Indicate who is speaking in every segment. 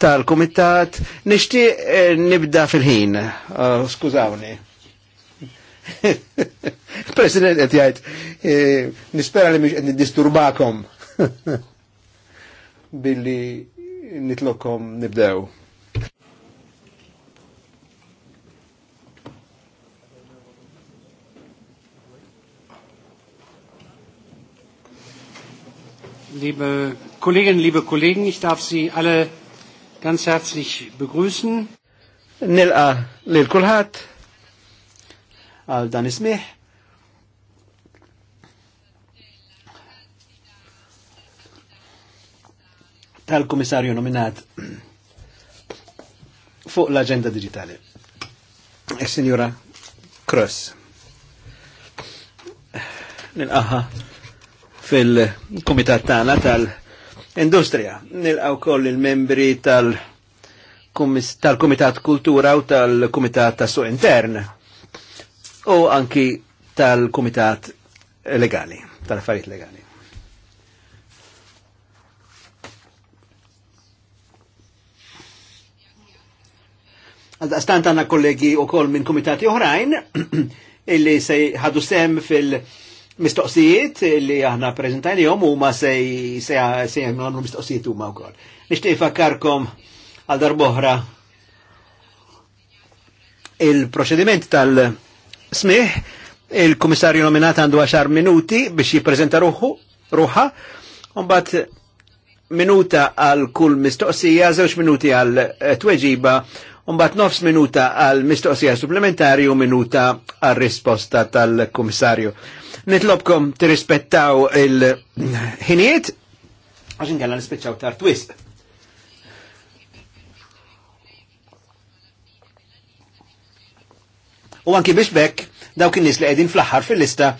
Speaker 1: tal komitat Nishti eh, nibda fil-ħin, uh, skużawni. President qed jgħid, eh, nispera li mhux qed niddisturbakom billi nitlokkom nibdew. Liebe Kolleginnen, liebe Kollegen, ich darf Sie alle ganz herzlich begrüßen. Nilqa lil kulħadd għal dan ismiħ. tal-komissarju nominat fuq l-agenda digitali. Il-Sinjura eh, Cross. Nilqaħa fil-komitat tagħna tal- Industrija, nilqaw koll il-membri tal-Kumitat tal Kultura u tal-Kumitat Tassu Intern u anki tal-Kumitat Legali, tal-Affarijiet Legali. għal għanna kollegi u koll minn komitati oħrajn illi se ħadu sem fil- mistoqsijiet li aħna prezentajni jom u ma sej jgħamlu mistoqsijiet u ma u kol. Nishtiq fakkarkom għal darboħra il-proċediment tal-smiħ, il-komissarju nominat għandu 10 minuti biex jiprezenta ruħu, ruħa, bat minuta għal kull mistoqsija, zewx minuti għal tweġiba, Umbat nofs minuta għal mistoqsija supplementari u minuta għal risposta tal-komissarju. Nitlobkom tirrispettaw il-ħiniet, għaxin kalla nispiċċaw tar twist. U anki biex bekk, daw kien nies li qegħdin fl-aħħar fil-lista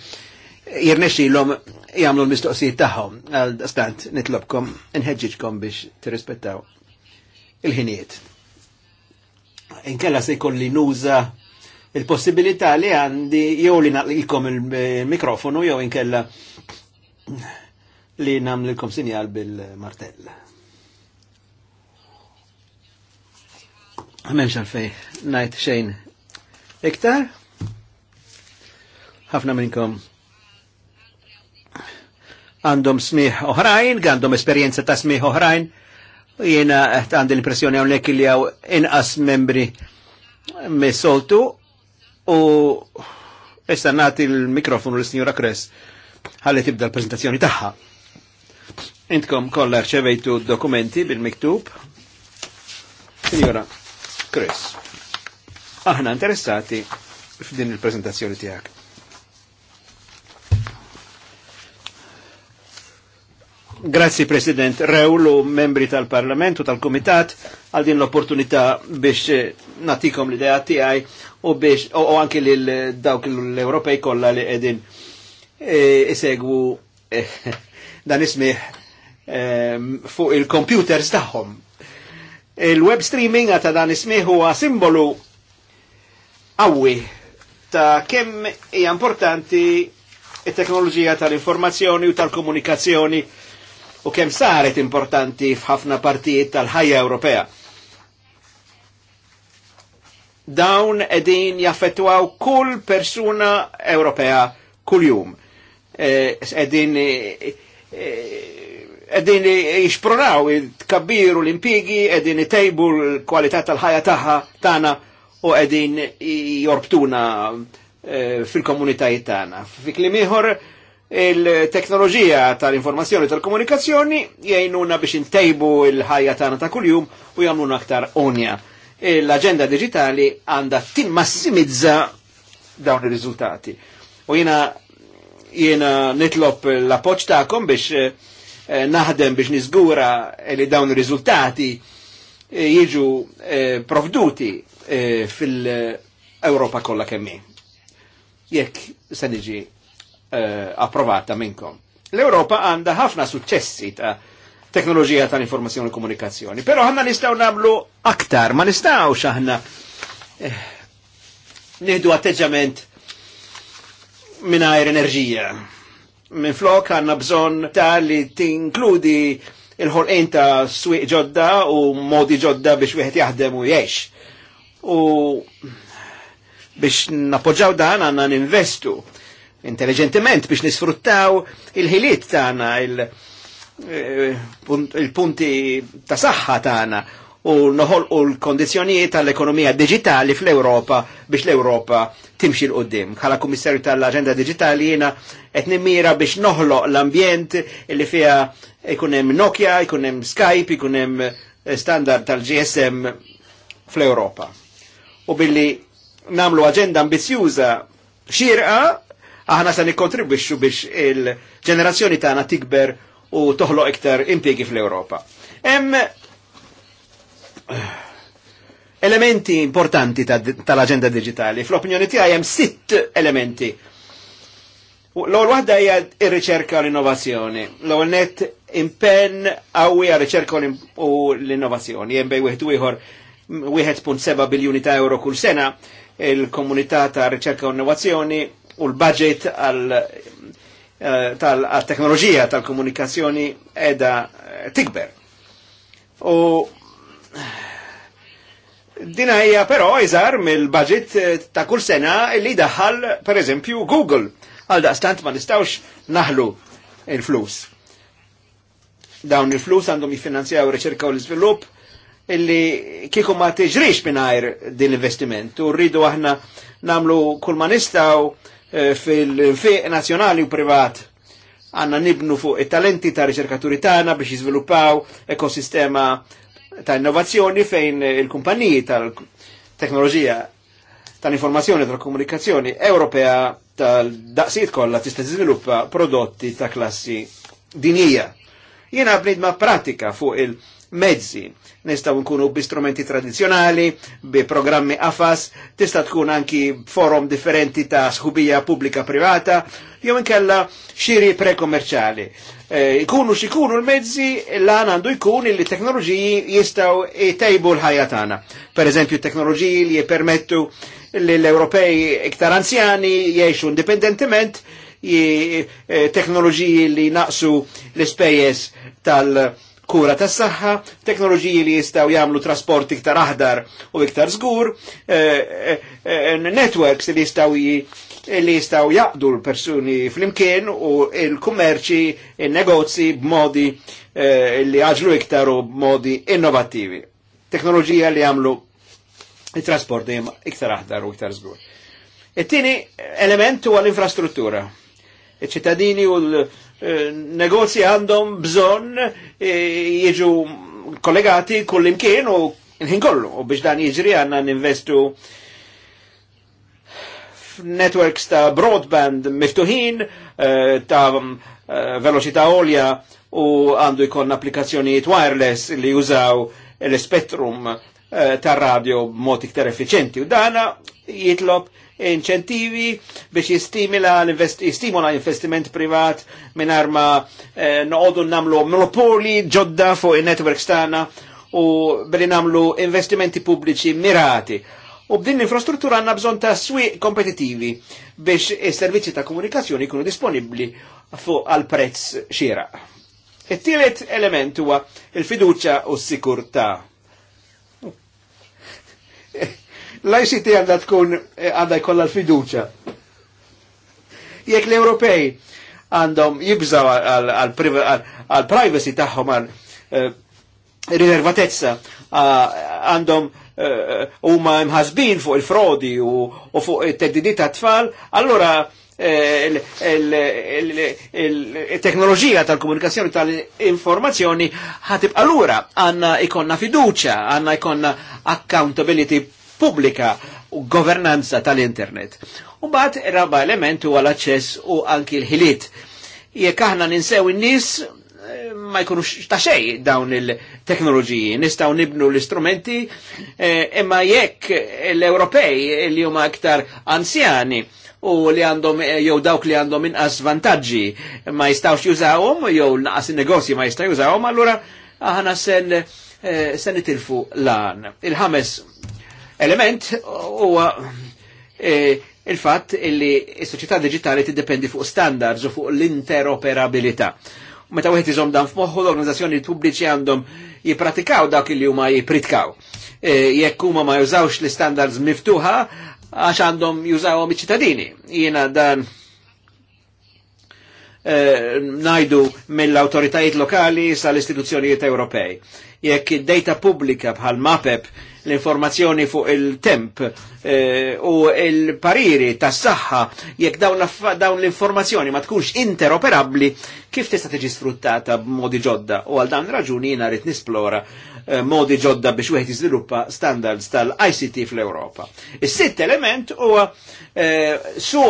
Speaker 1: jirnexxilhom jagħmlu l-mistoqsijiet tagħhom. Għal stant nitlobkom nħedġiġkom biex tirrispettaw il-ħinijiet. Inkella se jkolli nuża il-possibilità li għandi jew li naqlilkom il-mikrofonu jew inkella li namlilkom sinjal bil-martell. Għamemx għalfej, najt xejn iktar. ħafna minnkom għandhom smiħ oħrajn, għandhom esperienza ta' smiħ oħrajn, jena għandhom l-impressjoni għonek li għaw inqas membri me soltu U issa nagħti l-mikrofonu l sinjura Kress ħalli tibda l-preżentazzjoni tagħha. Intkom kollha rċevejtu dokumenti bil-miktub. Sinjura Kress. Aħna interessati f'din il-preżentazzjoni tiegħek. Grazzi President Rewlu, membri tal-Parlament u tal-Komitat, għal din l-opportunità biex natikom l-idea tiegħi u biex u anki lil dawk l-Ewropej kolla li qegħdin e, isegwu e, dan ismih e, fuq il-computers tagħhom. Il-web streaming ta' dan ismiħ huwa simbolu għawi ta' kemm hija importanti it-teknoloġija tal-informazzjoni u tal-komunikazzjoni u kemm saret importanti f'ħafna partijiet tal-ħajja Ewropea dawn edin jaffettwaw kull persuna Ewropea kull-jum. E, edin e, e, edin jixpronaw il-kabbiru l-impigi, edin tejbu l kualitat tal-ħajja taħħa tana u edin jorbtuna fil-komunitajiet tana. Fi klim ieħor il-teknoloġija tal-informazzjoni tal-komunikazzjoni jgħinuna biex intejbu l-ħajja tana ta' kuljum u jagħmluna aktar onja. E l-agenda digitali għanda timmassimizza dawn il-rizultati. U jena jena nitlop l-appoċ ta'kom biex eh, eh naħdem biex nizgura eh, li dawn il-rizultati eh, jiġu eh, provduti eh, fil-Europa kollha kemmi. Jekk se niġi approvata minnkom. L-Europa għanda ħafna successi ta' teknoloġija tal-informazzjoni u komunikazzjoni. Però ħanna nistgħu nagħmlu aktar, ma nistgħux aħna eh, nieħdu atteġġament mingħajr enerġija. Minn flok għandna bżonn ta' li tinkludi il-ħolqien ta' swiq ġodda u modi ġodda biex wieħed jaħdem u jiex. U biex napoġġaw dan għanna ninvestu intelligentement biex nisfruttaw il-ħiliet tagħna il-, Eh, eh, il-punti ta' saħħa tagħna u noħolqu l-kondizjonijiet tal-ekonomija digitali fl-Europa biex l-Europa timxi l qudiem Bħala kummissarju tal-Aġenda Digitali jiena qed nimmira biex noħloq l-ambjent li fiha jkun hemm Nokia, jkun hemm Skype, jkun hemm eh, standard tal-GSM fl-Europa. U billi namlu aġenda ambizjuża xirqa aħna se nikkontribwixxu biex il-ġenerazzjoni tagħna tikber u toħloq iktar impiegi fl-Europa. Hemm eh, elementi importanti tal-agenda ta digitali. Fl-opinjoni tiegħi hemm sitt elementi. L-ewwel waħda hija r-riċerka u l-innovazzjoni. L-ewwel net impenn qawwi għar-riċerka u l-innovazzjoni. Hemm bejn wieħed ieħor 1.7 biljuni ta' euro kull sena il-komunità ta' riċerka u innovazzjoni u l-budget għal Eh, tal-teknoloġija tal-komunikazzjoni edha eh, tikber. U dina hija però iżar mill-budget eh, ta' kull sena li daħal per eżempju Google għal daqstant ma nistawx naħlu il-flus. Dawn il-flus għandhom jiffinanzjaw riċerka u l-iżvilupp illi kieku ma tiġrix minn din l-investiment u rridu aħna namlu kull ma nistaw Eh, fil-fiq nazjonali u privat għanna nibnu fuq it-talenti ta' riċerkaturi tagħna biex jiżviluppaw ekosistema ta' innovazzjoni fejn il-kumpaniji tal-teknoloġija tal-informazzjoni tal-komunikazzjoni Ewropea tal-daqsijiet kollha tista' tiżviluppa prodotti ta' klassi dinija. Jiena bnidma pratika fuq il- mezzi. Nistaw nkunu bi strumenti tradizjonali, bi programmi AFAS, tista' tkun anki forum differenti ta' sħubija pubblika privata, jew inkella xiri prekommerċali. E, ikunu xikunu l-mezzi lan għandu jkun li teknoloġiji jistaw jtejbu l-ħajja tana. Per eżempju, teknoloġiji li jipermettu li l-Ewropej iktar anzjani jiexu indipendentement e, teknoloġiji li naqsu l-ispejjeż tal- kura tas saħħa teknoloġiji li jistaw jagħmlu trasport iktar aħdar u iktar zgur, eh, eh, eh, networks li jistaw li jistaw jaqdu l-persuni fl-imkien u il-kummerċi, il-negozji b'modi li għaġlu iktar u b'modi innovativi. Teknoloġija li jagħmlu il-trasport iktar aħdar u iktar zgur. it e tini element huwa l-infrastruttura. il ċittadini u l- negozji għandhom bżon e, jiġu kollegati kull imkien u nħin kollu u biex dan jiġri għanna ninvestu networks ta' broadband miftuħin e, ta' e, veloċità olja u għandu jkun applikazzjonijiet wireless li jużaw l spectrum ta' radio mod iktar effiċenti u dana jitlob inċentivi biex jistimila jistimula investiment privat minn arma eh, noqodu namlu monopoli ġodda fuq il-network stana u billi namlu investimenti pubblici mirati. U b'din l-infrastruttura għanna bżon ta' swi kompetitivi biex il servizzi ta' komunikazzjoni kunu disponibli fuq għal prezz xira. It-tielet element huwa il-fiduċa u s-sikurta. L-ICT għanda tkun eh, għanda jkolla l-fiduċa. Jek l-Ewropej għandhom jibżaw għal-privacy taħħom għal rinervatezza eh, għandhom eh, ma mħasbin fuq il-frodi u fuq il teddidi ta' tfal, allora il teknologija tal-komunikazzjoni tal-informazzjoni ħatib allura għanna ikonna fiduċa, għanna ikonna accountability pubblika u governanza tal-internet. U bat raba element għal l-aċċess u anki l-ħiliet. Jekk aħna ninsew in-nies eh, ma jkunux ta' xej dawn il-teknoloġiji, nistaw nibnu l-istrumenti, eh, imma e, jekk l-Ewropej li huma aktar anzjani u li għandhom eh, jew dawk li għandhom inqas vantaġġi ma jistawx jużawhom jew naqas in-negozji ma jista' jużawhom, allura aħna sen sen itilfu lan. Il-ħames element huwa eh, il-fatt illi s-soċjetà digitali tiddependi fuq standards u fuq l-interoperabilità. Meta wieħed iżom dan f'moħħu l-organizzazzjoni pubbliċi għandhom jippratikaw dak li huma jippritkaw. Eh, jekk huma ma jużawx l-standards miftuħa għax għandhom jużawhom iċ-ċittadini. Jiena dan Eh, najdu mill-autoritajiet lokali sal-istituzzjonijiet Ewropej. Jekk id-data pubblika bħal MAPEP l-informazzjoni fuq il-temp eh, u il-pariri tas saħħa jekk dawn, dawn l-informazzjoni ma tkunx interoperabli kif tista' tiġi sfruttata b'modi ġodda u għal dan raġuni jiena rrid nisplora eh, modi ġodda biex wieħed jiżviluppa standards tal-ICT fl-Ewropa. Is-sitt element huwa eh, su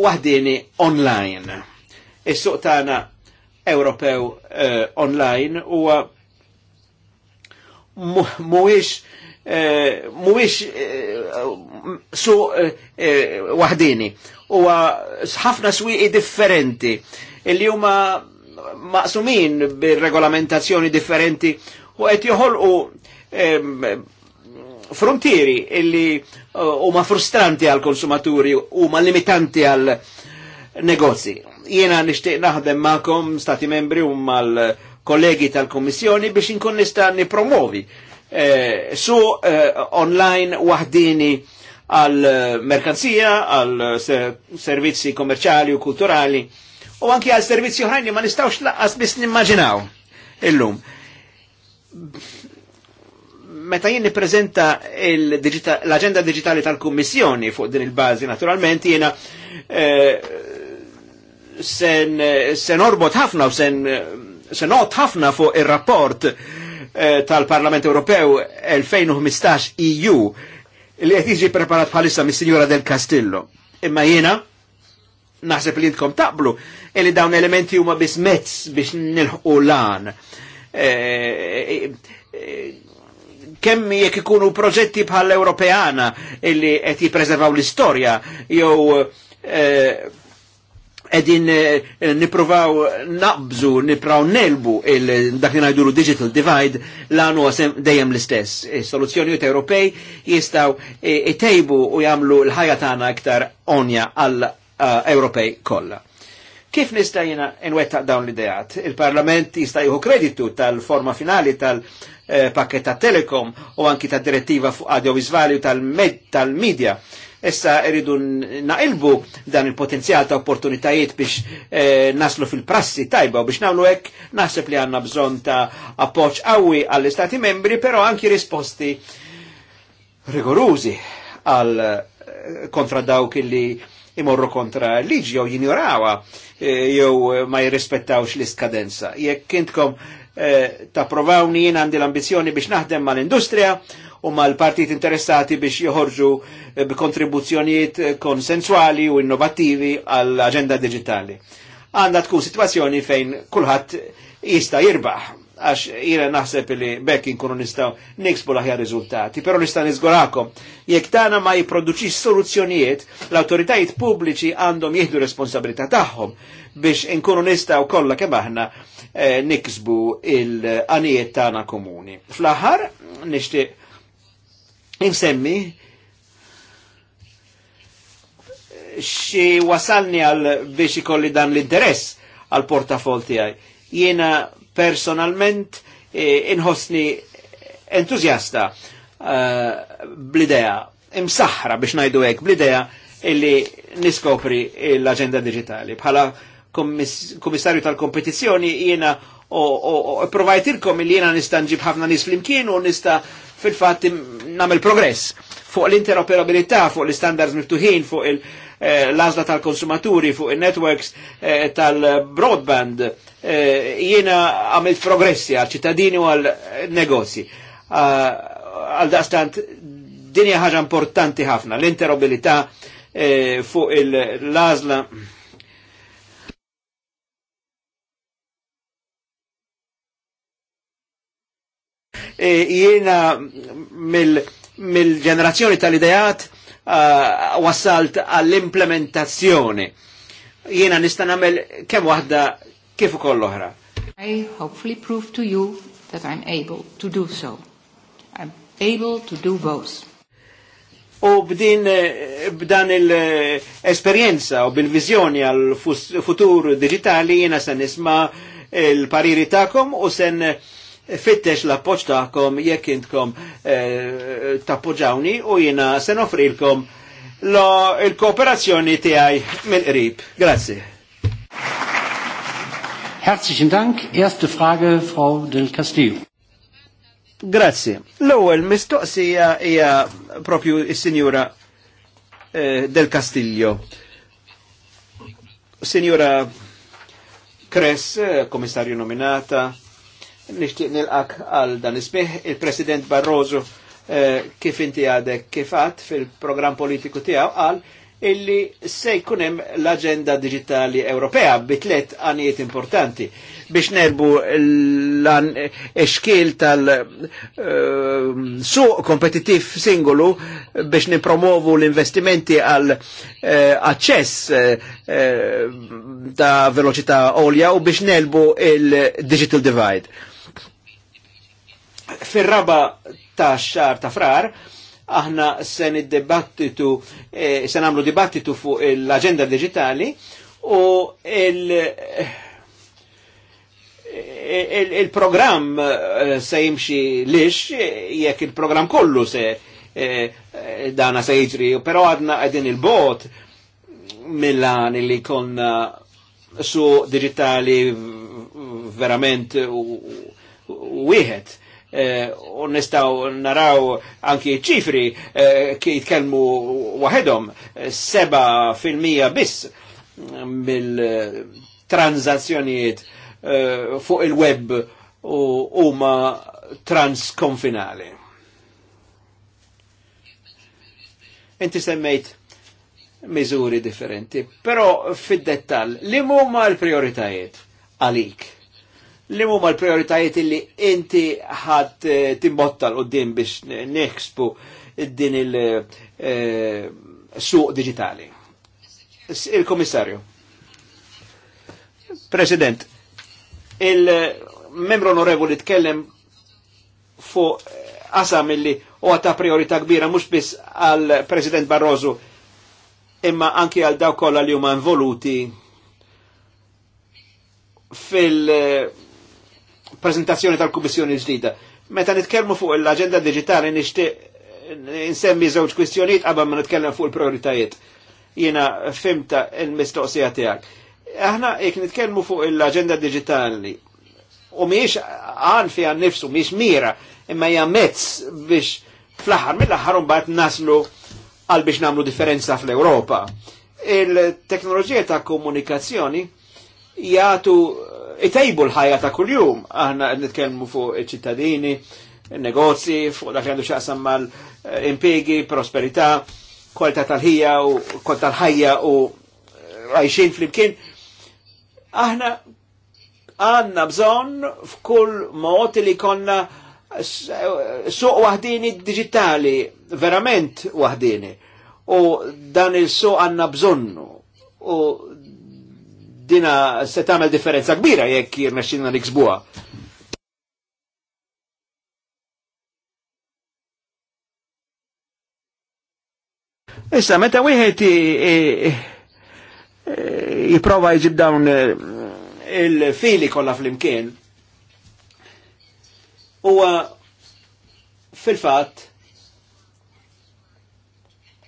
Speaker 1: waħdini online Is-suq tagħna Ewropew uh, online huwa mhuwiex uh, mhuwiex uh, suq waħdini. Huwa ħafna swieqi differenti li huma maqsumin bir-regolamentazzjoni differenti u qed joħolqu frontieri illi huma frustranti għal konsumaturi u ma limitanti għal negozji. Jiena nixtieq naħdem ma'kom stati membri u mal-kollegi tal-Kommissjoni biex inkun nista' nipromovi eh, su eh, online waħdini għal merkanzija, għal servizzi kommerċali u kulturali u anki għal servizzi uħrajni ma nistawx laqas biss nimmaġinaw illum. Meta jien niprezenta l agenda digitali tal-Kummissjoni fuq din il bazi naturalment jiena eh, sen, sen orbot ħafna u sen, sen ħafna fuq il-rapport eh, tal-Parlament Ewropew 2015 EU li qed jiġi preparat bħalissa mis Signora del Castillo. Imma jiena naħseb li jintkom taqblu illi eh, dawn elementi huma biss mezz biex nilħqu lan. Eh, kemm jekk ikunu proġetti bħal Ewropeana illi qed jippreservaw l-istorja jew edin eh, eh, niprovaw naqbżu, nipraw nelbu il-dak li digital divide l-għanu għasem dejjem l-istess. Eh, soluzzjonijiet Ewropej jistaw itejbu u jamlu l-ħajja tagħna iktar onja għal Ewropej kollha. Kif nista' jiena nwettaq dawn l-idejat? Il-Parlament jista' jieħu kreditu tal-forma finali tal-pakket ta' Telekom u anki tad direttiva fuq audiovisuali u tal media tal Issa rridu naqilbu dan il-potenzjal ta' opportunitajiet biex eh, naslu fil-prassi tajba u biex nagħmlu hekk naħseb li għandna bżonn ta' appoġġ qawwi għall-Istati membri, però anki risposti rigorużi għal eh, kontra dawk li imorru kontra liġi jew jinjurawa eh, jew ma jirrispettawx l-iskadenza. Jekk intkom eh, ta' provawni jien għandi l-ambizjoni biex naħdem mal-industrija u mal-partit interessati biex joħorġu eh, b'kontribuzzjonijiet eh, konsensuali u innovativi għall-agenda digitali. Għanda tkun situazzjoni fejn kulħadd jista' jirbaħ għax jira naħseb li bekk inkunu nistaw nixbu laħja riżultati, pero nista' nizgurakom, jekk tana ma jiproduċi soluzzjonijiet, l-autoritajiet pubbliċi għandhom jihdu responsabilità tagħhom biex inkunu nistaw kollha kemm aħna eh, niksbu il-għanijiet tagħna komuni. Fl-aħħar nixtieq insemmi xi wasalni għal biex ikolli dan l-interess għal portafol tiegħi. Jiena personalment e, inħossni entuzjasta e, bl-idea, imsaħra biex najdu hekk bl-idea illi niskopri l-agenda digitali. Bħala kummissarju tal kompetizzjoni jiena u il illi jiena nista' nġib ħafna nies flimkien u nista' fil fatti namel progress fuq l-interoperabilità, fuq l-standards miftuħin, fuq l-azla eh, tal-konsumaturi, fuq il-networks eh, tal-broadband, eh, jiena għamil progressi għal ċittadini u għal negozji. Ah, għal daqstant dinja ħaġa importanti ħafna, l-interoperabilità fuq l-azla E jiena mill-ġenerazzjoni mil tal-idejat uh, wassalt għall-implementazzjoni. Jiena nista' nagħmel kemm waħda kif ukoll oħra.
Speaker 2: I hopefully prove to you that I'm able to do so.
Speaker 1: I'm able to do both. U b'din b'dan il-esperjenza u bil-vizjoni għal futur digitali jiena se nisma' il-pariri ta'kom u sen fittex la appoġġ tagħkom jekk intkom eh, tappoġġawni u jiena se nofrilkom il-kooperazzjoni tiegħi mill-qrib. Grazzi.
Speaker 2: Herzlichen Dank. Erste Frage, Frau del Castillo.
Speaker 1: Grazie. L-ewwel mistoqsija hija propju is-Sinjura eh, del Castillo. Sinjura Kress, eh, komissarju nominata, nishtiq nilqak għal dan isbih il-President Barroso eh, kif inti għadek kifat fil-program politiku tijaw għal illi se jkunem l-agenda digitali Ewropea bitlet għanijiet importanti biex nerbu l-an eċkil tal-suq eh, kompetitif kompetitiv singolu biex nipromovu l-investimenti għal eh, access ta' veloċità olja u biex nelbu il-digital divide fir-raba ta' xar ta' frar, aħna sen id-dibattitu, eh, sen għamlu dibattitu fuq l-agenda digitali u il- eh, il-program eh, se jimxi lix jekk il-program kollu se eh, dana se jiġri, pero għadna għedin il-bot millan li konna su digitali verament u wieħed Eh, u nistaw naraw anki ċifri eh, ki jitkelmu wahedom 7% eh, biss mill-tranzazzjonijiet fuq il-web u huma transkonfinali. Inti semmejt miżuri differenti, però fid-dettall li huma l-prioritajiet għalik? li huma l-prioritajiet li inti ħadd eh, timbottal qudiem biex neħsbu din il-suq eh, digitali. Il-Komissarju. President, il-membru onorevoli tkellem fuq eh, qasam illi u ta' priorità kbira mhux biss għal President Barroso imma anki għal daw kollha li huma involuti fil- prezentazzjoni tal-Kummissjoni ġdida. Meta nitkellmu fuq l-aġenda digitali nixtieq insemmi żewġ kwistjonijiet qabel ma nitkellem fuq il-prioritajiet. Jiena fimta l mistoqsija tiegħek. Aħna jekk nitkellmu fuq l-aġenda digitali u miex għan fiha nnifsu nifsu, miex mira, imma hija mezz biex fl-aħħar mill-aħħar mbagħad naslu għal biex namlu differenza fl-Ewropa. Il-teknoloġija ta' komunikazzjoni jgħatu Itajbu l-ħajja ta' kuljum. Aħna nitkellmu fuq iċ-ċittadini, negozji, fuq dak għandu xaqsam mal-impiegi, prosperità, kwalità tal-ħija u kwalità tal-ħajja u eh, għajxin fl-imkien. Aħna għanna bżon f'kull mod li konna suq wahdini digitali, verament wahdini. U dan il-suq għanna bżonnu. U dina se tamel differenza kbira jekk jirnexxilna niksbuha. Issa, meta wieħed jipprova jġib dawn eh, il-fili kollha flimkien, huwa fil-fatt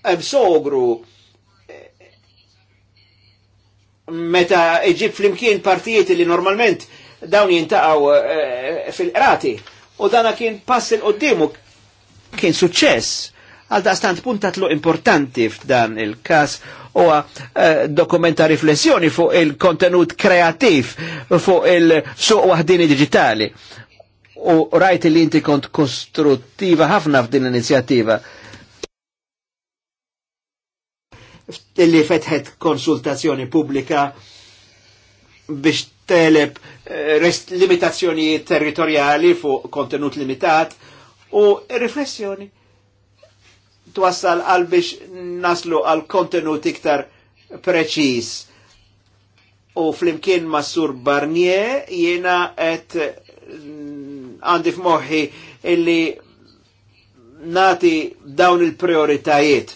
Speaker 1: hemm sogru meta iġib flimkien partijiet li normalment dawn jintaqaw eh, fil-qrati u dana kien pass il-qoddimu kien suċċess għal daqstant punta tlu importanti f'dan il-kas u eh, dokumenta riflessjoni fuq il-kontenut kreativ fuq il-suq wahdini digitali u rajt li inti kont kostruttiva ħafna f'din l-inizjattiva. li fetħet konsultazzjoni pubblika biex teleb eh, limitazzjonijiet territoriali fuq kontenut limitat u riflessjoni twassal għal biex naslu għal kontenut iktar preċis. U flimkien massur Barnier jiena et mm, għandi f'moħħi illi nati dawn il-prioritajiet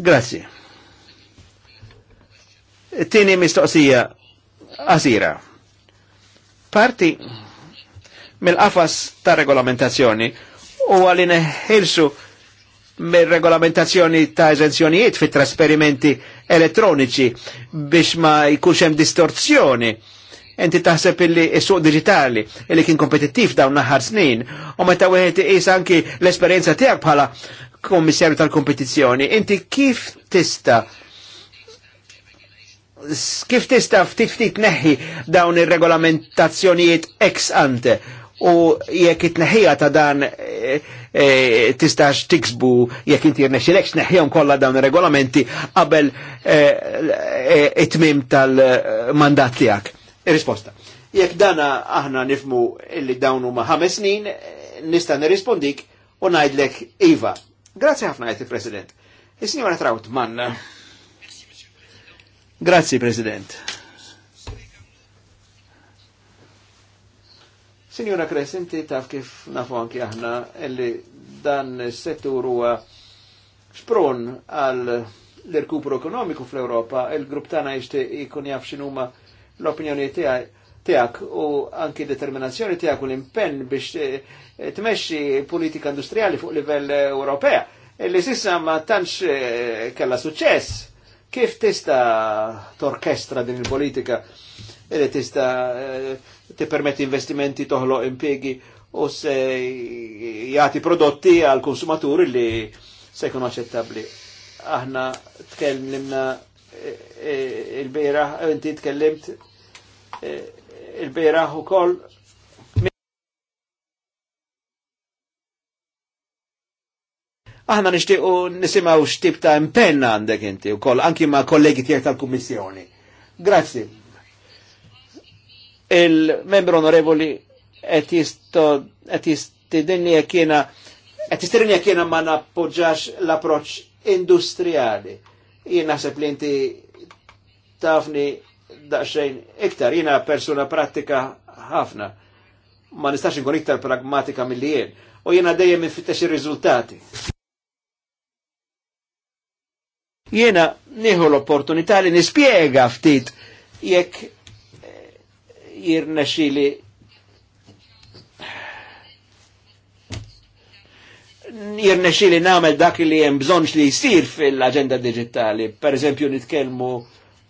Speaker 1: Grazie. Tini mistoqsija għasira. Parti mill-qafas ta' regolamentazzjoni u għalli neħilsu mill-regolamentazzjoni ta' eżenzjonijiet fit trasperimenti elettroniċi biex ma jkunx hemm distorzjoni. Enti taħseb illi s-suq digitali illi kien kompetittiv dawn naħar snin u meta wieħed is anki l-esperjenza tiegħek bħala komissarju tal-kompetizzjoni, inti kif tista' kif tista' ftit ftit neħi dawn ir-regolamentazzjonijiet ex ante u jekk itneħija ta' dan e, e, tistax tiksbu jekk inti jirnexxilekx neħjhom kollha dawn ir-regolamenti qabel eh, it-tmim e, tal-mandat tiegħek. Risposta. Jekk dana aħna nifmu illi dawn huma ħames snin, nista' nirrispondik u ngħidlek iva, Grazie ħafna għajti, President. Is-signora e Traut manna. Grazie, President. Signora Kress, inti taf kif nafu anki aħna illi dan settur huwa spron għal l-irkupru ekonomiku fl-Europa, il-grupp tana jishti ikun jaf xinuma l-opinjoni tijaj tijak u anki determinazzjoni tijak u l-impenn biex t eh, eh, tmexxi politika industriali fuq livell eh, Ewropea. Illi sissa ma tantx kella suċess. Kif tista' torkestra din il-politika Illi tista' t-permetti investimenti toħlo impiegi u se jati prodotti għal konsumaturi li se jkunu aċċettabbli. Aħna tkellimna il-bira, inti tkellimt il-beraħ u koll Aħna nishtiq nishtiqu nisimaw xtib ta' impenna għandek inti u koll, anki ma' kollegi tijak tal kommissjoni Grazzi. Il-membru onorevoli et jistidinni jekiena, et ma' nappoġġax l-approċ industriali. Jien naħseb li inti tafni daqsxejn iktar. Jina persuna pratika ħafna. Ma nistax nkun iktar pragmatika mill-li jien. U jena dejjem infittex ir-riżultati. Jena nieħu l-opportunità li nispjega ftit jekk eh, jirnexili jirnexili namel dak li jem bżonx li jisir fil-agenda digitali. Per eżempju, nitkelmu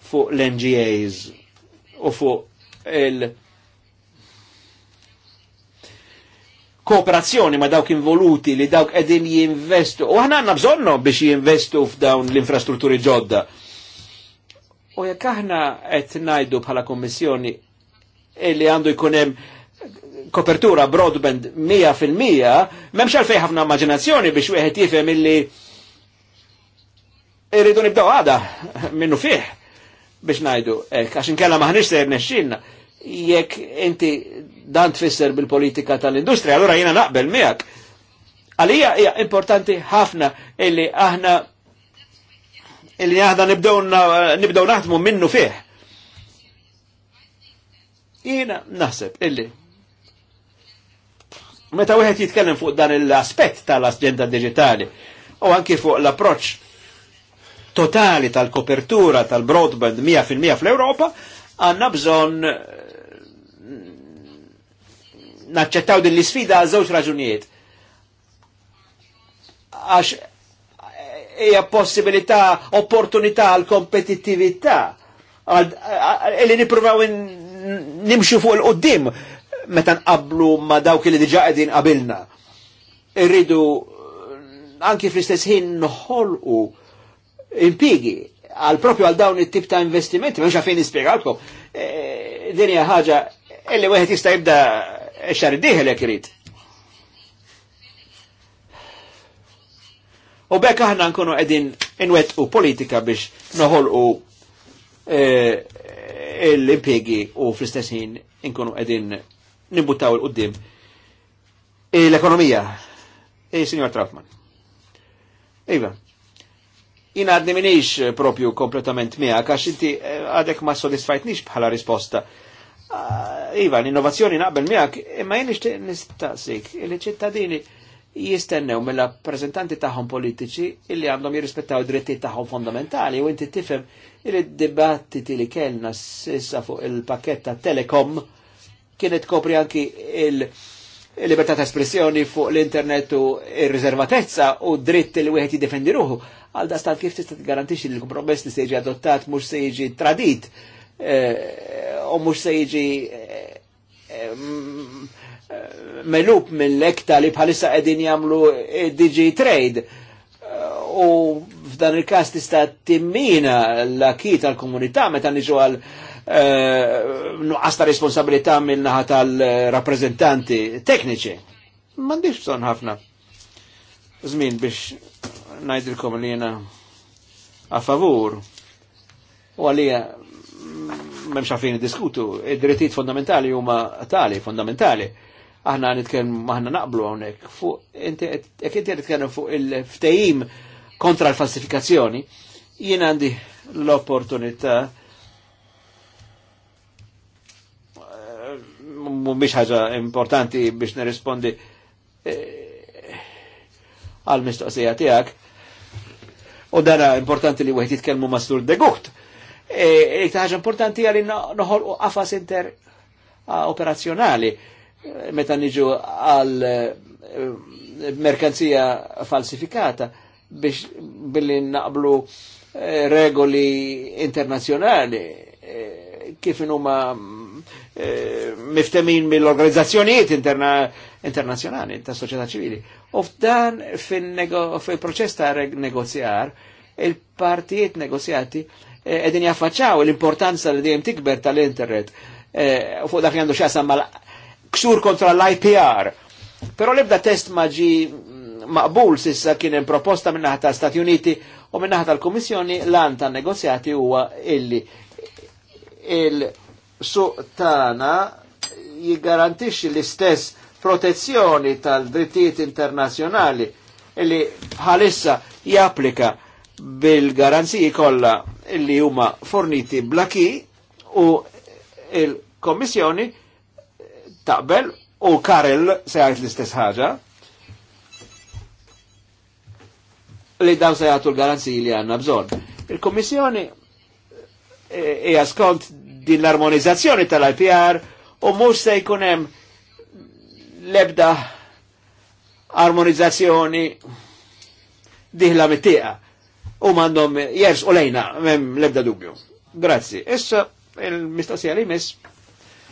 Speaker 1: fuq l-NGAs u fuq il- kooperazzjoni ma dawk involuti li dawk edin jinvestu. U ħana għanna bżonno biex jinvestu f'dawn l-infrastrutturi ġodda. U jek aħna qed ngħidu bħala kommissjoni li għandu jkun hemm kopertura broadband 100%, m'hemmx għalfejn ħafna immaġinazzjoni biex wieħed jifhem illi irridu nibdew għada minnu fih biex najdu, eh, għax inkella maħnix ser nexxilna, jekk inti dan tfisser bil-politika tal-industrija, allora jina naqbel miegħek. Għalija hija importanti ħafna illi aħna illi aħna nibdew naħdmu minnu fih. Jina naħseb illi meta wieħed jitkellem fuq dan l-aspett tal-asġenda digitali u anki fuq l-approċċ totali tal-kopertura tal-broadband 100% fl-Europa, għanna bżon eh, naċċettaw din l-sfida għal żewġ raġunijiet. Għax eh, hija possibilità, opportunità għal kompetittività eh, li nippruvaw nimxu fuq il-qoddim meta nqablu ma dawk li diġa qegħdin qabilna. Irridu anki fl-istess ħin noħolqu impigi għal propju għal dawn it-tip ta' investimenti, ma' xafin nispiegalkom. E, din hija ħaġa, illi wieħed jista' jibda xar diħel irid. U bekk aħna nkunu qegħdin inwet u politika biex noħolqu e, l-impjegi u fl-istess ħin nkunu qegħdin nimbuttaw il qudiem e, l-ekonomija. Ej, signor Trautmann. Iva, Jina għadni minix eh, propju kompletament mija, għax inti eh, għadek ma soddisfajtnix bħala risposta. Ah, iva, l-innovazzjoni naqbel miegħek, imma jien nistaqsik, il-ċittadini jistennew mill prezentanti tagħhom politiċi illi għandhom jirrispettaw dritti taħħom tagħhom fondamentali u inti tifhem il-dibattiti li kellna s'issa fuq il-pakkett Telekom kienet kopri anki il- libertà ta' espressjoni fuq l-internet u r riservatezza u dritt li wieħed jiddefendi ruħu. Għal da kif tista' tgarantixxi li l-kompromess li se jiġi adottat mhux se jiġi tradit eh, u mhux se jiġi eh, eh, melup mill-ekta li bħalissa qegħdin jagħmlu DJ Trade u f'dan il-każ tista' timmina l-akit tal-komunità meta niġu għal Eh, nuqqas ta' responsabilità mill-naħa tal rappresentanti tekniċi. M'għandix bżonn ħafna Zmin biex ngħidilkom li jena a favur u għalija memx għafin diskutu, id-drittijiet fondamentali huma tali, fondamentali. Aħna nitkellmu aħna naqblu hawnhekk fuq inti qed fuq il-ftehim kontra l-falsifikazzjoni, jien għandi l-opportunità mumbiċ ħaġa importanti biex nirrispondi eh, għal mistoqsija tijak. U dara importanti li wieħed jitkellmu ma' Sur Degucht. Iktar e, e, ħaġa importanti għalli u qafas inter operazzjonali eh, meta niġu għal eh, merkanzija falsifikata biex billi naqblu regoli internazjonali kif numa Eh, miftemin mill-organizzazzjonijiet internazzjonali ta' soċjetà ċivili. U f'dan fil-proċess ta' negozjar, il-partijiet negozjati eh, edin jaffaċċaw l-importanza li dejjem tikber tal-internet u eh, fuq dak li għandu xasam mal ksur kontra l-IPR. Però l-ebda test maġi mm, maqbul sissa kien hemm proposta minn naħa tal-Stati Uniti u minn naħa tal-Kummissjoni l-an tan negozjati huwa illi il- suq tagħna jiggarantixxi l-istess protezzjoni tal-drittijiet internazzjonali li bħalissa japplika bil-garanziji kollha li huma forniti blaki u il-Kommissjoni taqbel u Karel se għajt l-istess ħaġa li daw se għatu l-garanziji li għanna bżon. Il-Kommissjoni eh, hija skont din l-armonizzazzjoni tal-IPR u mux se jkunem lebda armonizzazzjoni diħla mittieqa u mandom jers u lejna mem lebda dubju. Grazzi. Issa il-mistoqsija li mis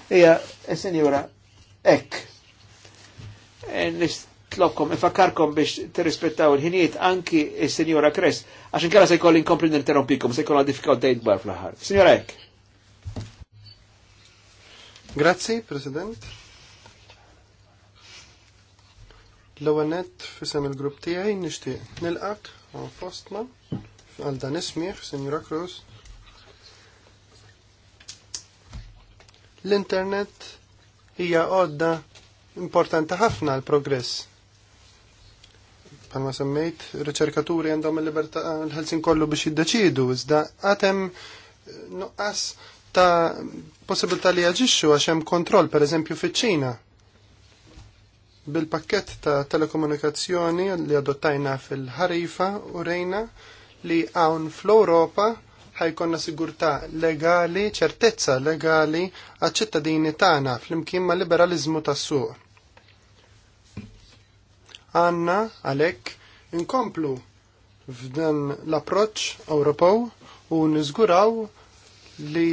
Speaker 1: hija il senjura ek. E, Nistlobkom, infakkarkom biex tirrispettaw il-ħinijiet anki il senjura Kres, għaxin kera se jkolli n-interrompikom, se jkollha diffikultajt bar fl-ħar.
Speaker 3: Senjura ek. Grazzi, President. l għanet nett fisem il-grupp tiegħi nixtieq nilqak għal fostna għal dan ismiħ, Signora Cruz. L-internet hija għodda importanti ħafna l progress. Palma semmejt, riċerkaturi għandhom il-libertà l-ħelsin kollu biex jiddeċidu, iżda għatem nuqqas ta' possibilità li jaġixxu għax hemm kontroll pereżempju fiċ-Ċina bil pakkett ta' telekomunikazzjoni li adottajna fil-ħarifa u rejna li hawn fl-Ewropa ħajkonna sigurtà legali, ċertezza legali għaċ-ċittadini tagħna flimkien ma' liberalizmu tas-suq. Għanna għalhekk inkomplu f'dan l-approċċ Ewropew u niżguraw li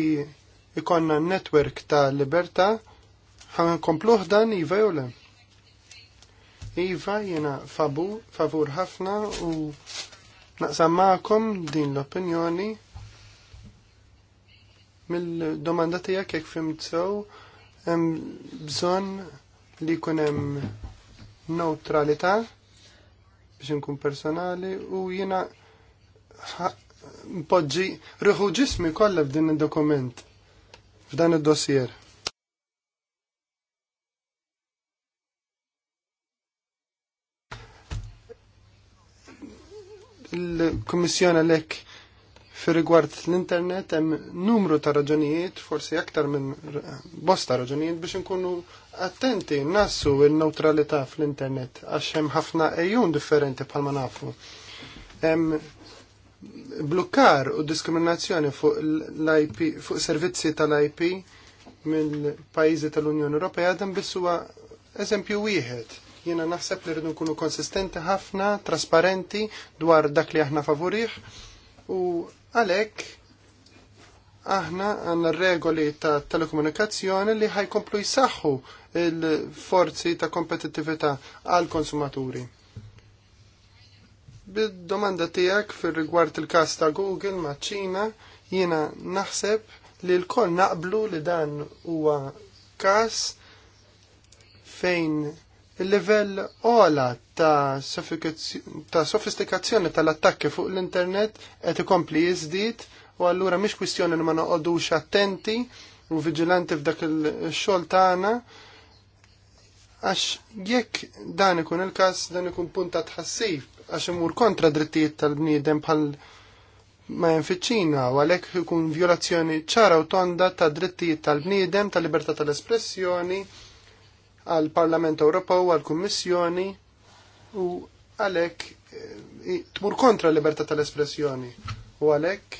Speaker 3: ikonna n-netwerk ta' libertà ħan kompluħ dan Iva jew le. Iva jena fabu, favur ħafna u naqsam ma'kom din l-opinjoni mill-domanda tijak jek fimt sew bżon li kunem neutralità biex nkun personali u jena mpoġġi rħu ġismi kollha f'din id-dokument f'dan id-dossier. Il-Kummissjoni għalhekk fir rigward l-internet hemm numru ta' raġunijiet, forsi aktar minn bosta raġunijiet biex inkunu attenti nassu il-neutralità fl-internet għax hemm ħafna ejjun differenti bħalma nafu. Hemm blokkar u diskriminazzjoni fuq l-IP, fuq servizzi tal-IP mill-pajjiżi tal-Unjoni Ewropea dan biss huwa eżempju wieħed. Jiena naħseb li rridu nkunu konsistenti ħafna, trasparenti dwar dak li aħna favorih u għalhekk aħna għandna regoli ta' telekomunikazzjoni li ħajkomplu jsaħħu il-forzi ta' kompetittività għal konsumaturi. Bid-domanda tiegħek fir-rigward il-każ ta' Google ma' Ċina, jiena naħseb li l-koll naqblu li dan huwa każ fejn il-level ola ta', ta sofistikazzjoni tal-attakki fuq l-internet qed ikompli jiżdied u allura mhix kwistjoni li ma noqogħdux attenti u vigilanti f'dak il-xogħol tagħna għax jekk dan ikun il-każ dan ikun punta tħassib għax imur kontra drittijiet tal-bniedem bħal ma jenfiċċina u għalhekk ikun violazzjoni ċara u tonda ta' drittijiet tal-bniedem, tal-libertà tal-espressjoni, għal Parlament Ewropew, għal Kummissjoni u għalhekk eh, tmur kontra l-libertà tal-espressjoni u għalhekk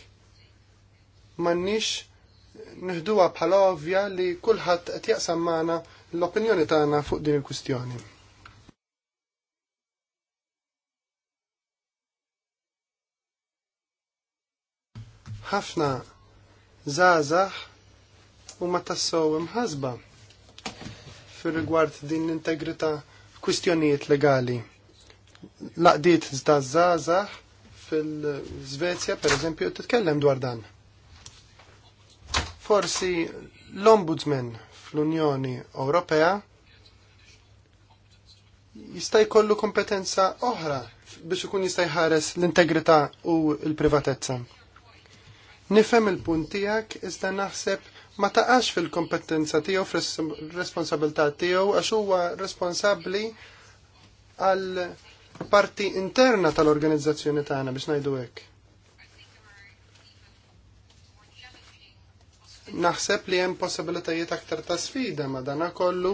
Speaker 3: m'għandniex neħduha bħala ovvja li kulħadd qed jaqsam l-opinjoni tagħna fuq din il-kwistjoni. ħafna zazax u ma tassow imħasba fir rigward din l-integrità f'kwistjonijiet legali. Laqdiet zda zazax fil-Svezja, per eżempju, titkellem dwar dan. Forsi l-Ombudsman fl-Unjoni Ewropea jista' jkollu kompetenza oħra biex ikun jista' jħares l-integrità u l-privatezza. Nifhem il-punt tiegħek iżda naħseb ma taqax fil-kompetenza tiegħu fil responsabilità tiegħu għax huwa responsabbli għal parti interna tal-organizzazzjoni tagħna biex ngħidu hekk. Naħseb li hemm possibilitajiet aktar ta' sfida ma dana kollu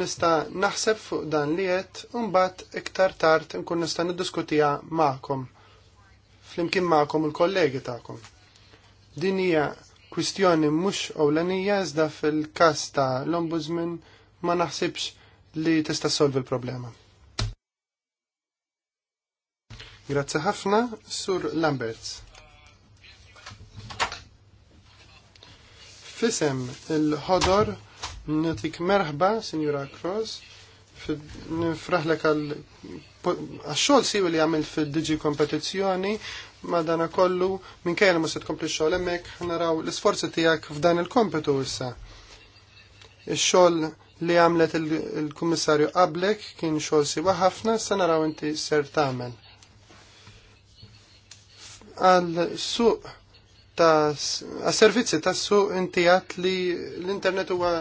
Speaker 3: nista' naħseb fuq dan li qed u mbagħad iktar tard nkun nista' niddiskutija magħkom flimkien magħkom il-kollegi tagħkom. Din hija kwistjoni mhux ewlenija iżda fil-każ ta' l-Ombudsman ma naħsibx li tista' solvi l-problema. Grazzi ħafna, Sur Lamberts. Fisem il-ħodor Nitik merħba, Signora Cross, nifraħlek għal xogħol siwi li għamil fil-Digi Kompetizzjoni ma dana kollu minkejja li mhux se tkompli x-xogħol hemmhekk naraw l-isforzi tiegħek f'dan il-kompetu issa. Ix-xogħol li għamlet il-kummissarju qablek kien xogħol si ħafna se naraw inti ser tagħmel. Għal suq ta' servizzi ta' suq inti għat li l-internet huwa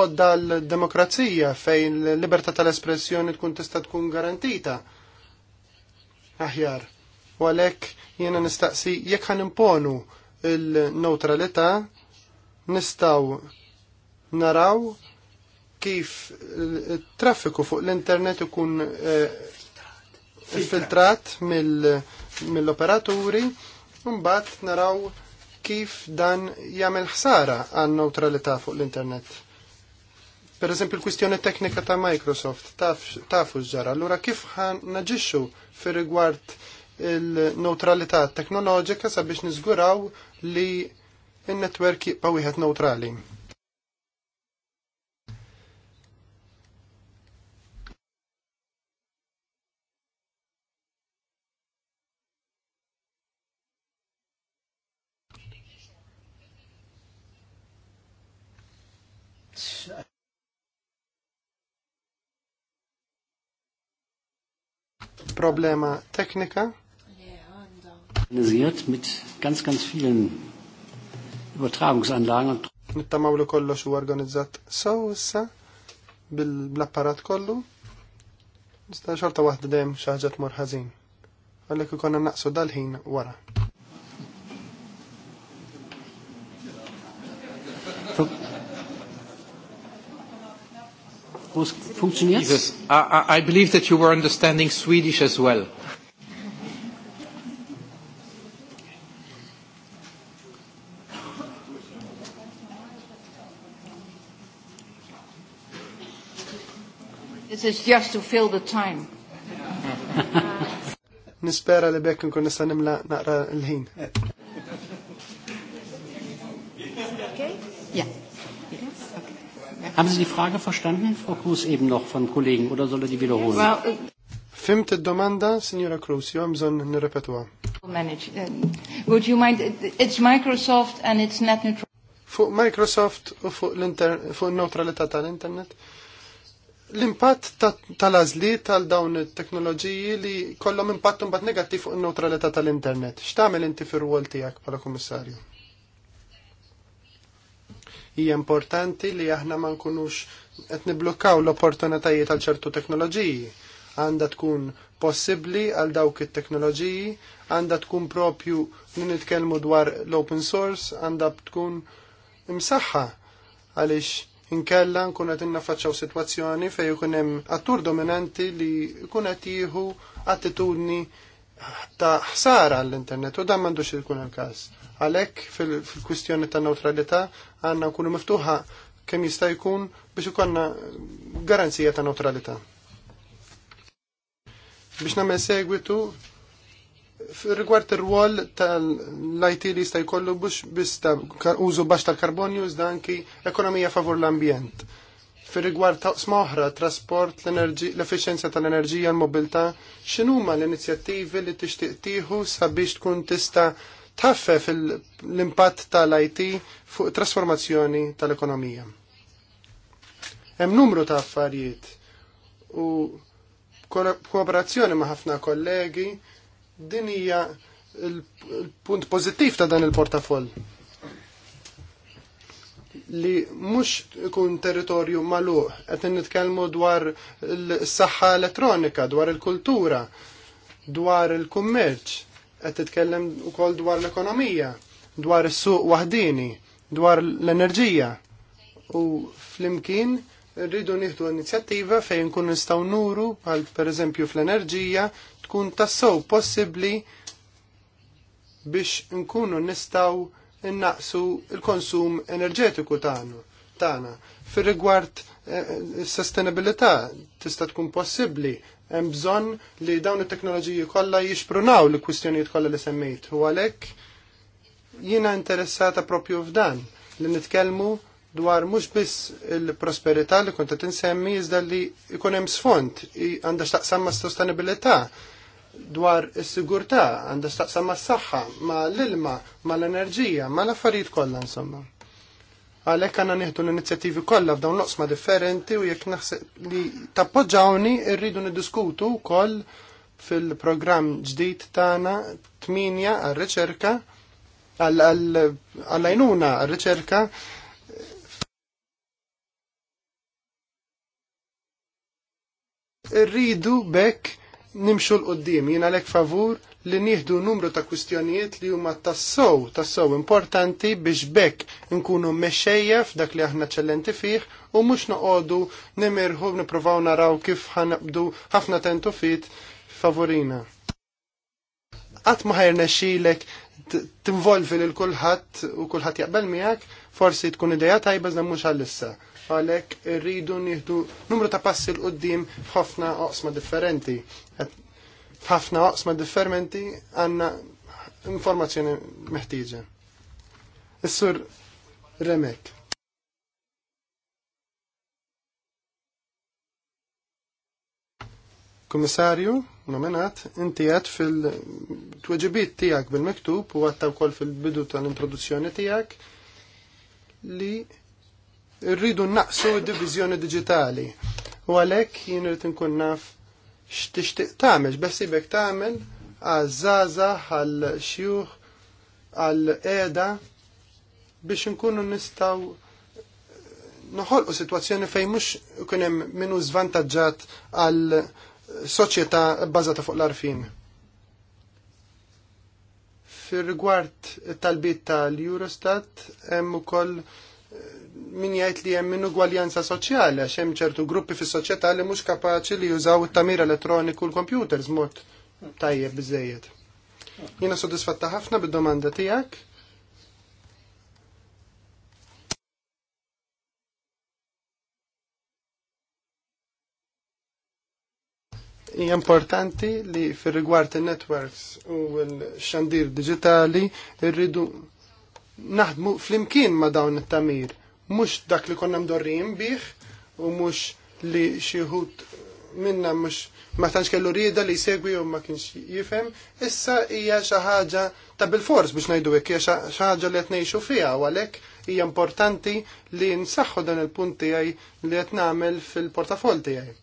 Speaker 3: għodda l-demokrazija fejn l-libertà tal-espressjoni tkun tista' tkun garantita. Aħjar U għalhekk jiena nistaqsi jekk għan imponu il neutralita nistgħu naraw kif traffiku fuq l-internet ikun eh, filtrat mill-operaturi mbagħad naraw kif dan jagħmel ħsara għan neutralità fuq l-internet. Per eżempju, l-kwistjoni teknika ta' Microsoft, tafu ġara, allura kif ħan naġixxu fir rigward il-neutralità teknoloġika sabiex niżguraw li il-netwerk jibqa' wieħed neutrali. problema teknika Organisiert mit ganz, ganz vielen übertragungsanlagen. Nittamaw li kollo u organizzat sew issa bil-apparat kollu. Nista' xorta wahda dem xi ħaġa tmur ħażin. ikonna naqsu dal-ħin wara.
Speaker 2: Funktioniert? I, I believe that you were understanding Swedish as well. is just to fill the time.
Speaker 3: Nispera li bekk nkun nista' nimla naqra l-ħin. Haben Sie die Frage verstanden, Frau Cruz, eben noch von Kollegen, oder soll er die wiederholen? Well, Fimt domanda, signora Cruz, jo bżon nirrepetwa.
Speaker 2: Manage. Uh, would you mind, it's Microsoft and it's net neutral.
Speaker 3: Fuq Microsoft u fuq l-neutralità tal-internet, L-impatt tal azli tal dawn it-teknoloġiji li kollhom impatt imbagħad negattiv fuq in-neutralità tal-internet. X'tagħmel inti fir-rwol tiegħek bħala kummissarju? Hija importanti li aħna ma nkunux qed niblukkaw l-opportunitajiet għal ċertu teknoloġiji. Għandha tkun possibbli għal dawk it-teknoloġiji, għandha tkun propju li nitkellmu dwar l-open source, għandha tkun imsaħħa għaliex Inkella nkun qed innaffaċċaw sitwazzjoni fejn ikun hemm attur dominanti li jkun qed jieħu attitudni ta' ħsara għall-internet u dan m'għandux ikun il-każ. Għalhekk fil-kwistjoni ta' newtralità għandna nkunu miftuħa kemm jista' jkun biex ikonna garanzija ta' newtralità Biex nagħmel segwitu Rigward ir-rwol tal-IT li jista' jkollu biex ta' użu baxx tal-karbonju iżda anki ekonomija favur l-ambjent. Fir-rigward ta' oħra, trasport, l-efficienza tal-enerġija, l-mobilità, x'inhuma l-inizjattivi li tixtieq tieħu sabiex tkun tista' taffe l-impatt tal-IT fuq trasformazzjoni tal-ekonomija. Hemm numru ta' affarijiet u kooperazzjoni ma' ħafna kollegi Din hija il-punt pożittiv ta' dan il-portafoll li mhux ikun territorju magħluq qed nitkellmu dwar is-saħħa elettronika, dwar il-kultura, dwar il-kummerċ, qed titkellem ukoll dwar l-ekonomija, dwar is-suq waħdini, dwar l-enerġija. U flimkien rridu nieħdu inizjattiva fejn nkun nistgħu nuru bħal pereżempju fl-enerġija tkun tassow possibbli biex nkunu nistaw innaqsu il-konsum enerġetiku tagħna. tagħna. Fir-rigward eh, sostenibilità tista' tkun possibbli hemm bżonn li dawn it-teknoloġiji kollha jixprunaw li kwistjonijiet kollha li semmejt. U għalhekk jiena interessata propju f'dan li nitkellmu dwar mhux biss il-prosperità li kont qed insemmi iżda li jkun hemm sfond għandha x'taqsam ma' sostenibilità dwar is-sigurtà għandha staqsam mas-saħħa, ma l-ilma, ma l-enerġija, ma l-affarijiet kollha insomma. Għalhekk għandna nieħdu l-inizjattivi kollha f'dawn noqsma differenti u jekk naħseb li tappoġġawni rridu niddiskutu wkoll fil-programm ġdid tagħna tminja għar-riċerka għall-għajnuna għar-riċerka irridu bekk nimxu l-qoddim, jina lek favur li nieħdu numru ta' kwistjonijiet li huma tassow, tassow importanti biex bekk nkunu mexxejja f'dak li aħna ċellenti fih u mhux noqogħdu nimirħu nippruvaw naraw kif ħanabdu ħafna tentu fit favorina. Qatt ma ħajr nexxilek tinvolvi lil kulħadd u kulħadd jaqbel miegħek, forsi tkun idea tajba żda mux għallissa. Għalhekk irridu nieħdu numru ta' passi l qudiem f'ħafna oqsma differenti. Ħafna oqsma differenti għandna informazzjoni meħtieġa. Is-sur Remek. Kummissarju, nominat, inti għed fil-tweġibit tijak bil-miktub u għattaw kol fil-bidu tal-introduzzjoni tijak li rridu naqsu d-divizjoni digitali. U għalek jien rrit nkun naf x'tixtieq tagħmel, x'beħsibek tagħmel għaż-żaża għal xjuħ għall eda biex inkunu nistgħu noħolqu situazzjoni fejn mux kunem minu zvantagġat għal soċjetà bbażata fuq l-arfin. Fir rigward tal-bit tal-Eurostat hemm ukoll min jgħid li hemm inugwaljanza soċjali għax hemm ċertu gruppi fis-soċjetà li mhux kapaċi li jużaw it-tamir elettroniku l-computers mod tajjeb biżejjed. Jiena sodisfatta ħafna bid-domanda tiegħek. hija importanti li fir rigward networks u l-xandir digitali rridu naħdmu flimkien ma dawn it-tamir mhux dak li konna mdorrim bih u mhux li xi wħud minna mhux ma tantx kellu rieda li jsegwi u ma kienx jifhem, issa hija xi ħaġa ta' bil-fors biex ngħidu hekk hija xi ħaġa li qed ngħixu fiha u għalhekk hija importanti li nsaħħu dan il-punt tiegħi li qed nagħmel fil-portafol tiegħi.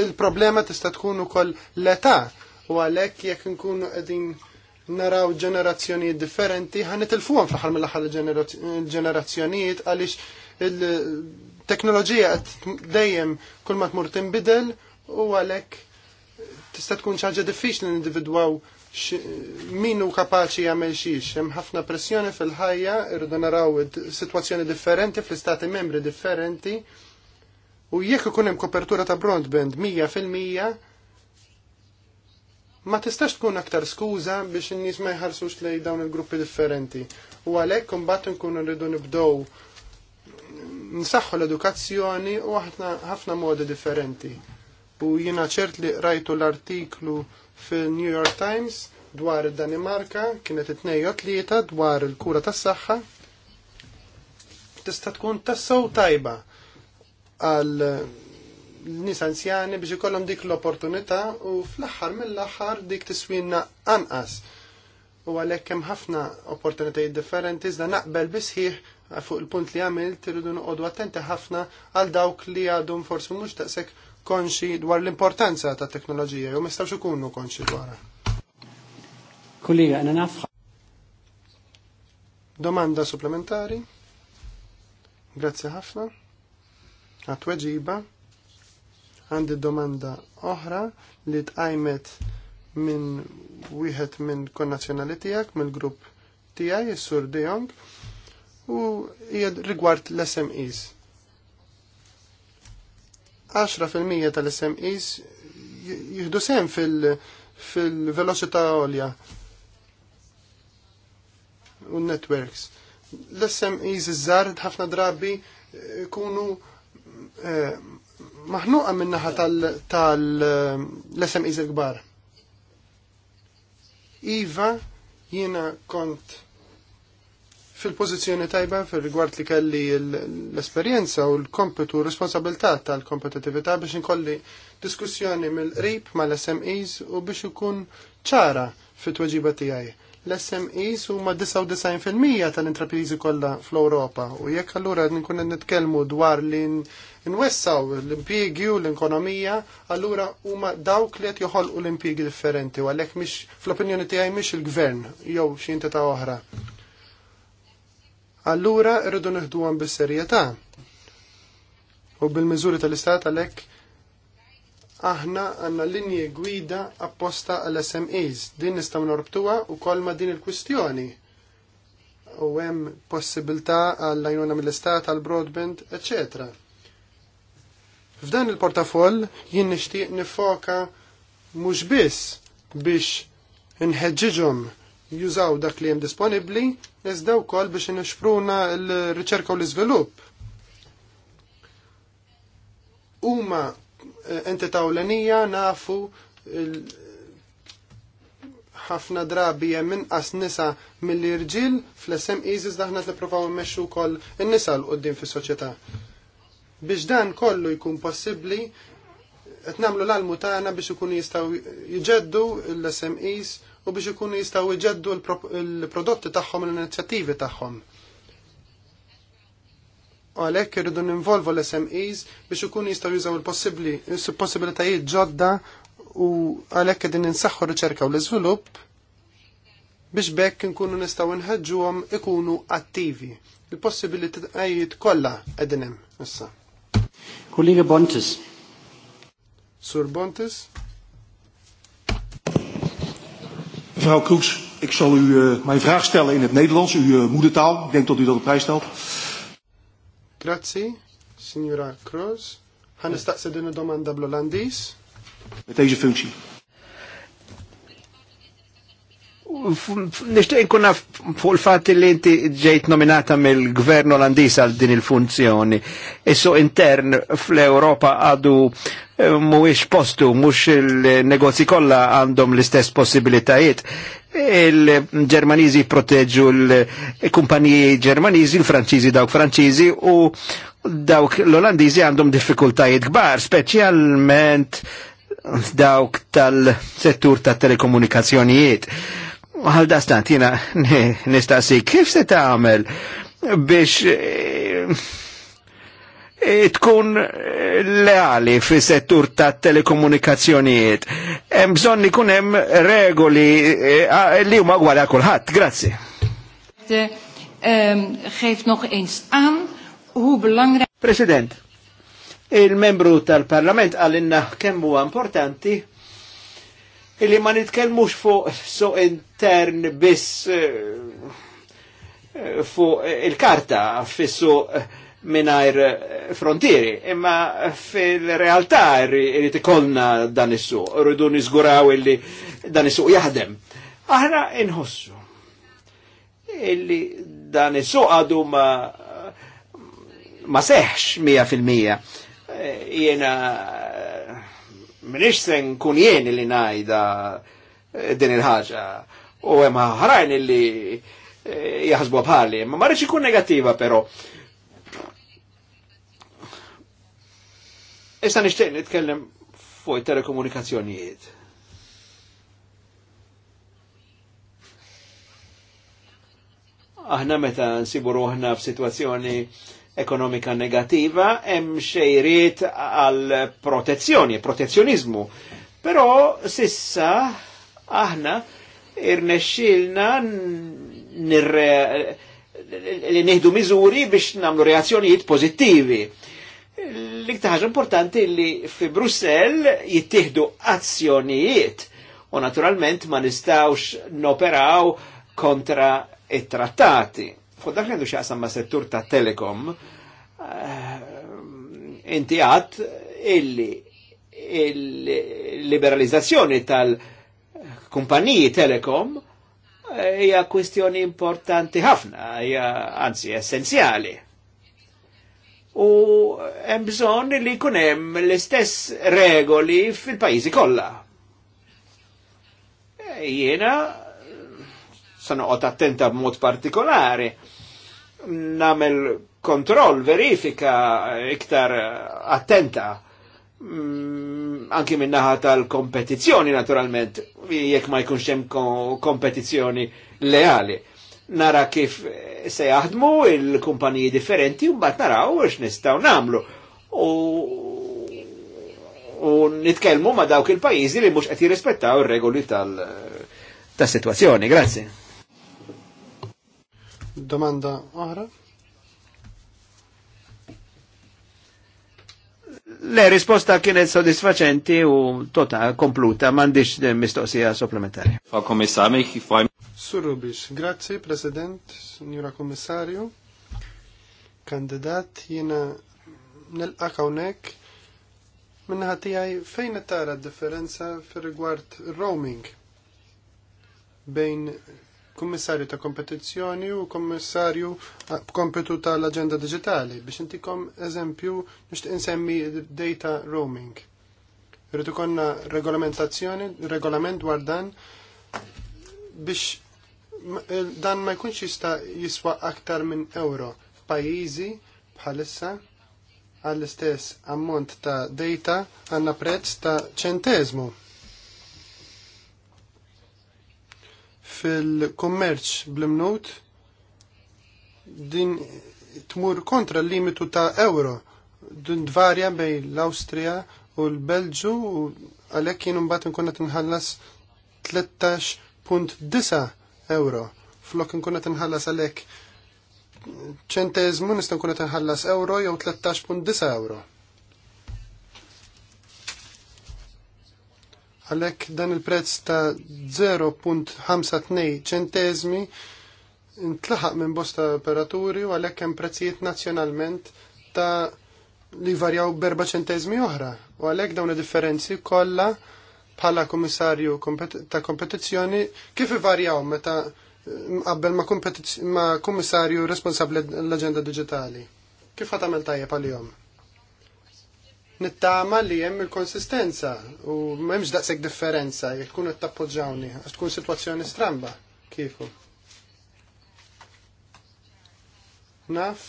Speaker 3: Il-problema tista' tkun ukoll l-età u għalhekk jekk nkunu qegħdin naraw ġenerazzjonijiet differenti, ħanet il fl-ħar mill-ħar ġenerazzjonijiet għalix il-teknoloġija għat dejjem kull ma tmur tinbidel u għalek tista' tkun ċaġa diffiċli individwaw minu kapaċi jagħmel xiex. Hemm ħafna pressjoni fil-ħajja, irridu naraw sitwazzjoni differenti fl-istati membri differenti. U jekk ikun hemm kopertura ta' broadband fil-mija, ma tistax tkun aktar skuża biex in-nies ma jħarsux lej dawn il-gruppi differenti. U għalhekk imbagħad nkunu rridu nibdew nsaħħu l-edukazzjoni u ħafna modi differenti. U jiena ċert li rajtu l-artiklu fil-New York Times dwar id-Danimarka kienet it-tnejn tlieta dwar il-kura tas-saħħa. Tista' tkun tassew tajba għal nies anzjani biex ikollhom dik l-opportunità u fl-aħħar mill-aħħar dik tiswinna anqas. U għalhekk hemm ħafna opportunitajiet differenti iżda naqbel bisħieħ fuq il-punt li għamilt irridu noqogħdu attenti ħafna għal dawk li għadhom forsi mhux taqsek konxi dwar l-importanza ta' teknoloġija jew mistawx ikunu konxi dwarha. Kollega, għana nafħa. Domanda supplementari? Grazie ħafna. Għatweġiba. Għandi domanda oħra li tqajmet minn wieħed minn konnazzjonali tiegħek mill-grupp tiegħi is-Sur De Jong u hija rigward l-SMEs. 10% tal-SMEs jieħdu sem fil-veloċità għolja u networks. L-SMEs iż ħafna drabi eh, kunu eh, maħnuqa minnaħa tal lesem iżel gbar Iva, jiena kont fil-pozizjoni tajba fil-rigward li kelli l-esperienza u l-kompetu u responsabilità tal-kompetitività biex inkolli diskussjoni mill-qrib mal-SMEs u biex ikun ċara fit-tweġiba tiegħi l-SMEs huma 99% tal-intrapriżi kollha fl-Ewropa u jekk allura nkun qed nitkellmu dwar li nwessaw l-impjiegi u l-ekonomija, allura huma dawk li qed joħolqu l-impjiegi differenti u għalhekk mhix fl-opinjoni tiegħi mhix il-gvern jew xi ta' oħra. Allura rridu nieħduhom bis-serjetà u bil-miżuri tal-istat għalhekk aħna għanna linji gwida apposta għal SMEs. Din nistaw norbtuwa u kolma din il-kwistjoni. U hemm possibilità għal lajnuna mill-istat, għal broadband, etc. F'dan il-portafoll jien nixtieq nifoka mhux biss biex inħeġġiġhom jużaw dak li hemm disponibbli, iżda wkoll biex inixfruna l-riċerka u l-iżvilupp. Huma entità ewlenija nafu ħafna drabi hemm inqas nisa mill irġil fl esem iżis daħna li provaw immexxu wkoll in-nisa l qudiem fis-soċjetà. Biex dan kollu jkun possibbli qed nagħmlu l-almu tagħna biex ikunu jistgħu jġeddu l-SMEs u biex ikunu jistgħu jġeddu l-prodotti tagħhom l-inizjattivi tagħhom għalhekk irridu ninvolvu l-SMEs biex ikun jistaw jużaw il possibilitajiet ġodda u għalek għalhekk qegħdin r riċerka u l izvilup biex bekk nkunu nistgħu għom ikunu attivi. Il-possibilitajiet kolla għedinem, issa. Kollega Bontis. Sur Bontis. Mevrouw Kroes, ik zal u uh, mijn vraag stellen in het Nederlands, uw uh, moedertaal. Ik denk dat u dat op prijs stelt. Grazzi, Signora Cruz. Għan eh. istaqsi din domanda bl-Olandis. Metajġi funċi. Nishtiq nkun naf
Speaker 1: fuq il-fatt li inti ġejt nominata mill-gvern Olandis għal din il-funzjoni. Issu intern fl-Europa għadu Eh, mhuwiex postu, mhux il-negozji kollha għandhom l-istess possibilitajiet. Il-Ġermaniżi proteġu l-kumpaniji Ġermaniżi, l-Franċiżi dawk Franċiżi u dawk l-Olandiżi għandhom diffikultajiet kbar, speċjalment dawk tal-settur ta' telekomunikazzjonijiet. Għal da' stantina nistaqsi kif se tagħmel biex eh, E tkun leali fi settur ta' telekomunikazzjonijiet. Hemm bżonn ikun hemm regoli e, li huma gwara kulħadd. Grazzi.
Speaker 2: Ehm, geef nog eens aan hoe belangrijk. President,
Speaker 1: il-membru tal-Parlament għalinna kemm huwa importanti illi ma nitkellmux fuq so intern biss eh, eh, fuq il-karta fissu so, eh, minnajr eh, frontieri, imma fil-realtà irrid ikollna dan issu, rridu nizguraw illi dan issu jaħdem. Aħna inħossu illi dan issu għadu ma ma seħx 100% eh, Jena eh, minix sen kun jien li najda din il ħagġa u hemm ħrajn illi jahzbu bħalli, ma marriċi kun negativa però. Issa nixtieq nitkellem fuq telekomunikazzjonijiet. Aħna meta nsibu ruħna f'sitwazzjoni ekonomika negativa, hemm xejriet għal protezzjoni, protezzjonizmu. Però sissa aħna irnexxilna nirre li nieħdu miżuri biex nagħmlu reazzjonijiet pożittivi. L-iktar ħaġa importanti li fi Brussel jittieħdu azzjonijiet u naturalment ma nistawx noperaw kontra it-trattati. Fuq dak għandu xaqsam ma' settur ta' telekom, eh, inti għat illi il-liberalizzazzjoni tal-kumpaniji telekom eh, hija kwestjoni importanti ħafna, hija anzi essenzjali u hemm bżonn li jkun hemm l-istess regoli fil-pajjiżi kollha. E jiena sono noqgħod attenta b'mod partikolari nagħmel kontroll, verifika iktar attenta mm, anki minnaħa tal kompetizjoni naturalment, jekk ma jkunx hemm kompetizjoni leali nara kif se jaħdmu il-kumpaniji differenti u mbagħad naraw għax nistaw nagħmlu. U u nitkellmu ma' dawk il-pajjiżi li mhux qed jirrispettaw il regoli tal tas-sitwazzjoni. Grazie.
Speaker 3: Domanda oħra?
Speaker 1: Le, risposta kienet soddisfaċenti u tota kompluta, mandiċ mistoqsija supplementari. Fa' mi kif
Speaker 3: Surubix, grazie President, Signora Kommissarju, kandidat jena nil hawnhekk minnaħa tiegħi fejn qed tara differenza fir-rigward roaming bejn kommissarju ta' kompetizzjoni u kommissarju kompetu l aġenda digitali biex intikom eżempju nixtieq insemmi data roaming. Irrid ikonna regolamentazzjoni, regolament dwar dan biex Eh, dan ma jkunx jista jiswa aktar minn euro f'pajjiżi bħalissa għall-istess ammont ta' data għandna prezz ta' ċenteżmu. Fil-kummerċ bl-imnut din tmur kontra l-limitu ta' euro. Din dvarja bej l-Austria u l-Belġu u għalek jien mbagħad nkun qed 13.9 euro. Flok nkunna tinħallas għalek għalhekk ċentezmu nista' nkunna tinħallas euro jew 13.9 euro. Għalhekk dan il-prezz ta' 0.52 ċentezmi intlaħaq minn bosta operaturi u għalhekk hemm prezzijiet nazzjonalment ta' li varjaw berba ċentezmi oħra. U għalhekk dawn id-differenzi kollha bħala komissarju ta' kompetizzjoni kif ivarjaw meta mm, qabel ma', ma komissarju responsabli l-agenda digitali? Kif għatamel tajja pal-jom? Nittama li jem il-konsistenza u memx daqseg differenza jek tkun t-tappoġġawni, għax tkun situazzjoni stramba kifu. Naf,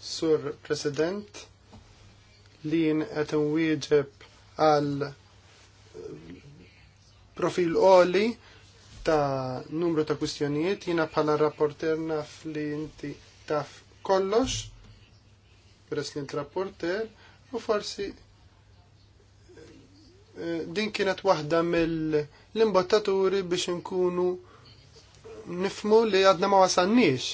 Speaker 3: sur President, li jien qed nwieġeb għal profil oli ta' numru ta' kwistjonijiet, jina bħala rapporter naf li inti taf kollox, peress li rapporter, u forsi eh, din kienet waħda mill-imbottaturi biex nkunu nifmu li għadna ma wasannix.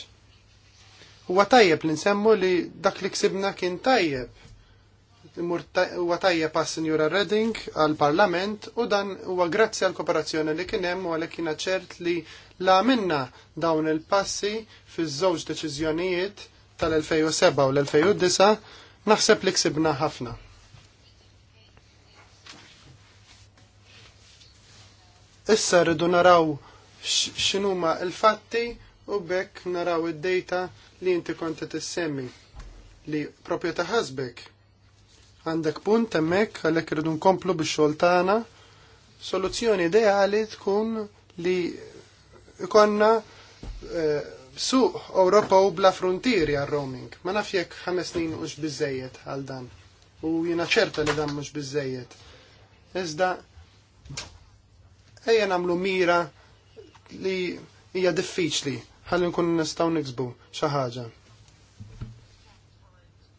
Speaker 3: Huwa tajjeb li nsemmu li dak li ksibna kien tajjeb huwa tajja pas Sinjura Redding għal-Parlament u dan huwa grazzi għal kooperazzjoni li kien hemm u għalhekk jiena ċert li la minna dawn il-passi fiż-żewġ deċiżjonijiet tal-2007 u l-2009 naħseb li ksibna ħafna. Issa rridu naraw x'inhuma l-fatti u bekk naraw id-dejta li inti konti tissemmi li ta' ħasbek. Għandek punt hemmhekk għalek irridu nkomplu bix-xogħol tagħna. Soluzzjoni ideali tkun li ikonna eh, suq Ewropa u bla frontieri għal roaming. Ma naf jekk ħames snin mhux biżejjed għal dan. U jiena ċerta li dan mhux biżejjed. Iżda ejja nagħmlu mira li hija diffiċli ħalli nkun nistgħu niksbu xi ħaġa.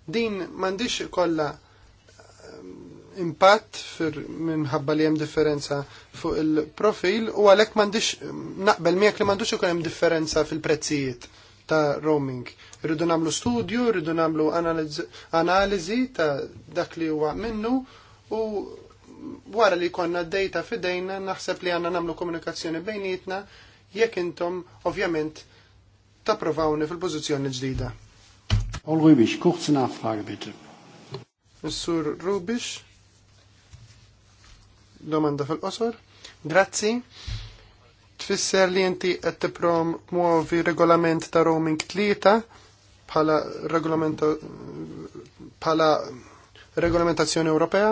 Speaker 3: Din m'għandix kollha impatt minħabba li hemm differenza fuq il-profil u għalhekk m'għandix naqbel miegħek li m'għandux ikun hemm differenza fil-prezzijiet ta' roaming. Irridu nagħmlu studju, irridu nagħmlu analiżi ta' dak li huwa minnu u wara li konna d-dejta fidejna naħseb li għandna nagħmlu komunikazzjoni bejnietna jekk intom ovvjament tapprovawni fil-pożizzjoni ġdida. Olgu biex, kurz nafrag bitte. Missur Rubish, domanda fil-qosor. Grazzi. Tfisser li inti qed tipprom muovi regolament ta' roaming tlieta bħala regolament bħala regolamentazzjoni Ewropea.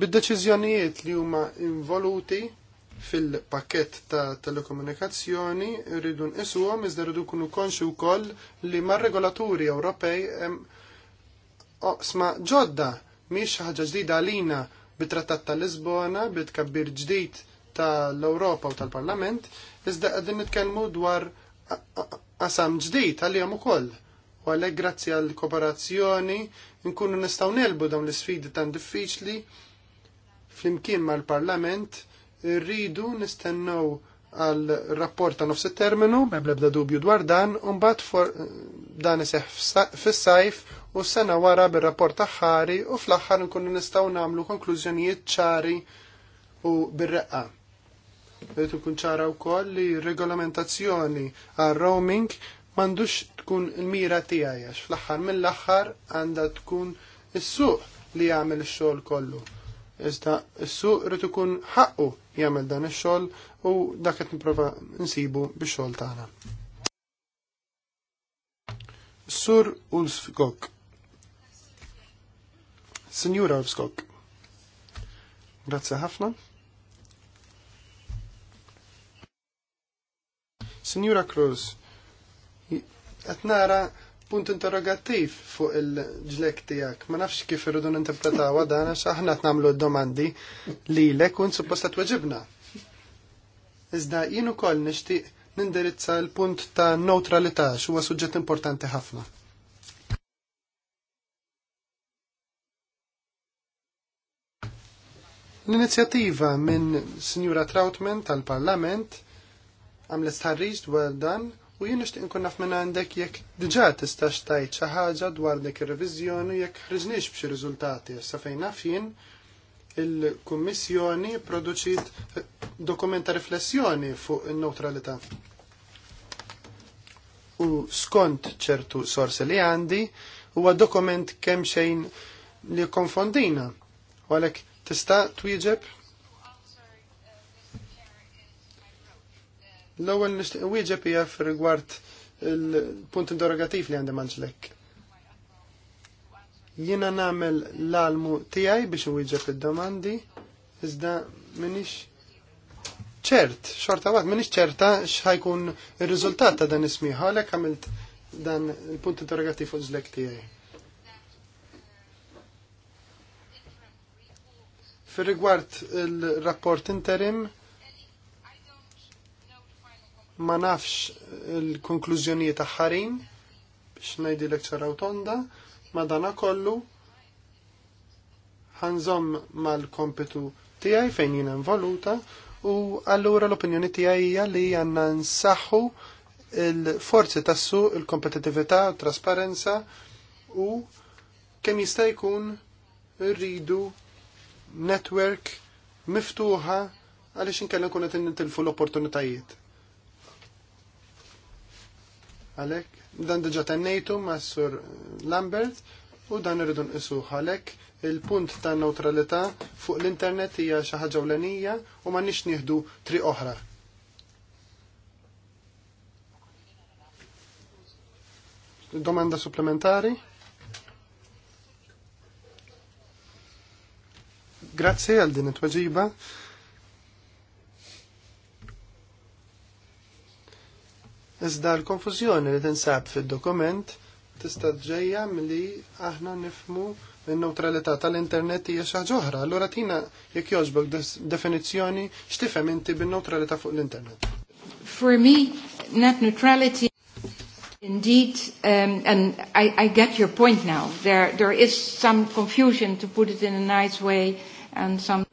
Speaker 3: Bid-deċiżjonijiet li huma involuti fil-pakket ta' telekomunikazzjoni rridu nqisuhom iżda rridu kunu konxi wkoll li mar-regolaturi Ewropej hemm oqsma ġodda miex ħaġa ġdida għalina bit-trattat tal-Lisbona, bit-kabbir ġdid tal-Europa u tal-Parlament, iżda għadin nitkellmu dwar qasam ġdid għal-jom ukoll. U għalhekk grazzi għall kooperazzjoni nkunu nistgħu nelbu dawn l-isfidi tan diffiċli flimkien mal-Parlament rridu nistennew għal rapport ta' nofs terminu, mebla bda dubju dwar dan, un bat for dan iseħħ fis-sajf u sena wara bir-rapport taħħari u fl-aħħar nkunu nistgħu nagħmlu konklużjonijiet ċari u bil reqqa Rrid ikun ċara wkoll li regolamentazzjoni għal roaming m'għandux tkun il-mira tiegħi għax fl-aħħar mill-aħħar għandha tkun is-suq li jagħmel il xogħol kollu. Iżda il suq rritu ikun ħaqqu jagħmel dan ix-xogħol u dak qed nipprova nsibu bix-xogħol tagħna. Sur Ulfgok. Signora Skok. Grazie ħafna. Signora Cruz, qed nara punt interrogattiv fuq il-ġlek tiegħek. Ma nafx kif irridu ninterpretaw dan għax aħna qed nagħmlu d-domandi lilek u suppost qed Iżda jien ukoll nixtieq nindirizza l-punt ta' neutralità x'huwa suġġett importanti ħafna. L-inizjattiva minn Sinjura Trautman tal-Parlament għamlet tħarriġ dwar dan u jien nixtieq nkun naf minn għandek jekk diġà tistax tajt xi ħaġa dwar dik ir-reviżjoni jekk ħriġniex b'xi riżultati sa fejn naf jien il-Kummissjoni produċit eh, dokumenta riflessjoni fuq in-neutralità u skont ċertu sorsi li għandi huwa dokument kemm xejn li konfondina. U għalhekk Tista' twieġeb? L-ewwel wieġeb hija rigward il-punt interrogativ li għandi manġlek. Jiena nagħmel l-almu tiegħi biex wieġeb id-domandi, iżda minix ċert, xorta għad, minix ċerta xħajkun ir-riżultat ta' dan ismiħa, għalhekk għamilt dan il-punt interrogativ fuq żlek tiegħi. fil rigward il-rapport interim, ma nafx il-konklużjonijiet taħħarin biex najdi l-ekċar awtonda, ma dana kollu ħanżom mal-kompetu tiegħi fejn jien involuta u allura l-opinjoni tiegħi hija li għandna nsaħħu il-forzi tassu il-kompetitività, trasparenza u kemm jista' jkun rridu network miftuħa għaliex inkella nkun qed nitilfu l-opportunitajiet. Għalhekk dan diġà tennejtu ma' Sur Lambert u dan irridu nqisuh għalhekk il-punt ta' neutralità fuq l-internet hija xi ħaġa ewlenija u m'għandniex nieħdu tri oħra. Domanda supplementari? Grazie għal din it-tweġiba. Iżda l konfuzjoni li tinsab fil-dokument tista' ġejja milli aħna nifmu n-neutralità tal-internet hija xi ħaġa oħra. Allura tina jekk jogħġbok definizzjoni x'tifhem inti bin-neutralità fuq l-internet. For me,
Speaker 2: net neutrality indeed um, and I, I get your point now. There there is some confusion to put it in a nice way and some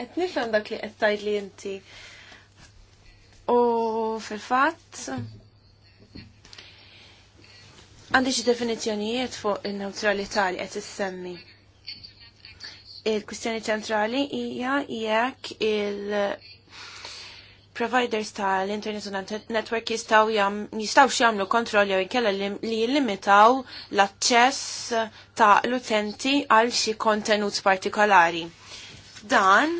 Speaker 2: Et nifhem dak li qed tgħid li inti. U fil-fatt għandi xi definizzjonijiet fuq in-newtralità li qed issemmi. Il-kwistjoni ċentrali hija jekk il-, -il providers tal-internet u network jistaw jam, jistawx jamlu kontroll jew inkella li jillimitaw l-aċċess ta' l-utenti għal xi kontenut partikolari. Dan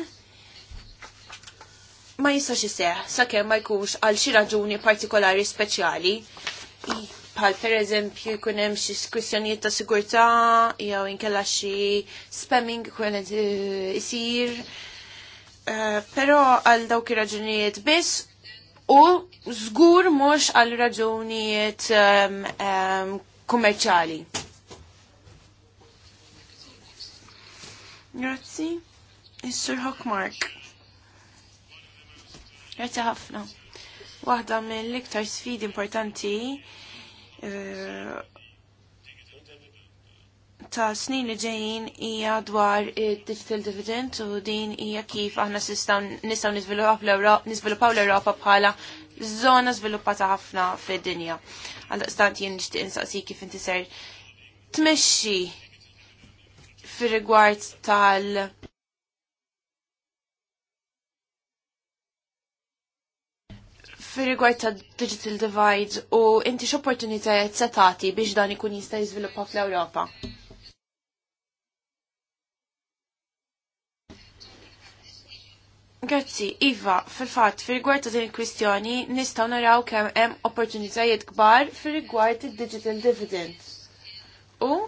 Speaker 2: ma jistax jiseħ sakemm ma jkunx għal xi raġuni partikolari speċjali. Bħal per eżempju jkun hemm xi kwistjonijiet ta' sigurtà jew inkella xi spamming kien eh, isir Eh, pero għal dawk ir-raġunijiet biss u żgur mhux għal raġunijiet ehm, ehm, kummerċali. Grazzi. Is-Sur Hockmark. Grazzi ħafna. Waħda mill-iktar sfidi importanti eh, ta' snin li ġejjin hija dwar digital dividend u din hija kif aħna nistgħu niżviluppaw l-Ewropa bħala żona żviluppata ħafna fid-dinja. Għaldaqstant jien nixtieq insaqsi kif inti ser tmexxi fir-rigward tal- fir rigward ta' digital divide u inti x'opportunitajiet se tagħti biex dan ikun jista' jiżviluppa fl-Ewropa? Grazzi, Iva, fil-fat, fil-rigward ta' din il-kwistjoni, nistaw naraw kemm hemm opportunitajiet kbar fil-rigward il-digital dividend. U?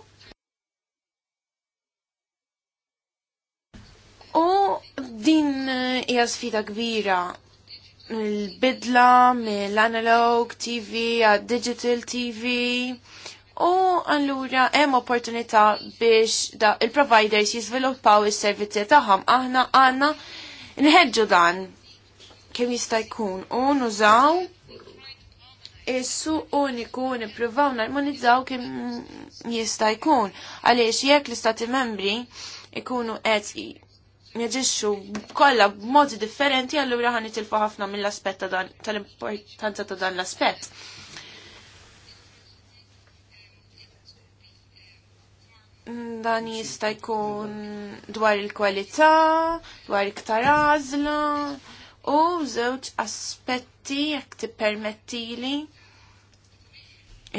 Speaker 2: U din eh, hija sfida kbira il-bidla mill-analog TV a digital TV u allura hemm opportunità biex da il-providers jiżviluppaw is-servizzi tagħhom aħna għandna Inħedġu dan kemm jista' jkun zaw, nużaw is uniku nippruvaw narmonizzaw kemm jista' jkun għaliex jekk l-istati membri ikunu qed jeġixxu kollha b'modi differenti allura ħan ħafna mill-aspett tal-importanza ta' dan l-aspett. dan jista' jkun dwar il-kwalità, dwar iktar għażla u żewġ aspetti jekk tippermettili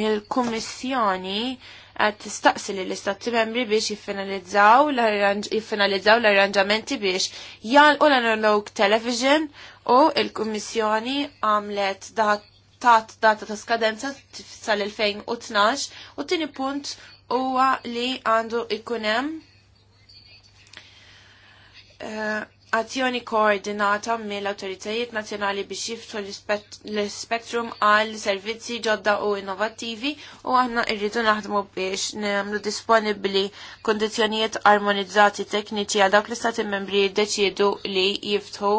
Speaker 2: il-Kummissjoni għad tistaqsi li l-istati membri biex jiffinalizzaw l-arranġamenti biex jalqu l-analog television u il-Kummissjoni għamlet dat tat data ta' skadenza sal-2012 u tini punt huwa li għandu ikunem uh, azzjoni koordinata mill-autoritajiet nazjonali biex jiftu l-spektrum għal servizzi ġodda u innovativi u għanna irridu naħdmu biex nemlu disponibli kondizjonijiet armonizzati tekniċi għal dawk l-istati membri deċiedu li jiftħu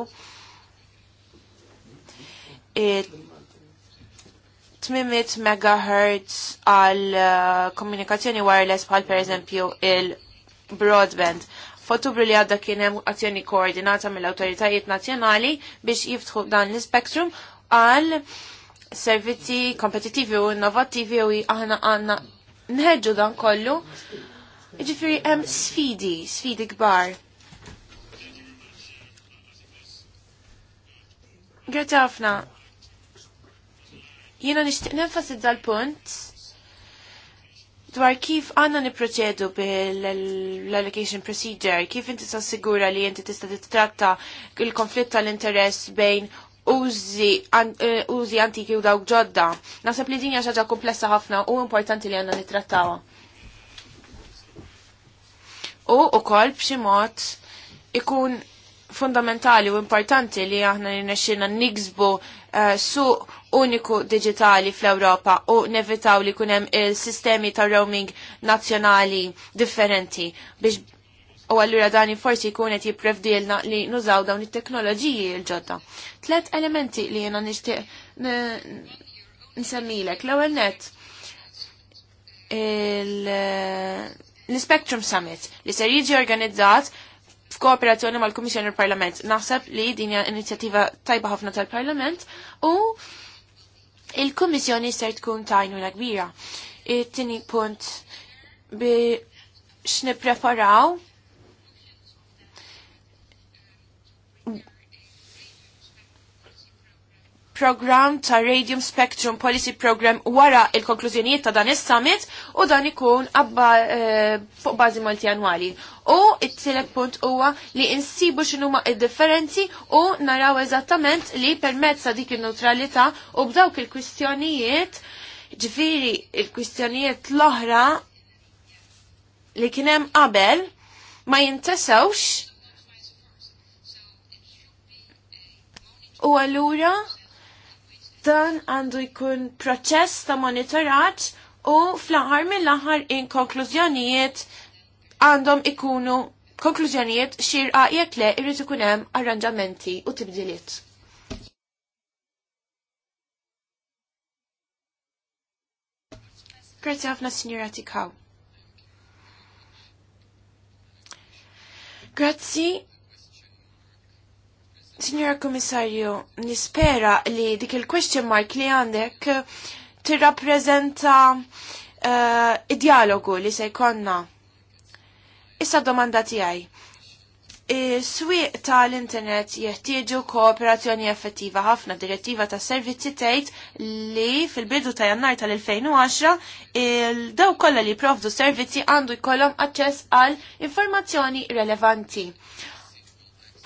Speaker 2: eh, 800 MHz għal eh, komunikazzjoni wireless bħal per eżempju il-broadband. F'Ottubru li għadda kien hemm azzjoni koordinata mill-awtoritajiet nazzjonali biex jiftħu dan l-spektrum għal servizzi kompetitivi u innovattivi u aħna għanna nħedġu dan kollu. Ġifiri hemm sfidi, sfidi kbar. Grazie ħafna. Jiena nixtieq nenfasizza l-punt dwar kif għanna niproċedu bil-allocation procedure, kif inti sassigura li inti tista' titratta il-konflitt tal-interess bejn użi eh, antiki u dawk ġodda. Nasab li dinja xaġa komplessa ħafna u importanti li għanna nitrattawa. U u kol b'ximot ikun fundamentali u importanti li aħna nirnexxina niksbu uh, suq uniku digitali fl-Ewropa u nevitaw li kunem il-sistemi ta' roaming nazzjonali differenti biex u għallura dani forsi kunet jiprevdilna li nużaw dawn it-teknoloġiji il ġodda Tlet elementi li jena nishtiq nsemmilek. L-ewel net, l-Spectrum Summit li ser jiġi organizzat f'kooperazzjoni mal-Kummissjoni l-Parlament. Naħseb li din hija inizjattiva tajba ħafna tal-Parlament u il-Kummissjoni ser tkun tajnuna kbira. It-tieni punt bi x'nippreparaw program ta' Radium Spectrum Policy Program wara il-konklużjonijiet ta' dan is-summit u dan ikun abba eh, fuq bażi multianwali. U it-tielet punt huwa li insibu x'inhuma id-differenzi u naraw eżattament li permezz ta' dik in-neutralità u b'dawk il-kwistjonijiet ġifiri il-kwistjonijiet l-oħra li kien hemm qabel ma jintesewx u allura Dan għandu jkun proċess ta' monitoraġġ u fl-aħħar mill-aħħar in konklużjonijiet għandhom ikunu konklużjonijiet xirqa jekk le irrid ikun hemm arranġamenti u tibdiliet. Grazie ħafna Sinjura Tikaw. Grazzi Signora Komissarju, nispera li dik il-question mark li għandek eh, tirrappreżenta uh, eh, id-dialogu li se jkollna. Issa domanda tiegħi. Is-swieq tal-internet jeħtieġu kooperazzjoni effettiva ħafna direttiva ta' servizzi tgħid li fil-bidu ta' jannar tal-2010 il-daw kollha li provdu servizzi għandu jkollhom aċċess għal informazzjoni relevanti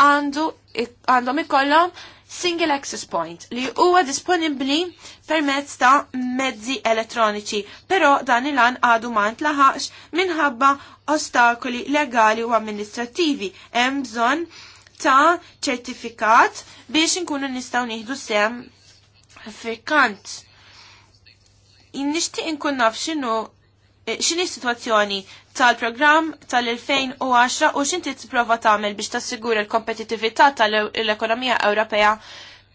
Speaker 2: għandu għandhom ikollhom single access point li huwa disponibbli permezz ta' mezzi elettroniċi, però dan il-an għadu ma ntlaħax minħabba ostakoli legali u amministrativi. Hemm bżonn ta' ċertifikat biex inkunu nistgħu nieħdu sem fikant. Nixtieq inkun naf x'inhu eh, x'inhi situazzjoni tal-programm tal-2010 u x'inti tipprova tagħmel biex tassigura l kompetitivita tal-ekonomija Ewropea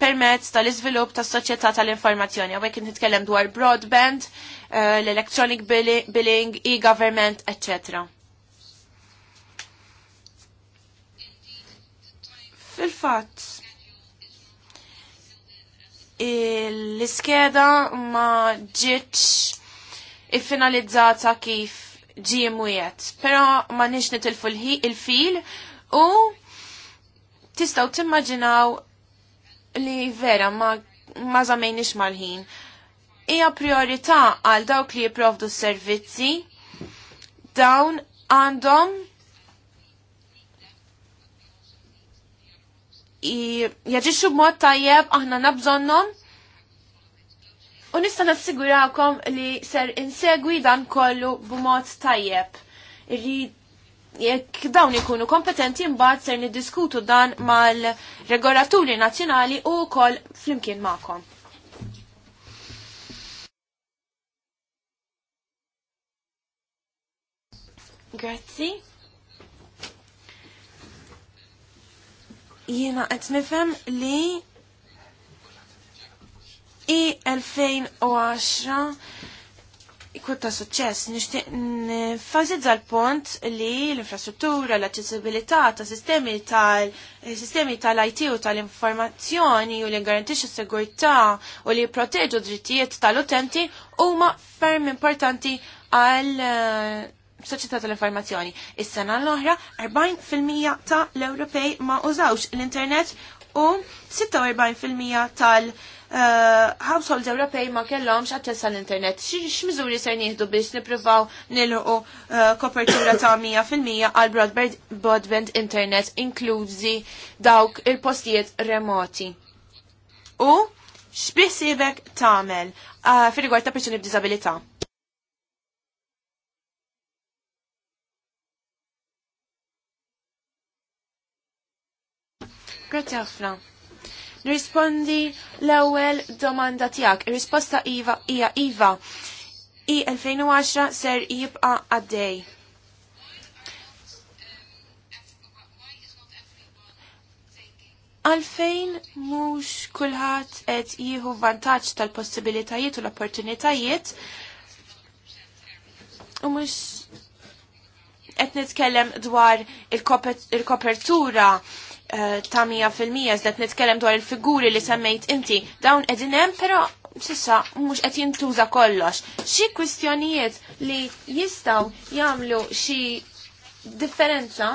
Speaker 2: permezz tal-iżvilupp tas-soċjetà tal-informazzjoni. Għawek nitkellem dwar broadband, eh, l-electronic billing, e-government, etc. Fil-fatt, l-iskeda ma ġietx iffinalizzata kif ġie mwiet. Pero ma nix nitilfu il-fil u tistaw timmaġinaw li vera ma, ma zamejnix mal-ħin. Ija priorità għal dawk li jiprovdu servizzi, dawn għandhom jaġiċu b'mod tajjeb aħna nabżonnom U nista nassigurakom li ser insegwi dan kollu b'mod tajjeb. jekk dawn ikunu kompetenti mbagħad ser niddiskutu dan mal-regolaturi nazzjonali u wkoll flimkien magħkom. Grazzi. Jiena qed nifhem li I 2010 ikut ta' suċċess nixtieq nfasizza l-pont li l-infrastruttura, l-aċċessibilità ta' sistemi tal-sistemi tal-IT u tal-informazzjoni u li garantixxu s-sigurtà u li jipproteġu drittijiet tal-utenti huma ferm importanti għal eh, soċjetà tal-informazzjoni. Is-sena l-oħra 40% ta' l-Ewropej ma użawx l-internet u 46% tal- -internet, Eh, household Ewropej ma kellhomx aċċess għall internet X'miżuri ser nieħdu biex nippruvaw nilħu eh, kopertura ta' 100% għal broadband internet inklużi dawk il-postijiet remoti. U x'biħsibek tagħmel eh, fir-rigward ta' persuni b'diżabilità? Grazie a Rispondi l ewel domanda tijak. risposta iva Ija, iva. I 2010 ser jibqa' għaddej. għalfejn mux kullħat et jihu vantaċ tal-possibilitajiet u l-opportunitajiet u mux et nitkellem dwar il-kopertura il Eh, ta' fil-mija zdet nitkellem dwar il-figuri li semmejt inti. Dawn edinem, pero sissa mux qed jintuża kollox. Xi kwistjonijiet li jistaw jagħmlu xi differenza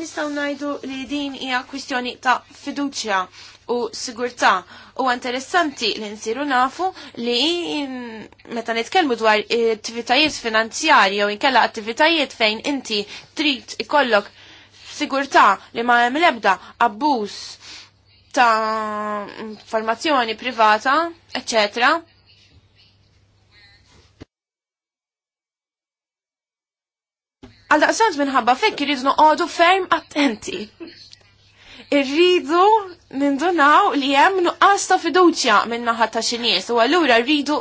Speaker 2: nistaw najdu li din hija kwistjoni ta' fiduċja u sigurtà u interessanti li nsiru nafu li mm, meta nitkellmu dwar eh, attivitajiet finanzjarji u inkella attivitajiet fejn inti trid ikollok sigurtà li ma hemm l-ebda abbuż ta' informazzjoni privata, eccetera. Għal daqsant minħabba fekk irridu noqogħdu ferm attenti. Irridu nindunaw li hemm nuqqas ta' fiduċja minn naħa ta' xi nies u allura rridu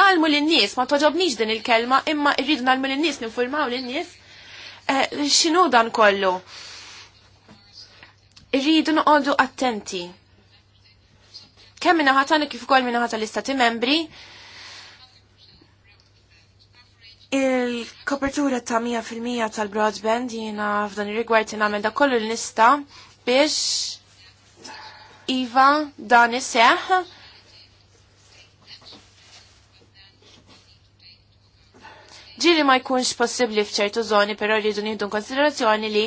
Speaker 2: nalmu lin-nies, ma toġobniex din il-kelma, imma rridu nalmu lin-nies, ninfurmaw lin-nies eh, xinu dan kollu? Irridu noqogħdu attenti. Kemm minna ħatana kif ukoll minna ħata l-istati membri il-kopertura ta' 100% tal-broadband jiena f'dan ir-rigward jien nagħmel dak kollu l-nista biex iva dan iseħħ ġili ma jkunx possibli fċertu zoni, pero rridu nieħdu konsiderazzjoni li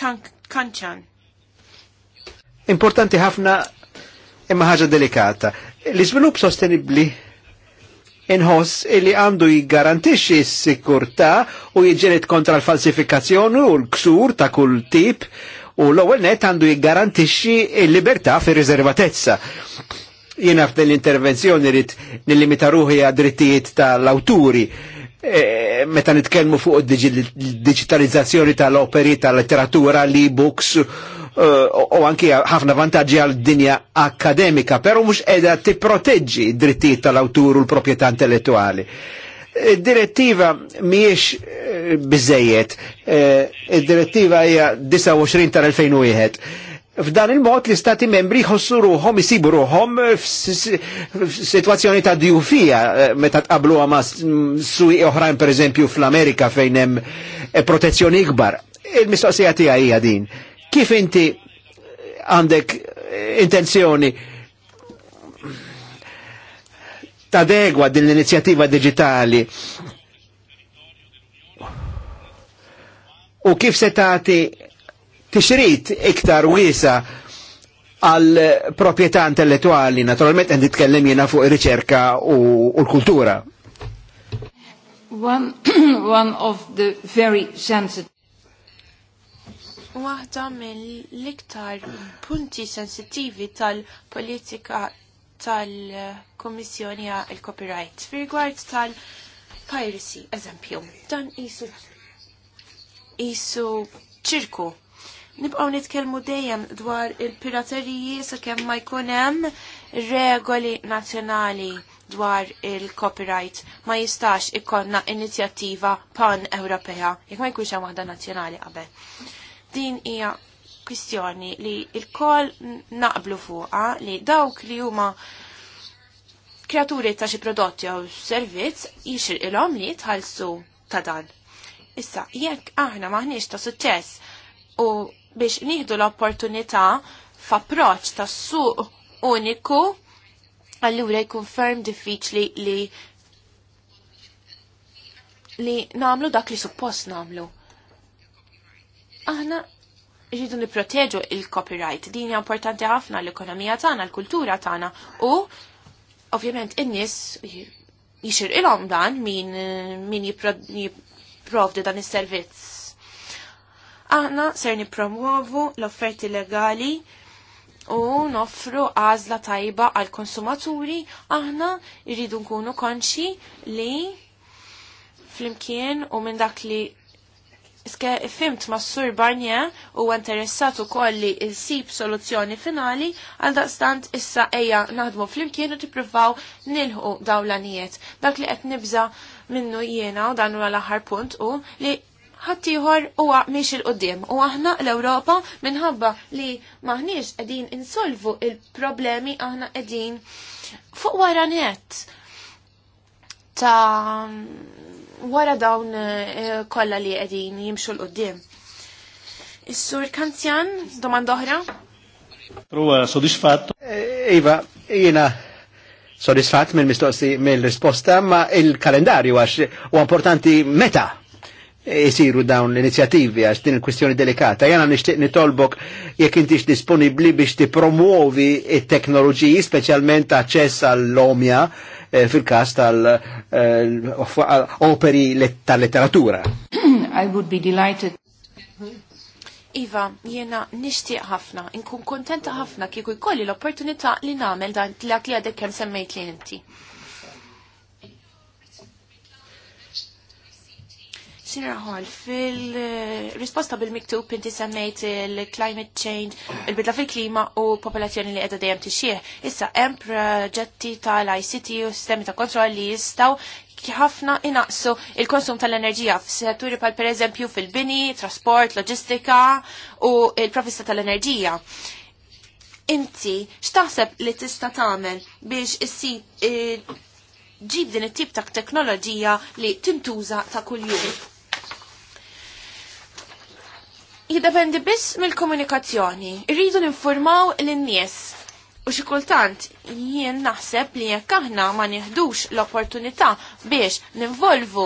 Speaker 2: Kanċan.
Speaker 1: Importanti ħafna imma ħaġa delikata. L-iżvilupp sostenibbli inħoss li għandu jgarantixi s-sikurtà u jiġġieled kontra l-falsifikazzjoni u l-ksur ta' kull tip u l-ewwel net għandu jgarantixi l-libertà fir-riservatezza. Jiena f'din l-intervenzjoni rrid nillimita ruħi għad drittijiet tal-awturi E, meta nitkellmu fuq digitalizzazzjoni tal-operi, tal-letteratura, l-e-books, u eh, anki ħafna vantaġġi għal dinja akademika, però mhux qiegħda tipproteġġi d-drittijiet tal-awtur u l-proprjetà intellettuali. Eh, direttiva mhijiex biżejjed, id-direttiva hija 29 tal-2001 F'dan il-mod li stati membri jħossu ruhom, isibu ruhom f'sitwazzjoni ta' djufija eh, meta tqablu għama suq oħrajn eżempju fl-Amerika fejn hemm eh, protezzjoni ikbar. Il-mistoqsija tiegħi hija din. Kif inti għandek eh, intenzjoni tadegwa din l-inizjattiva digitali u kif setati tixrit iktar wiesa għal proprjetà intellettuali, naturalment għandi tkellem jena fuq ir-riċerka u, u l-kultura.
Speaker 2: One, one of the very sensitive Waħda mill-iktar punti sensittivi tal-politika tal-Komissjoni għal copyright fi rigward tal-piracy, eżempju. Dan isu isu ċirku nibqaw nitkellmu dejjem dwar il-pirateriji sakemm ma jkun hemm regoli nazzjonali dwar il-copyright ma jistax ikkonna inizjattiva pan-Ewropea jekk ma jkunx hemm waħda nazzjonali qabel. Din hija kwistjoni li l koll naqblu fuqa li dawk li huma kreaturi ta' xi prodotti jew servizz jixir ilhom li jitħallsu ta' dan. Issa, jekk aħna maħniex ta' suċċess u biex nieħdu l-opportunità f'approċċ tas-suq uniku allura jkun ferm diffiċli li li namlu dak li suppost namlu. Aħna ġidu nipproteġu il-copyright. Din hija importanti ħafna l-ekonomija tagħna, l-kultura tagħna u ovvjament in-nies jixirqilhom dan min min jipprovdi dan is-servizz. Aħna ser nipromuovu l-offerti legali u noffru għażla tajba għal konsumaturi aħna irridu nkunu konxi li flimkien u minn dak li Iske fimt ma s-sur Barnier u interessat u kolli il-sib soluzzjoni finali għal daqstant issa eja naħdmu flimkien u tipruvaw nilħu dawlanijiet. Dak li qed nibza minnu jiena u dan huwa l-aħħar punt u li ħattijħor huwa miex il-qoddim u aħna l-Ewropa minħabba li maħniex qegħdin insolvu il-problemi aħna qegħdin fuq wara net ta' wara dawn eh, kollha li qegħdin jimxu l-qoddim. Is-sur Kanzjan, domanda oħra?
Speaker 1: Ruwa sodisfatt. Eh, iva, jiena sodisfatt mill-mistoqsi mill-risposta, ma il-kalendarju għax u importanti meta jisiru dawn l-inizjativi għax din il-kwistjoni delikata. Jana nishtiq nitolbok jekk intix disponibli biex ti promuovi il-teknoloġiji, specialment aċċess għall-omja eh, fil-kas tal-operi eh, tal-letteratura.
Speaker 2: I would be delighted. Iva, jena nishtiq ħafna, inkun kontenta ħafna kieku jkolli l-opportunità li namel dan li għadek kem semmejt li inti. Sinra Hall, fil-risposta bil-miktub inti semmejt il-climate change, il-bidla fil-klima u popolazzjoni li edha dejjem tixjih. Issa hemm proġetti tal-ICT u sistemi ta' kontroll li jistgħu ħafna inaqsu il-konsum tal-enerġija f'setturi pal pereżempju fil-bini, trasport, loġistika u il-provista tal-enerġija. Inti, x'taħseb li tista' tagħmel biex issi eh, ġib din it-tip ta' teknoloġija li tintuża ta' kuljum? jiddependi biss mill-komunikazzjoni. Irridu ninformaw l-nies. U xi kultant jien naħseb li jekk aħna ma nieħdux l-opportunità biex ninvolvu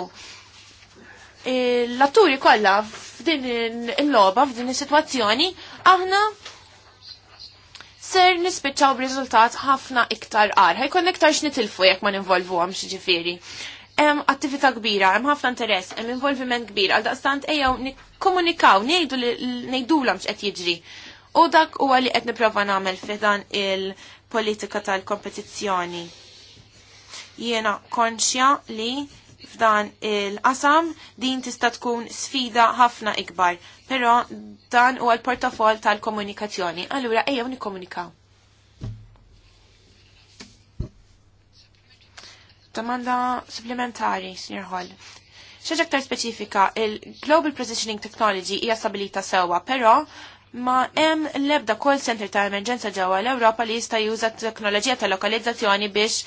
Speaker 2: eh, l-atturi kollha f'din il-logħba f'din is-sitwazzjoni, aħna ser nispiċċaw b'riżultat ħafna iktar qar. Ħajkun iktar x'nitilfu jekk ma ninvolvuhom xi ġifieri hemm attività kbira, hemm ħafna interess, hemm involviment kbir, għal daqstant ejjew nikkomunikaw, ngħidu ngħidulhom x'qed jiġri. U dak huwa li qed nipprova nagħmel fi dan il-politika tal-kompetizzjoni. Jiena konxja li f'dan il-qasam din tista' tkun sfida ħafna ikbar, però dan huwa l-portafol tal-komunikazzjoni. Allura ejjew nikkomunikaw. Domanda supplementari, signor Hall. Xaġa aktar speċifika, il-Global Positioning Technology hija stabilita sewwa, però ma hemm l-ebda call center ta' emerġenza ġewwa l-Ewropa li jista' juża teknoloġija ta' lokalizzazzjoni biex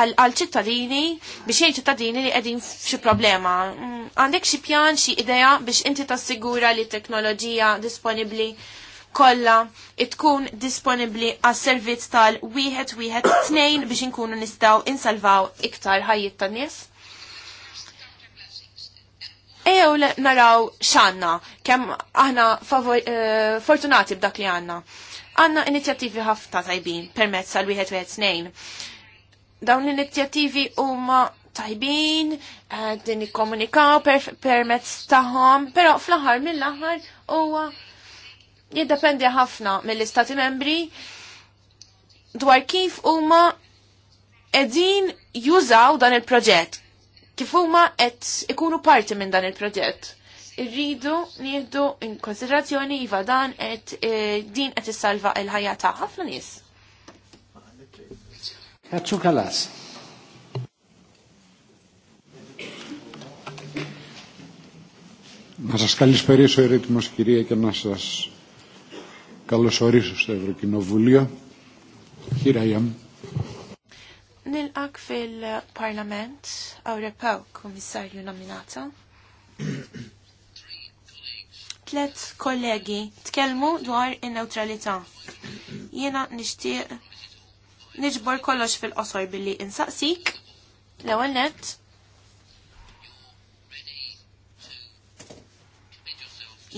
Speaker 2: għal ċittadini biex jien ċittadini li qegħdin f'xi problema. Mm, għandek xi pjan xi idea biex inti tassigura li t teknoloġija disponibbli kolla tkun disponibbli għas servizz tal-wieħed wieħed tnejn biex inkunu nistgħu insalvaw iktar ħajjiet tan-nies. Ejjew naraw x'Anna, kemm aħna eh, fortunati b'dak li għandna. Għandna inizjattivi ħafna tajbin permezz tal wieħed wieħed tnejn. Dawn l-inizjattivi huma tajbin, din ikkomunikaw permezz tagħhom, però fl-aħħar mill-aħħar huwa uh, jiddependi ħafna mill-istati membri dwar kif huma edin jużaw dan il-proġett. Kif huma qed ikunu parti minn dan il-proġett. Irridu nieħdu in konsiderazzjoni iva dan qed eh, din qed issalva l-ħajja ta' ħafna nies.
Speaker 3: Kaċċu kalas. Να σας καλησπερίσω ερήτημος κυρία και να σας Καλώς στο Ευρωκοινοβούλιο. Χειραγιάμ.
Speaker 2: nil ak fil-Parlament Ewropew, Komissarju nominata. Tlet kollegi tkellmu dwar in-neutralità. Jiena nixtieq niġbor kollox fil-qosor billi insaqsik l-ewwel nett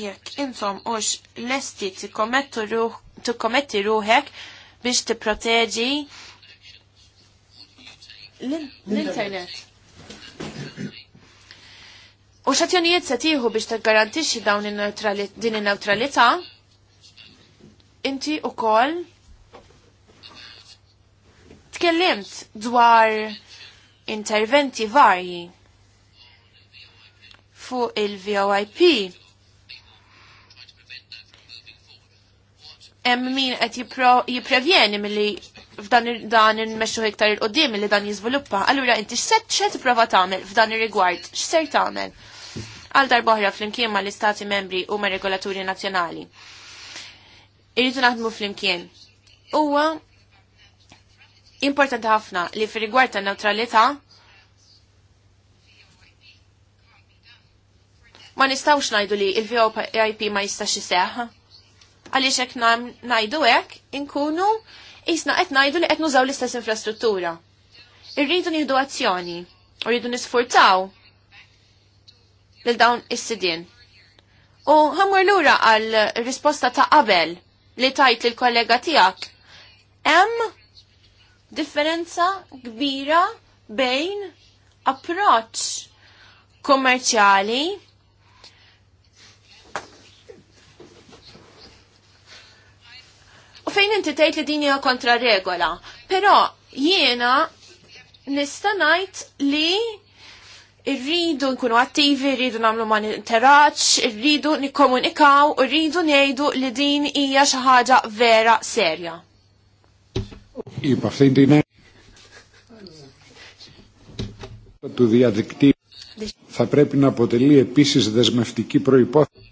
Speaker 2: jekk intom ux lesti kometti ruħek biex tipproteġi l-internet. U xatjonijiet se tieħu biex tiggarantixxi dawn din in neutralita inti t tkellimt dwar interventi varji fuq il-VOIP hemm min qed jipprevjeni milli f'dan dan immexxu iktar il qudiem li dan jiżviluppa, allura inti x'set xed prova tagħmel f'dan ir-rigward, x'ser tagħmel? Għal darboħra flimkien mal istati membri u ma' regolaturi nazzjonali. Irridu naħdmu flimkien. Huwa importanti ħafna li fir-rigward tan neutralità ma nistawx najdu li il-VOIP ma jistax jiseħ għaliex hekk ngħidu hekk inkunu isna qed ngħidu li qed nużaw l-istess infrastruttura. Irridu nieħdu azzjoni, rridu nisfurtaw lil dawn is-sidien. U ħammur lura għal risposta ta' qabel li tajt lil kollega tiegħek. Hemm differenza kbira bejn approċċ kommerċjali U fejn inti tgħid li din hija kontra regola. Però jiena nista' ngħid li irridu nkunu attivi, irridu namlu ma monitoraġġ, irridu nikkomunikaw, irridu nejdu li din hija xi ħaġa vera serja.
Speaker 3: του iva, διαδικτύου θα πρέπει να αποτελεί επίσης δεσμευτική προϋπόθεση.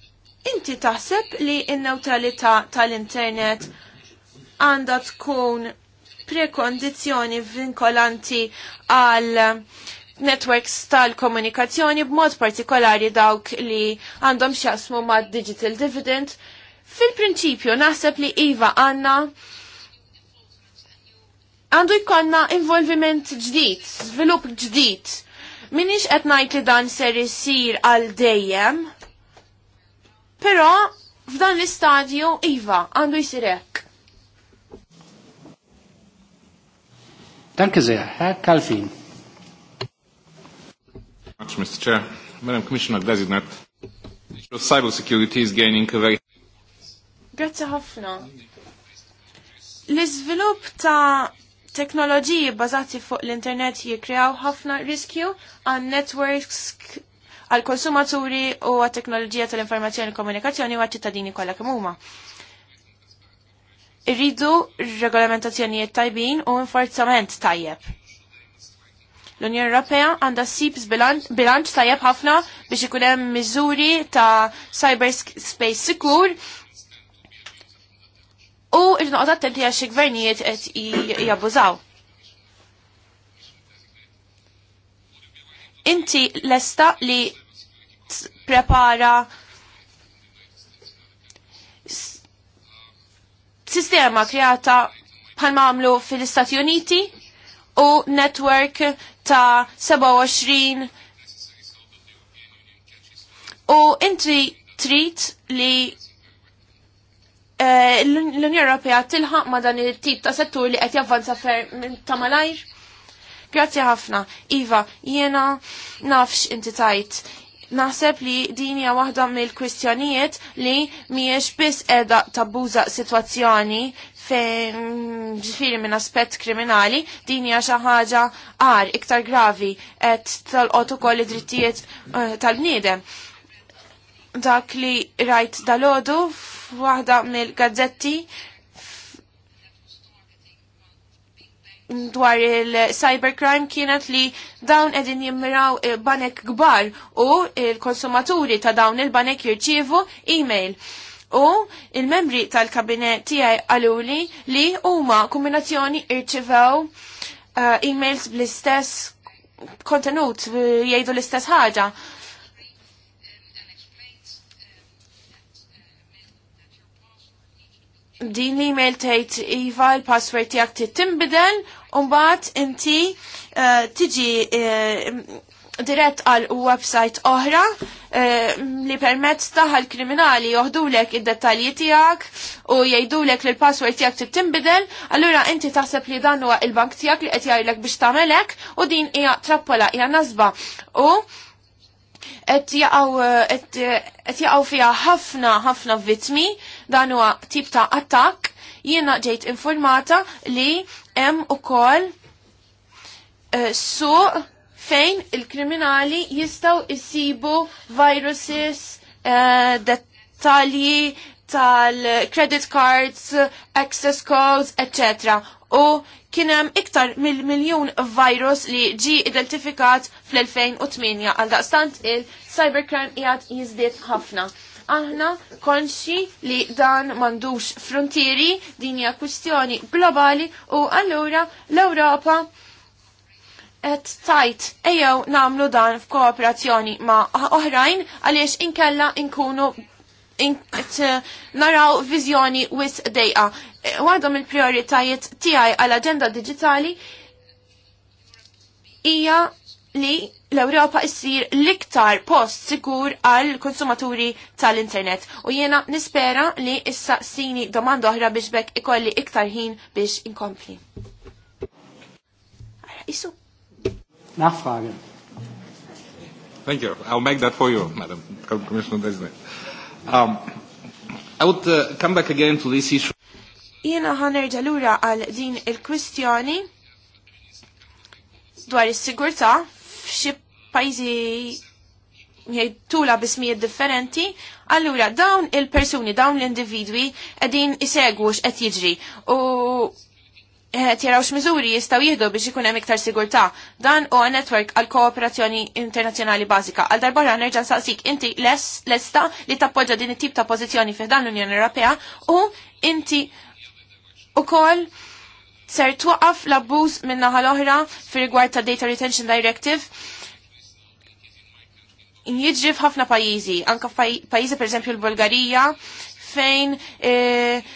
Speaker 2: Είναι Inti taħseb li η neutralità τα internet għandha tkun prekondizjoni vinkolanti għal networks tal-komunikazzjoni b'mod partikolari dawk li għandhom xasmu ma' digital dividend. Fil-prinċipju naħseb li Iva għanna għandu jkonna involviment ġdid, svilup ġdid. Minix qed ngħid li dan ser isir għal dejjem, però f'dan l-istadju iva għandu jsir hekk.
Speaker 3: Danke sehr, Herr Kalfin. Much, Mr. Chair. Madam Commissioner Designate, cyber security is gaining a very...
Speaker 2: Grazie Hoffno. L-izvilup ta' teknoloġiji bazati fuq l-internet jikreaw ħafna riskju għan networks għal konsumaturi u għal teknoloġija tal-informazzjoni u komunikazzjoni u għat ċittadini kollha kemm huma. Irridu regolamentazzjonijiet tajbin u inforzament tajjeb. L-Unjoni Ewropea għandha ssib bilanċ tajjeb ħafna biex ikun hemm miżuri ta' cyberspace sikur u irnoqgħod attenti għax gvernijiet qed jabbużaw. Inti lesta li prepara sistema kreata bħal mamlu fil-Istati Uniti u network ta' 27 u inti trit li uh, l-Unjoni Ewropea tilħaq ma dan il-tip ta' settur li qed javvanza fer ta' malajr. Grazzi ħafna. Iva, jiena nafx inti tajt naħseb li din hija waħda mill-kwistjonijiet li mhijiex biss qiegħda tabbuża sitwazzjoni fejn mm, minn aspett kriminali, din hija xi ħaġa għar iktar gravi qed talqot ukoll id-drittijiet eh, tal-bniedem. Dak li rajt dal-odu waħda mill-gazzetti dwar il-cybercrime kienet li dawn edin jimmiraw banek gbar u il-konsumaturi ta' dawn il-banek jirċivu e-mail. U il-membri tal-kabinet tiegħi għaluli li huma kombinazzjoni irċivew uh, e-mails bl-istess kontenut jgħidu l-istess ħaġa. din l-email tgħid iva l-password tiegħek tittinbidel Umbat inti eh, tiġi eh, dirett għal website oħra eh, li permezz taħal kriminali joħdulek id-dettalji tiegħek u jgħidulek li l-password tiegħek trid tinbidel, allura inti taħseb li dan huwa il-bank tiegħek li qed jgħidlek biex tagħmelek u din hija trappola hija nazba U qed jaqgħu fiha ħafna ħafna vittmi dan huwa tip ta' attakk jiena ġejt informata li hemm ukoll su eh, suq fejn il-kriminali jistaw isibu viruses, eh, dettalji tal-credit cards, access codes, etc. U kienem iktar mil miljon virus li ġi identifikat fl-2008 għal daqstant il-cybercrime jgħad jizdiet ħafna. Aħna konxi li dan mandux frontieri, din hija kwistjoni globali u allura l-Ewropa et tajt ejjew namlu dan f'kooperazzjoni ma' oħrajn għaliex inkella inkunu in eh, naraw viżjoni wis dejqa. Għadhom eh, il-prioritajiet tiegħi għall-aġenda digitali hija li l-Ewropa issir l-iktar post sigur għal konsumaturi tal-internet u jiena nispera li issa sini domandu oħra biex bekk ikolli iktar ħin biex inkompli. Isu.
Speaker 3: Nachfrage. Thank you. I'll make that for you, Madam Commissioner President. Um, I would uh, come back again to this issue.
Speaker 2: Jena ħanerġa lura għal din il-kwistjoni dwar is-sigurtà f'xi pajjiżi jgħidtula bismijiet differenti, allura dawn il-persuni, dawn l-individwi qegħdin isegwu x'qed jiġri u qed jaraw x'miżuri jistgħu jieħdu biex ikun hemm iktar sigurtà. Dan u network għal kooperazzjoni internazzjonali bażika. Għal darbarra nerġa' nsaqsik inti lesta li tappoġġa din it-tip ta' pożizzjoni fih dan l-Unjoni Ewropea u inti ukoll ser twaqaf l-abbuż minn naħa l-oħra fir-rigward ta' Data Retention Directive jiġri f'ħafna pajjiżi, anka per pereżempju l-Bulgarija fejn eh,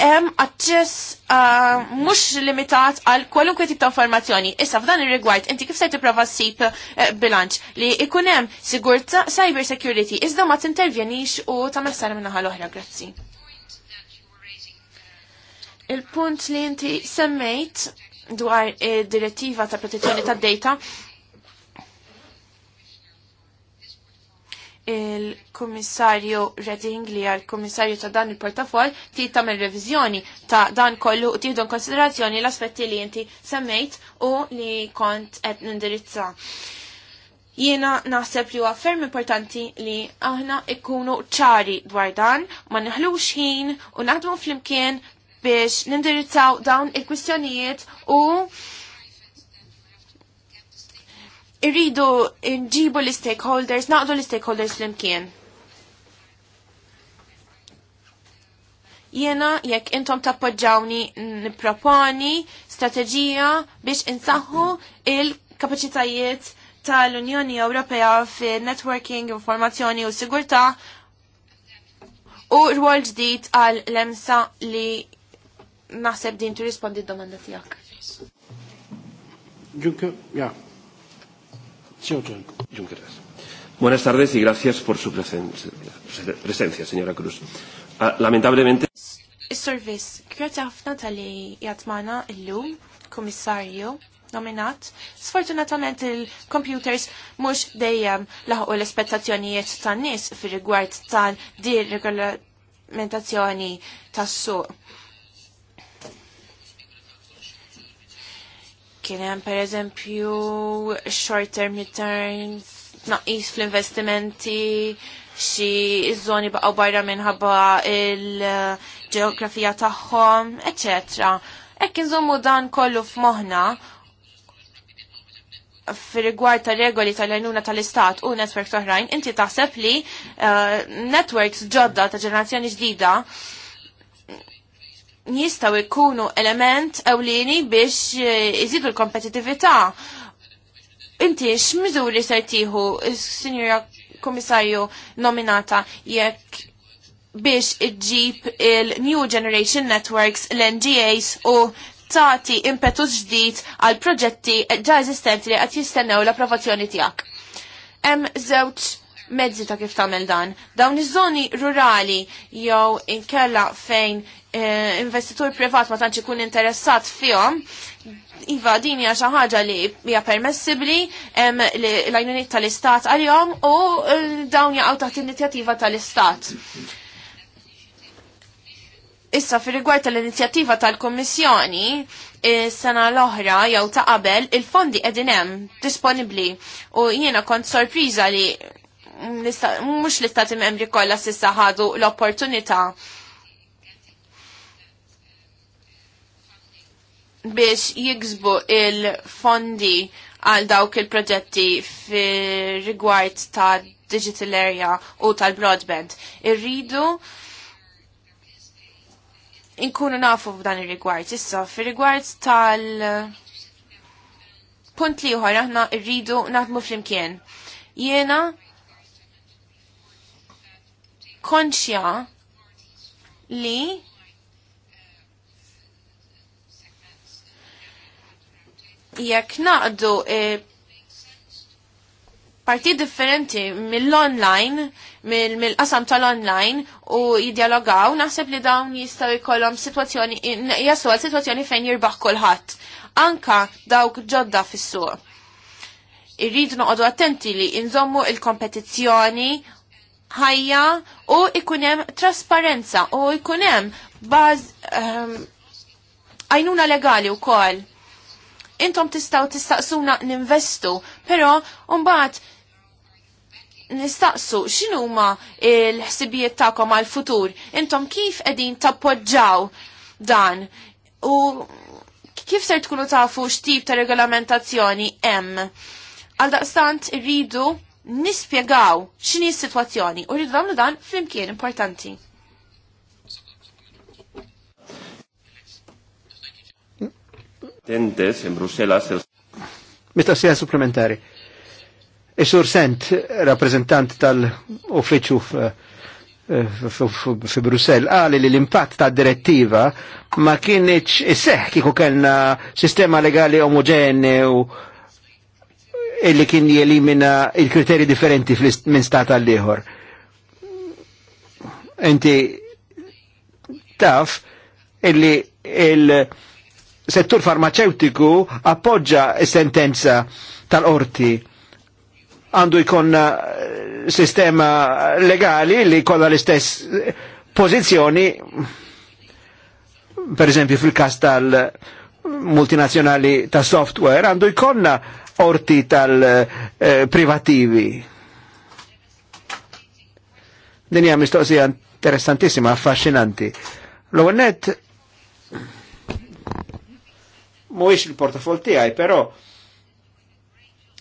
Speaker 2: hemm aċċess eh, mhux limitat għal kwalunkwe tip ta' informazzjoni. Issa f'dan ir-rigward inti kif se tipprova ssib eh, bilanċ li ikun hemm sigurtà cyber security iżda ma tintervjenix u tagħmel sar minn naħa l-oħra. Grazzi. Il-punt li inti semmejt dwar direttiva ta' protezzjoni ta' data il-komissarju Reding li għal komissarju ta' dan il-portafol ti tamel revizjoni ta' dan kollu u tiħdu konsiderazzjoni l-aspetti li inti semmejt u li kont qed nindirizza. Jiena naħseb li huwa ferm importanti li aħna ikkunu ċari dwar dan, ma neħlux ħin u naħdmu flimkien biex nindirizzaw dawn il-kwistjonijiet u irridu nġibu l-stakeholders, naqdu l-stakeholders l-imkien. Jena, jekk intom tappoġġawni nipproponi strategija biex insaħħu il-kapacitajiet tal-Unjoni Ewropea fi networking informazzjoni u sigurta u rwol ġdid għal l-emsa li naħseb din tirrispondi d-domanda tiegħek.
Speaker 3: Juncker, ja. Juncker.
Speaker 1: Buenas tardes y gracias por su presencia, presencia señora Cruz. Uh, Lamentablemente... Service,
Speaker 2: servizz kreti ħafna tal-li jatmana l-lum, komissarju, nominat. Sfortunatament il-computers mux dejjem laħu l-espettazzjonijiet tan nis fil rigward tal-di regolamentazzjoni tas-suq Kien hemm pereżempju short term returns, tnaqqis fl-investimenti, xi żoni baqgħu barra minħabba il-ġeografija tagħhom, eċetera. Hekk inżommu dan kollu f'moħħna fir-rigward regoli tal-għajnuna tal-istat u networks oħrajn, inti taħseb li uh, networks ġodda ta' ġenerazzjoni ġdida jistaw ikunu element ewlieni biex jizidu eh, l-kompetitività. Inti x'miżuri se tieħu is-Sinjura Komissarju nominata jekk biex iġġib il-New Generation Networks, l-NGAs u tati impetus ġdid għal proġetti ġa eżistenti li qed jistennew l-approvazzjoni tiegħek. Hemm żewġ mezzi ta' kif tagħmel dan. Dawn iż-żoni rurali jew inkella fejn Eh, investitur privat ma tantx ikun interessat fihom, iva din hija xi ħaġa li hija permessibbli l-għajnuniet tal-istat għalihom u eh, dawn jaqgħu taħt inizjattiva tal-istat. Issa fir rigward tal-inizjattiva tal kummissjoni eh, sena l-oħra jew ta' qabel il-fondi qegħdin hemm disponibbli u jiena kont sorpriża li mhux l-istati membri kollha s'issa ħadu l-opportunità biex jiksbu il-fondi għal dawk il-proġetti fi rigward ta' digital area u tal-broadband. Irridu inkunu nafu f'dan ir-rigward. Issa, fir-rigward tal- punt li uħar aħna rridu naħdmu flimkien. Jena konxja li jekk naqdu e, partit differenti mill-online, mill-qasam tal-online u jidjalogaw, naħseb li dawn jistaw jkollhom situazzjoni, jaslu għal situazzjoni fejn jirbaħ kulħadd. Anka dawk ġodda fis-suq. Irridu noqogħdu attenti li inżommu il-kompetizzjoni ħajja u ikunem trasparenza u ikunem baż ehm, għajnuna legali u koll intom tistaw tistaqsuna ninvestu, pero mbagħad nistaqsu x'inhuma l-ħsibijiet tagħkom għal-futur, intom kif qegħdin tappoġġaw dan u kif ser tkunu tafu x'tip ta' regolamentazzjoni hemm. Għal daqstant irridu nispjegaw x'inhi s-sitwazzjoni u rridu nagħmlu dan flimkien importanti.
Speaker 3: Tendes in Bruxelles. Bruxellas.
Speaker 1: Mistoqsija supplementari. Isur Sent, rappresentant tal ufficiu fi Bruxelles, għali li l-impatt ta' direttiva ma kienieċ isseħ kiku kellna sistema legali omogeneu illi kien jelimina il-kriteri differenti minn stat għal liħor. Enti taf illi il- settur farmaceutiku appoggia sentenza tal-orti għandu jkun eh, sistema legali li kolla l-istess eh, pozizjoni per eżempju fil-kas tal-multinazjonali eh, ta' software għandu jkonna orti tal-privativi. Dinja mistoqsija interessantissima, affascinanti. L-għonet mhuwiex il-portafol tiegħi, però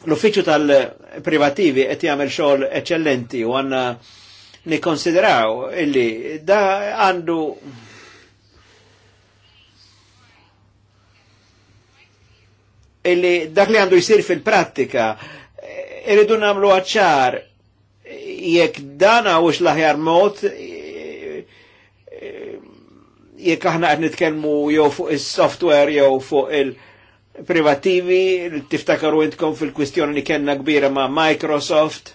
Speaker 1: l-uffiċċju tal-privativi qed jagħmel xogħol eċċellenti u għandna nikkonsideraw illi da għandu illi dak li għandu jisir fil-prattika irridu namlu għacċar jekk dana u l-aħjar mod jekk aħna qed nitkellmu jew fuq is-software jew fuq il-privativi, tiftakaru intkom fil-kwistjoni li kellna kbira ma' Microsoft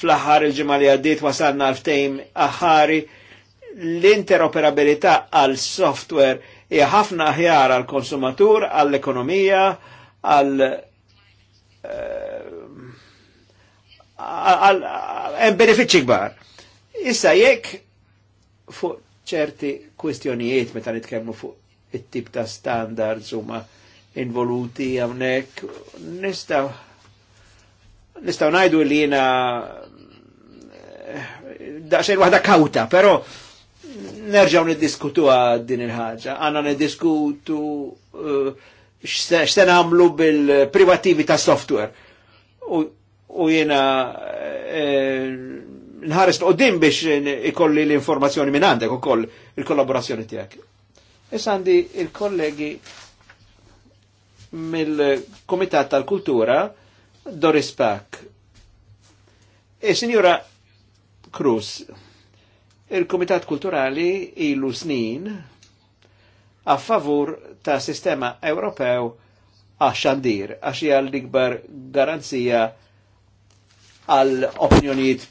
Speaker 1: fl-aħħar il-ġimgħa li għaddiet wasalna għal-ftejm aħari l-interoperabilità għal software hija ħafna aħjar għal konsumatur, għall ekonomija għal eh, għal eh, benefiċċji kbar. Issa jekk fuq ċerti kwestjonijiet meta nitkellmu fuq it-tip ta' standards huma involuti hawnhekk nistgħu nistgħu ngħidu li jiena eh, daqsxejn waħda kawta, però nerġgħu niddiskutuha din il-ħaġa. Għanna niddiskutu eh, x'se nagħmlu bil-privativi ta' software. U, jiena eh, nħares t qoddim biex ikolli l-informazzjoni minn għandek u koll il-kollaborazzjoni tijak. Issa għandi il-kollegi mill-Komitat tal-Kultura Doris Pack. E signora Cruz, il-Komitat Kulturali ilu snin a favur ta' sistema Ewropew għaxandir, għax hija l-ikbar garanzija għal opinjoniet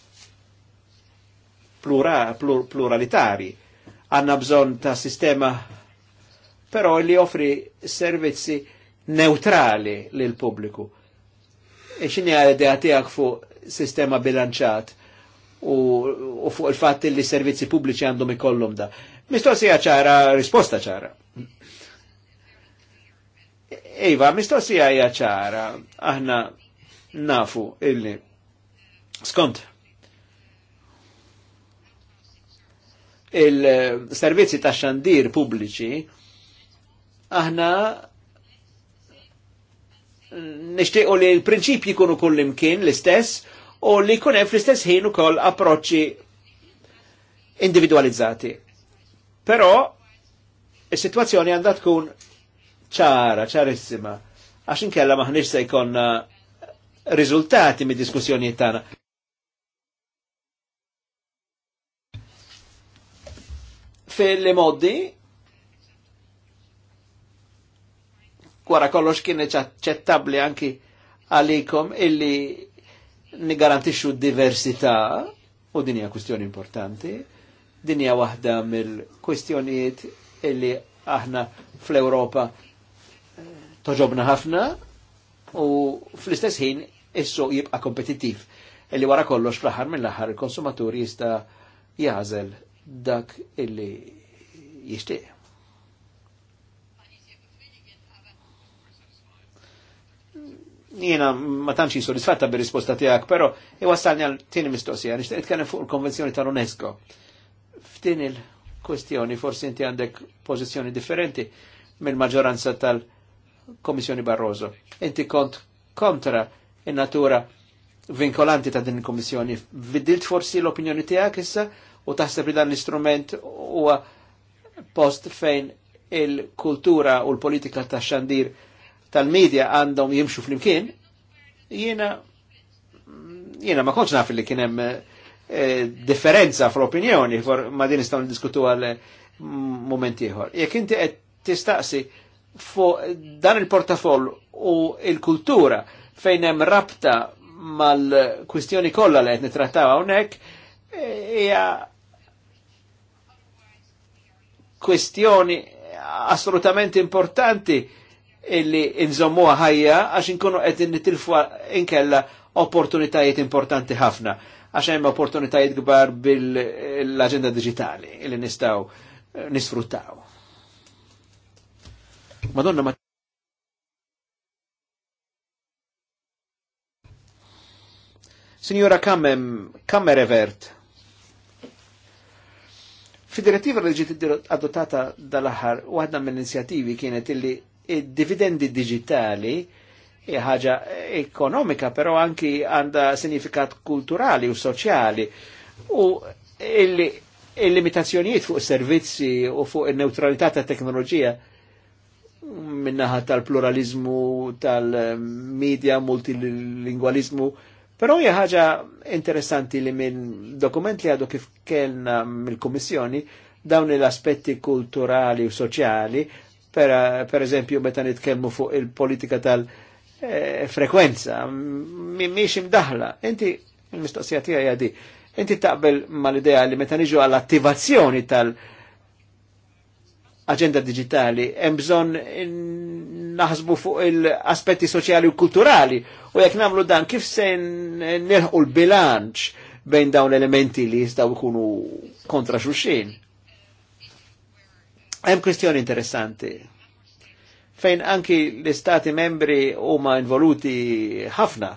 Speaker 1: plura, plur, pluralitari. Għanna bżon ta' sistema però li offri servizzi neutrali lil pubbliku. E xini għal-idea tijak fu sistema bilanċat u, u fuq il-fat li servizzi pubbliċi għandhom ikollhom da. Mistoqsija ċara, risposta ċara. Iva, mistoqsija hija ċara, aħna nafu illi skont il-servizzi ta' xandir pubbliċi, aħna nishtiqo li l-prinċipji jikunu kull imkien l-istess u li kun hemm fl-istess ħin ukoll approċċi individualizzati. Però is-sitwazzjoni għandha tkun ċara, ċarissima, għax inkella maħniex se jkollna riżultati mid-diskussjonijiet tagħna. fil li moddi, wara kollox kien ċettabli anki għalikom illi nigarantixxu diversità u dinja kustjoni importanti. dinja wahda mill kustjonijiet illi aħna fl europa eh, toġobna ħafna u fl-istess ħin issu jibqa' kompetitiv illi wara kollox fl ħar mill ħar il-konsumatur jista' jażel dak illi jishtiq. Jiena ma tantx soddisfatta bir-risposta tiegħek, però iwassalni għal tieni mistoqsija, nixtieq nitkellem fuq il-Konvenzjoni tal-UNESCO. F'din il-kwestjoni forsi inti għandek pożizzjoni differenti mill-maġġoranza tal-Komissjoni Barroso. Inti kont kontra in-natura vinkolanti ta' din il-Komissjoni. Vidilt forsi l-opinjoni tiegħek issa? u taħseb li dan l-istrument huwa post fejn il-kultura u l-politika ta' xandir tal-medja għandhom jimxu fl-imkien, jiena jiena ma konċ naf li kienem e, eh, differenza fl-opinjoni ma din istaw diskutu għal eh, moment ieħor. Jekk inti qed tistaqsi fuq dan il-portafoll u il-kultura fejn hemm rabta mal-kwistjoni kollha li qed nittrattaw hawnhekk, hija kwestjoni assolutament importanti illi inżommuha ħajja għax inkunu qed nitilfu inkella opportunitajiet importanti ħafna għax hemm opportunitajiet kbar bil-aġenda diġitali illi nistgħu nisfruttaw. Madonna ma Signora Kamem, Kamere Vert. Kammerevert. Fid-direttiva li ġiet adottata dal-aħħar waħda mill-inizjattivi kienet illi id-dividendi digitali e ħaġa ekonomika, però anki għanda sinifikat kulturali u soċjali. U il-limitazzjonijiet fuq servizzi u fuq il-neutralità ta' teknoloġija minnaħa tal-pluralizmu, tal-medja, multilingualizmu, Pero hija ħaġa interessanti li minn dokument li għadu kif kellna mill-Kummissjoni dawn l-aspetti kulturali u soċjali, per, per eżempju meta nitkellmu fuq il-politika tal-frekwenza, eh, miex imdaħla. Inti, il-mistoqsija tiegħi di, inti taqbel mal-idea li meta niġu għall-attivazzjoni tal-frekwenza agenda digitali, hemm bżonn naħsbu fuq l aspetti soċjali u kulturali u jekk nagħmlu dan kif se nilħu l-bilanċ bejn dawn elementi li jistgħu jkunu kontra xulxin. Hemm kwestjoni interessanti fejn anki l-istati membri huma involuti ħafna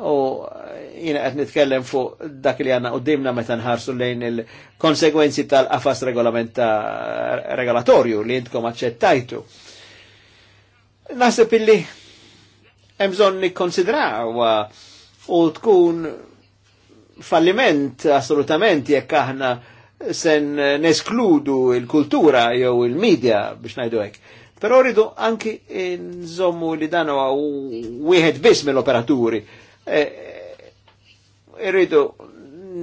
Speaker 1: u eh, jina għet nitkellem fuq dak li għanna u meta nħarsu lejn il-konsegwenzi tal-qafas regolamenta regolatorju li jintkom għacċettajtu. Nasib illi emżon nikkonsidraw u tkun falliment assolutament jekk aħna sen neskludu il-kultura jew il-medja biex najdu hekk. Però rridu anki nżommu li dan huwa wieħed biss mill-operaturi E, irridu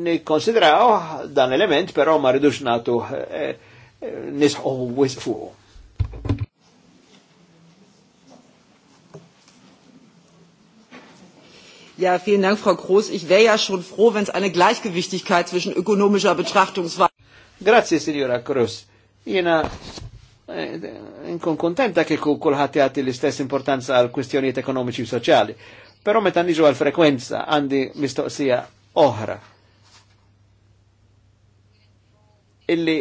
Speaker 1: nikkonsidraw dan element, pero ma rridux natu e, e, nisħu wisq Ja, vielen Dank, Frau Groß. Ich wäre ja schon froh, wenn es eine Gleichgewichtigkeit zwischen ökonomischer Betrachtungsweise. Grazie, signora Cruz. Jena nkun kontenta kieku kulħadd jagħti l-istess importanza għal kwistjonijiet ekonomiċi u soċjali. Però meta niġu għal frekwenza għandi mistoqsija oħra. Illi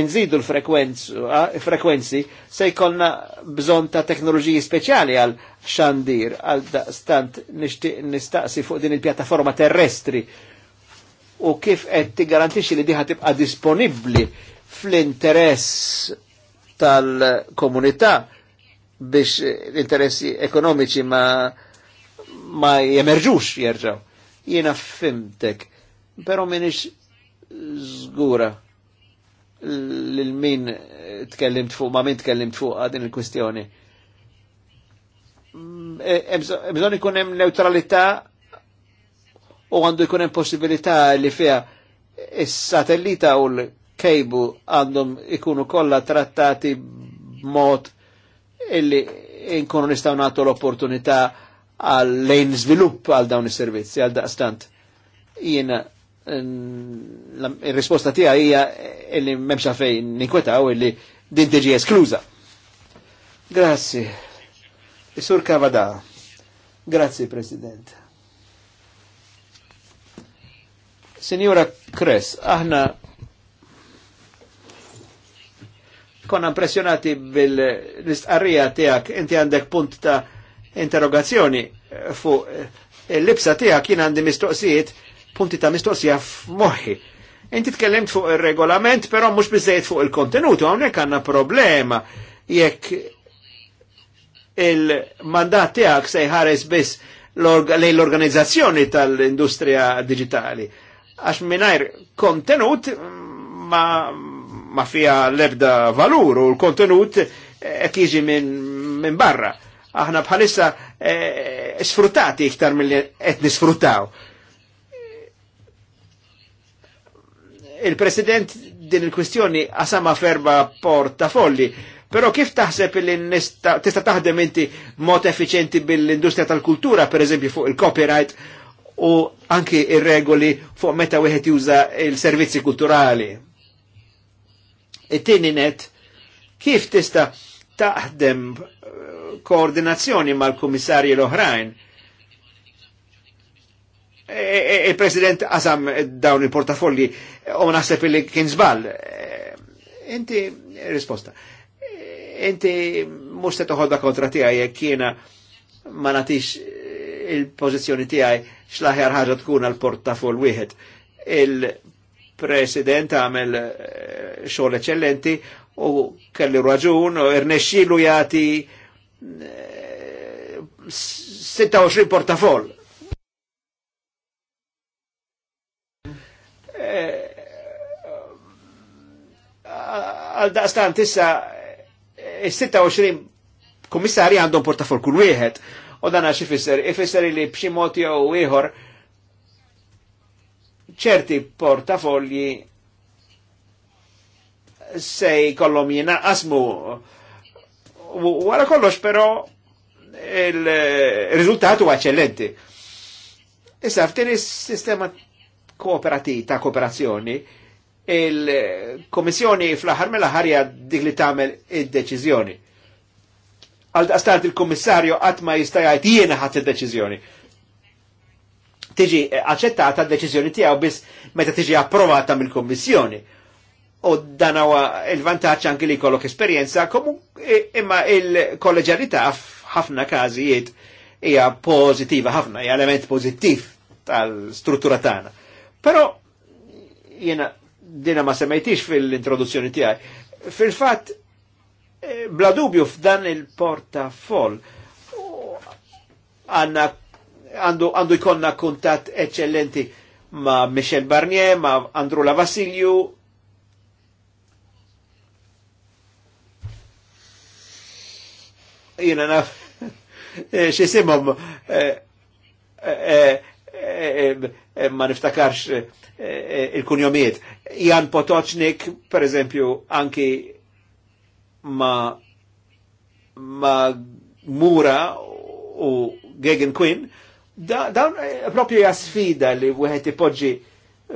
Speaker 1: inżidu l-frekwenzi se jkollna bżon ta' teknoloġiji speċjali għal xandir, għal stant nistaqsi fuq din il-pjattaforma terrestri u kif qed tigarantixxi li diħa tibqa' disponibbli fl-interess tal-komunità biex l-interessi ekonomiċi ma' ma jemerġux jerġaw. Jena fimtek, pero minix zgura l-min tkellimt fuq, ma min tkellimt fuq għadin il-kwistjoni. Mm, e, e, e, bżon ikun hemm neutralità u għandu jkun hemm possibilità li fija is-satellita u l-kejbu għandhom ikunu kollha trattati b'mod illi nkunu nistgħu nagħtu l-opportunità għal lejn zvilupp għal dawn is-servizzi għal daqstant. Jiena il-risposta tija hija illi memxa fejn ninkwetaw illi din tiġi eskluza. Grazzi. Isur Kavada. Grazzi, President. Signora Kress, aħna konna impressionati bil-istqarrija tijak, inti għandek punt ta' interrogazzjoni fuq eh, l-libsa tiegħek jien għandi mistoqsijiet, punti ta' mistoqsija f'moħħi. Inti tkellimt fuq il-regolament, però mhux bizzejt fuq il-kontenutu, hawnhekk għandna problema jekk il-mandat tiegħek se bis biss lejn l-organizzazzjoni tal-industrija digitali. Għax mingħajr kontenut mm, ma, ma fija lebda valur u l-kontenut eh, qed jiġi minn min barra aħna bħalissa eh, sfruttati iktar mill-li qed nisfruttaw. Il-President din il-kwistjoni għasama ferba portafolli, pero kif taħseb li tista taħdem inti mod effiċenti bil-industrija tal-kultura, per eżempju fuq il-copyright u anki il regoli fuq meta wieħed juża il-servizzi kulturali. It-tieni e net, kif tista' taħdem koordinazzjoni mal-kummissarji l-oħrajn. Il-President e, għasam e, e, e, dawn il-portafolli u naħseb li kien zbal. Inti, risposta, inti musta toħodba kontra tijaj jek kiena ma natix il-pozizjoni tijaj xlaħjar ħagġa tkun għal-portafoll wieħed. Il-President għamel xogħol eccellenti u kelli raġun u irnexxilu jagħti 26 portafol. Eh, għal daqstan tissa 26 eh, komissari għandhom portafol kull wieħed u dan għax ifisser, ifisser li b'xi mod jew ieħor ċerti portafolji se jkollhom jinaqasmu uh, Wara kollox, però, il-riżultat eh, huwa eccellenti. Issa, f'tini sistema Kooperati ta' kooperazzjoni, il-Komissjoni eh, fl-aħħar mela ħarja dik li tagħmel id-deċiżjoni. Għal-daqstant il-Komissarju qatt ma jista' jgħid jiena ħat id-deċiżjoni. Tiġi eh, aċċettata d-deċiżjoni tiegħu biss meta tiġi approvata mill-Kommissjoni u dan huwa il-vantaġġ anki li jkollok esperjenza imma il-kolleġalità f'ħafna każijiet hija pożittiva ħafna, hija element pożittiv tal-struttura tagħna. Però jiena dina ma semmejtix fil-introduzzjoni tiegħi. Fil-fatt eh, bla dubju f'dan il-portafoll għanna għandu jkonna kuntat eccellenti ma' Michel Barnier, ma' Andrula Vassilju, jina naf eh, xisimom eh, eh, ma niftakarx il-kunjomiet. Jan Potocznik, per eżempju, anki ma ma Mura u Gegen Quinn, dawn propju hija sfida li wieħed ipoġġi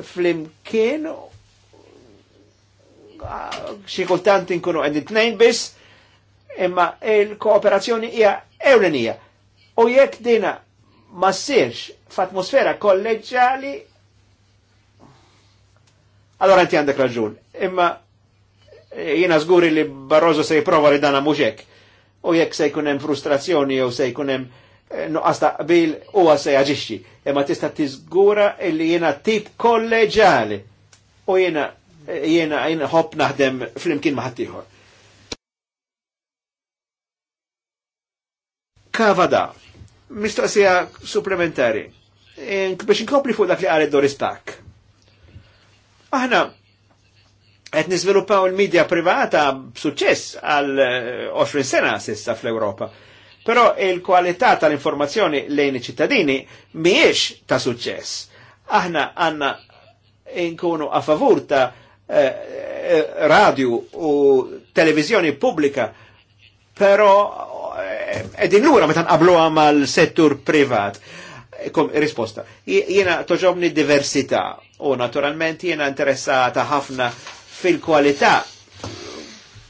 Speaker 1: flimkien ah, xi kultant inkunu qed it-tnejn biss imma il-kooperazzjoni hija ewlenija. U jekk dina ma ssirx f'atmosfera kolleġjali, allora inti għandek raġun. Imma eh, jiena żguri li Barroso se jipprova li dana mhux hekk. U jekk se jkun hemm frustrazzjoni jew se jkun hemm eh, nuqqas taqbil huwa se jaġixxi. Imma tista' tiżgura li jiena tip kolleġjali. U eh, jiena jiena ħobb naħdem fl-imkien ma' ħaddieħor. kava da. mistoqsija supplementari, biex inkopri fuq dak li għalet Doris Pak. Aħna, għet nizviluppaw il-medja privata b'suċċess għal 20 eh, sena sissa fl europa Però il kualità tal-informazzjoni lejn iċ-ċittadini miex ta' suċċess. Aħna għanna inkunu a favur ta' eh, eh, radio u televizjoni pubblika, però edin lura meta nqablu mal settur privat. Kom, risposta. Jena toġobni diversità u naturalment jena interessata ħafna fil-kwalità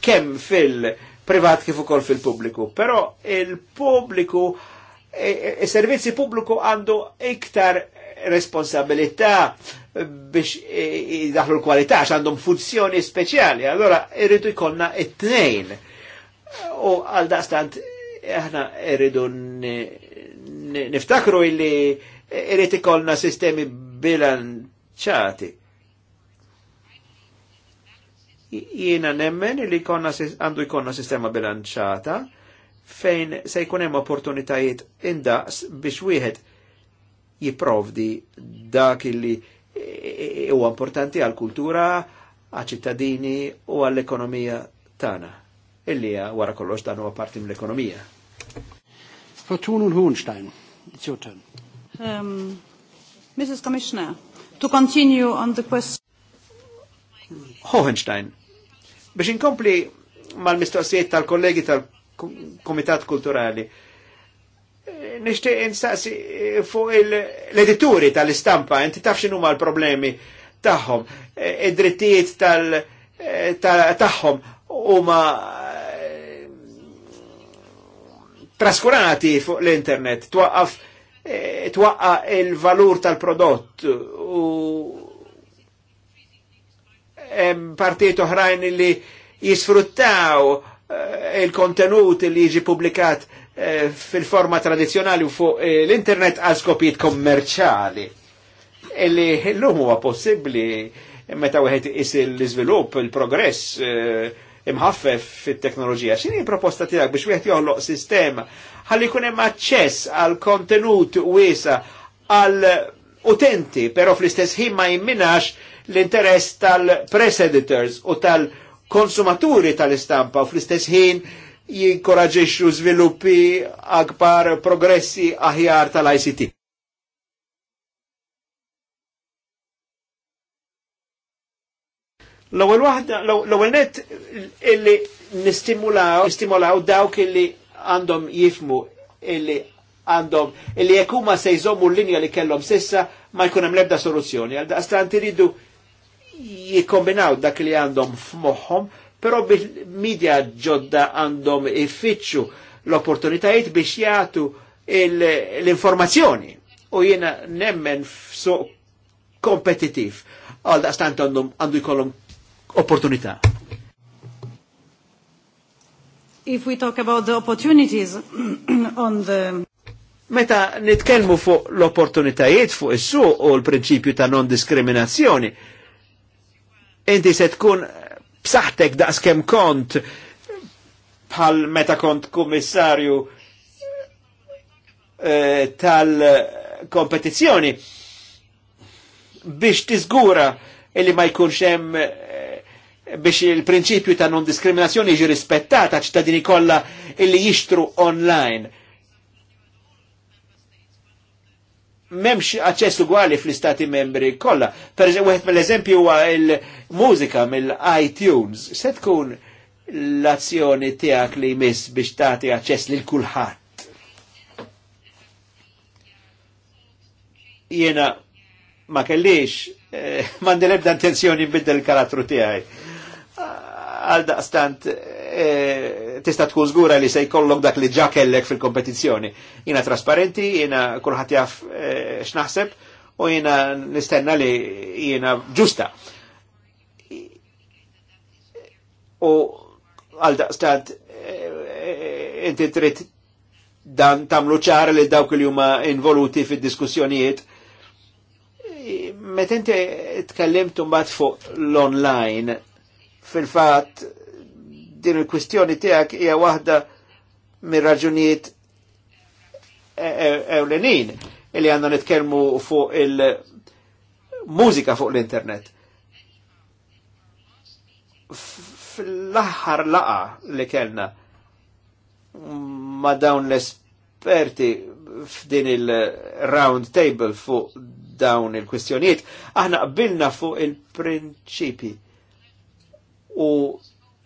Speaker 1: kemm fil-privat kif ukoll fil-pubbliku. Però il-pubbliku, il-servizzi e, e, e, pubbliku għandu iktar responsabilità biex jidaħlu l-kwalità għax għandhom funzjoni speċjali. Allora irridu jkollna it-tnejn. U għal daqstant aħna eridu niftakru illi irrit ikollna sistemi bilanċati. Jiena nemmen li għandu jkollna sistema bilanċata fejn se jkun hemm opportunitajiet indaqs biex wieħed jipprovdi dak illi huwa importanti għal kultura, għal ċittadini u għall ekonomija tagħna. Illi wara kollox dan huwa parti mill-ekonomija.
Speaker 3: Frau und Hohenstein,
Speaker 1: it's your turn.
Speaker 2: Um, Mrs. Commissioner, to continue on the question.
Speaker 1: Hohenstein, biex inkompli mal-mistoqsijiet tal-kollegi tal-Komitat Kulturali, nishtiq insaqsi fuq l-edituri tal-istampa, inti taf xinu l-problemi tagħhom, e-, id-drittijiet tal taħħom u ma traskurati fuq l-internet, twaqqaf eh, twaqqa il-valur tal-prodott u partijiet oħrajn li jisfruttaw eh, il-kontenut li jiġi publikat eh, fil-forma tradizjonali u fuq l-internet għal skopijiet kommerċali. Illi e l-lum huwa possibbli meta wieħed is l-iżvilupp, il-progress, il imħaffef fit-teknoloġija. X'inhi proposta tiegħek biex wieħed joħloq sistema ħalli jkun hemm aċċess għal kontenut wiesa għal utenti, però fl-istess ħin ma jimminax l-interess tal press editors u tal-konsumaturi tal-istampa u fl-istess ħin jinkoraġixxu żviluppi akbar progressi aħjar tal-ICT. L-ewwel waħda, l-ewwel net illi nistimulaw, nistimulaw dawk illi għandhom jifmu illi għandhom illi jekk huma se jżommu l-linja li kellhom sissa ma jkun hemm l-ebda soluzzjoni. Għal daqstant iridu dak li għandhom f'moħħom, però bil-medja ġodda għandhom ifittxu l-opportunitajiet biex jagħtu l-informazzjoni u jiena nemmen f'suq kompetitiv. Għal daqstant għandu jkollum opportunità.
Speaker 3: If we talk about the opportunities on the
Speaker 1: Meta nitkellmu fuq l-opportunitajiet fuq is su u l-prinċipju ta' non-diskriminazzjoni, inti se tkun b'saħtek daqs kemm kont bħal meta kont kummissarju eh, tal-kompetizzjoni biex tiżgura illi ma jkunx hemm biex il-prinċipju ta' non diskriminazzjoni jiġi rispettata ċittadini kollha illi jixtru online. Memx aċċess ugwali fl-istati membri kollha. Per wieħed mill-eżempju huwa il-mużika mill-iTunes. Se tkun l-azzjoni tiegħek li jmiss biex tagħti aċċess lil kulħadd. Jiena ma kellix eh, mandi l-ebda intenzjoni nbiddel il-karattru tiegħi għal daqstant eh, tista tkun zgura li se jkollok dak li ġa kellek fil-kompetizzjoni. Jina trasparenti, jina kullħat jaf eh, x'naħseb u jina nistenna li jina ġusta. U għal daqstant eh, inti e, trid dan tamlu ċar li dawk li huma involuti fid-diskussjonijiet met inti tkellimt mbagħad fuq l-online fil-fat din il-kwistjoni tiegħek hija waħda mir-raġunijiet e- e- ewlenin il-li għandna nitkellmu fuq il-mużika fuq l-internet. Fl-aħħar laqa li kellna ma dawn l-esperti f'din il-round table fuq dawn il-kwistjonijiet, aħna qbilna fuq il-prinċipi. il il prinċipi U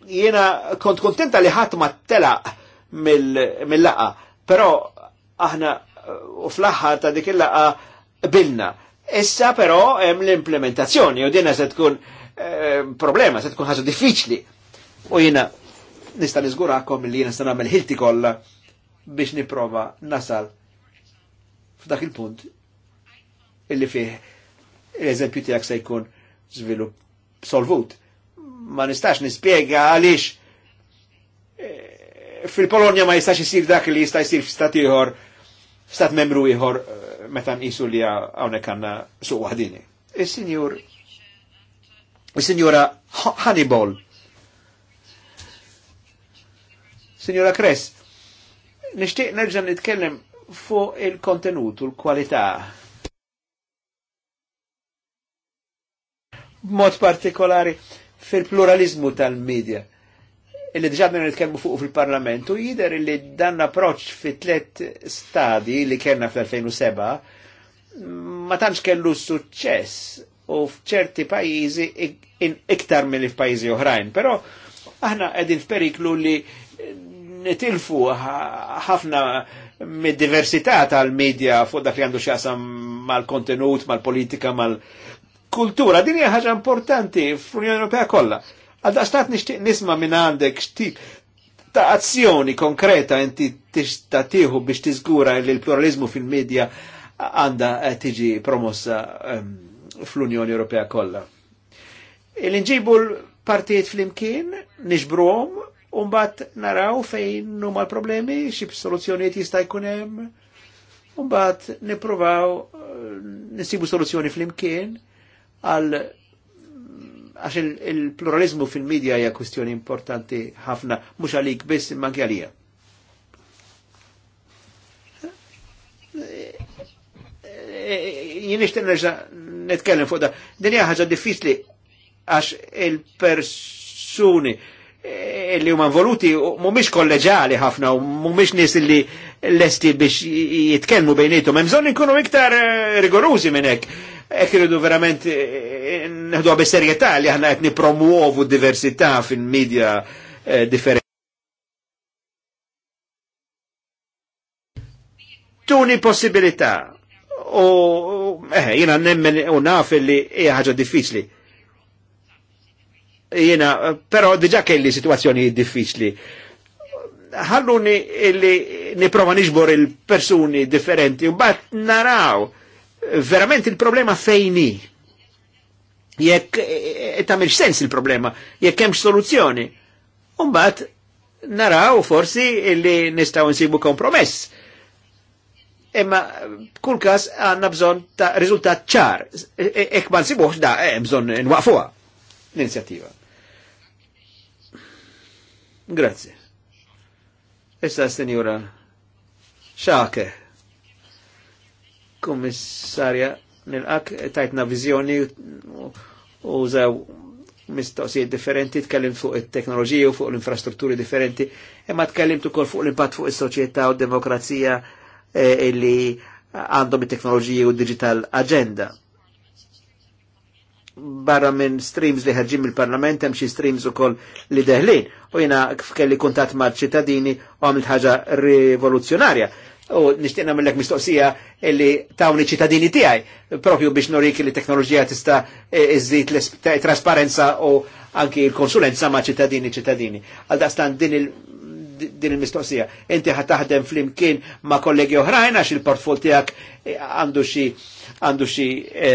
Speaker 1: jiena kont kontenta li ħadd ma telaq mill-laqa, però aħna u fl-aħħar ta' dik il-laqa bilna. Issa però hemm l-implementazzjoni u dina se tkun eh, problema, se tkun ħaġa diffiċli. U jiena nista' niżgurakom li jiena se nagħmel ħilti kollha biex niprova nasal f'dak il-punt illi fih l-eżempju tiegħek se jkun żvilupp solvut ma nistax nispjega għalix eh, fil-Polonja ma jistax isir dak li jista' jsir f'stat ieħor stat membru ieħor eh, meta nqisu li hawnhekk għandna suq waħdini. Is-Sinjur is-Sinjura Hannibal. Sinjura Kress, nixtieq nerġa' nitkellem fuq il-kontenut u l-kwalità mod partikolari fil-pluralizmu tal-medja illi diġa minn nitkellmu fuq fil-parlamentu jider illi dan approċ fi tlet stadi li kellna fl-2007 ma tantx kellu suċċess u f'ċerti pajjiżi iktar mill f'pajjiżi oħrajn, però aħna qegħdin f'periklu li nitilfu ħafna mid-diversità tal-medja fuq dak li għandu xjaqsam mal-kontenut, mal-politika, mal-, -politika, mal kultura. Din hija ħaġa importanti fl-Unjoni Ewropea kollha. Għal daqstat nixtieq nisma' minn għandek xtip ta' azzjoni konkreta inti tista' tieħu biex tiżgura li l-pluralizmu fil-medja għandha tiġi promossa ehm, fl-Unjoni Ewropea kollha. Il-inġibu l-partijiet fl-imkien, nixbruhom, Umbat naraw fejn huma l-problemi, xi soluzzjonijiet jista' jkun hemm. Umbat nippruvaw eh, nisibu soluzzjoni fl-imkien għal għax il-pluralizmu fil-medja hija kwestjoni importanti ħafna, mhux għalik biss imma anke għalija. Jien nixtieq nerġa' nitkellem fuq da. Din hija ħaġa diffiċli għax il-persuni eh, li huma involuti mhumiex kolleġali ħafna u mhumiex nies li lesti biex jitkellmu bejnietom. Hemm bżonn ikunu iktar eh, rigorużi minn hekk Ek irridu verament e, e, e, neħdu għabe serjetà li ħana għetni promuovu diversità fin media eh, differenti. Tuni possibilità u eh, jina nemmen u naf li hija ħaġa diffiċli. Jina, pero diġa kelli situazzjoni diffiċli. Ħalluni li niprofa nixbor il-persuni differenti u bat naraw verament il-problema fejni. Jekk e, e, tamil sens il-problema, jekk hemm soluzzjoni. Umbat naraw forsi li nistaw nsibu kompromess. Imma kull kas għanna bżonn ta' riżultat ċar. E, ek ma nsibuħ da bżon bżonn nwaqfuha l-inizjattiva. Grazie. Issa, Signora Xake. Kommissarja, ak tajtna vizjoni u zaw mistoqsijiet differenti, tkellim fuq it-teknoloġija u fuq l-infrastrutturi differenti, imma tkellim ukoll fuq l-impatt fuq is-soċjetà u demokrazija e, illi għandhom it-teknoloġija u digital agenda. Barra minn streams li ħarġim il parlament hemm xi streams ukoll li deħlin u jiena kelli kuntatt mal-ċittadini u għamilt ħaġa rivoluzzjonarja u nishtiqna mill mistoqsija illi tawni ċittadini tijaj, propju biex norik li teknoloġija tista e, iżdit trasparenza u anki il-konsulenza ma ċittadini ċittadini. Għal daqstan din il- din il-mistoqsija. Inti ħat taħdem fl-imkien ma kollegi oħrajn għax il-portfol tijak e, għandu xi għandu xi e,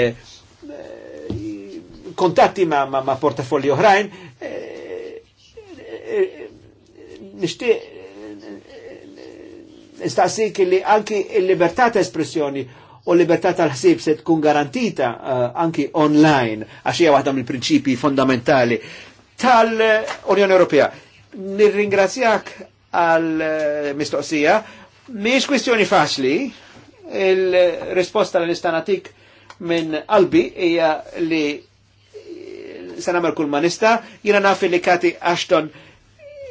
Speaker 1: kontatti ma, ma, ma portafolli oħrajn. Nishtiq nistaqsik li anki il-libertà ta' espressjoni u libertà tal-ħsib se tkun garantita uh, anki online, għax hija waħda mill prinċipji fondamentali tal-Unjoni Ewropea. Nirringrazzjak għal-mistoqsija, eh, miex kwistjoni faċli, il-risposta li nistanatik minn qalbi hija li eh, se nagħmel kull ma nista, jiena naf li Kati Ashton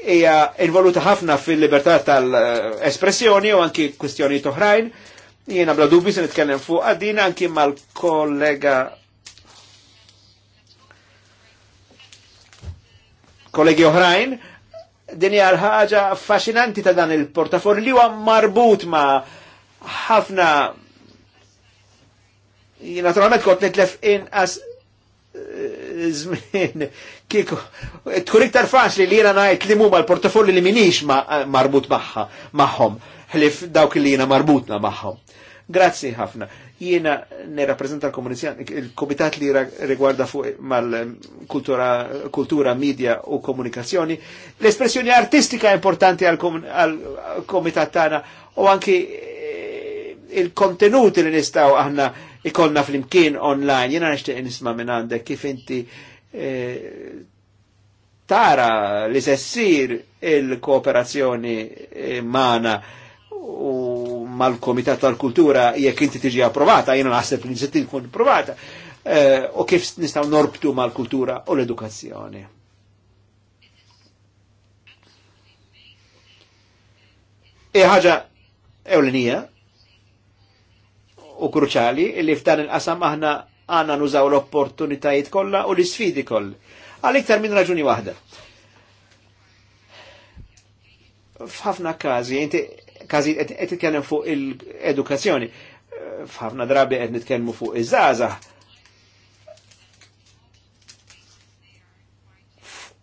Speaker 1: hija involuta ħafna fil-libertà tal-espressjoni u anki kwistjoni oħrajn. Jiena bla dubbi se nitkellem fuq għaddin anki mal-kollega kollegi oħrajn. Din hija ħaġa affaxxinanti ta' dan il-portafolli li huwa marbut ma' ħafna naturalment kont nitlef inqas zmin, kiko, tkun iktar faċli li jena najt li mumma l-portafolli li minix marbut maħħa, maħħom, ħlif dawk li jena marbutna maħħom. Grazzi ħafna. Jena nirrapprezenta l-komitat li rigwarda fuq mal-kultura, media u komunikazzjoni. L-espressjoni artistika importanti għal-komitat tana u anki eh, il-kontenuti li nistaw aħna Ikollna fl-imkien online, jena nishtiq nisma minn għandek kif inti eh, tara li sessir il-kooperazzjoni maħna eh, mana u mal-Komitat tal-Kultura jekk inti tiġi approvata, jena naħseb li nsitin kun approvata, eh, u kif nistaw norbtu mal-kultura u l-edukazzjoni. E ħaġa ewlenija, u kruċali li f'dan il-qasam aħna għanna nużaw l-opportunitajiet kollha u l-isfidi kollha. Għal iktar minn raġuni waħda. F'ħafna każi, inti każi qed titkellem fuq il-edukazzjoni, f'ħafna drabi qed nitkellmu fuq iż-żgħażagħ.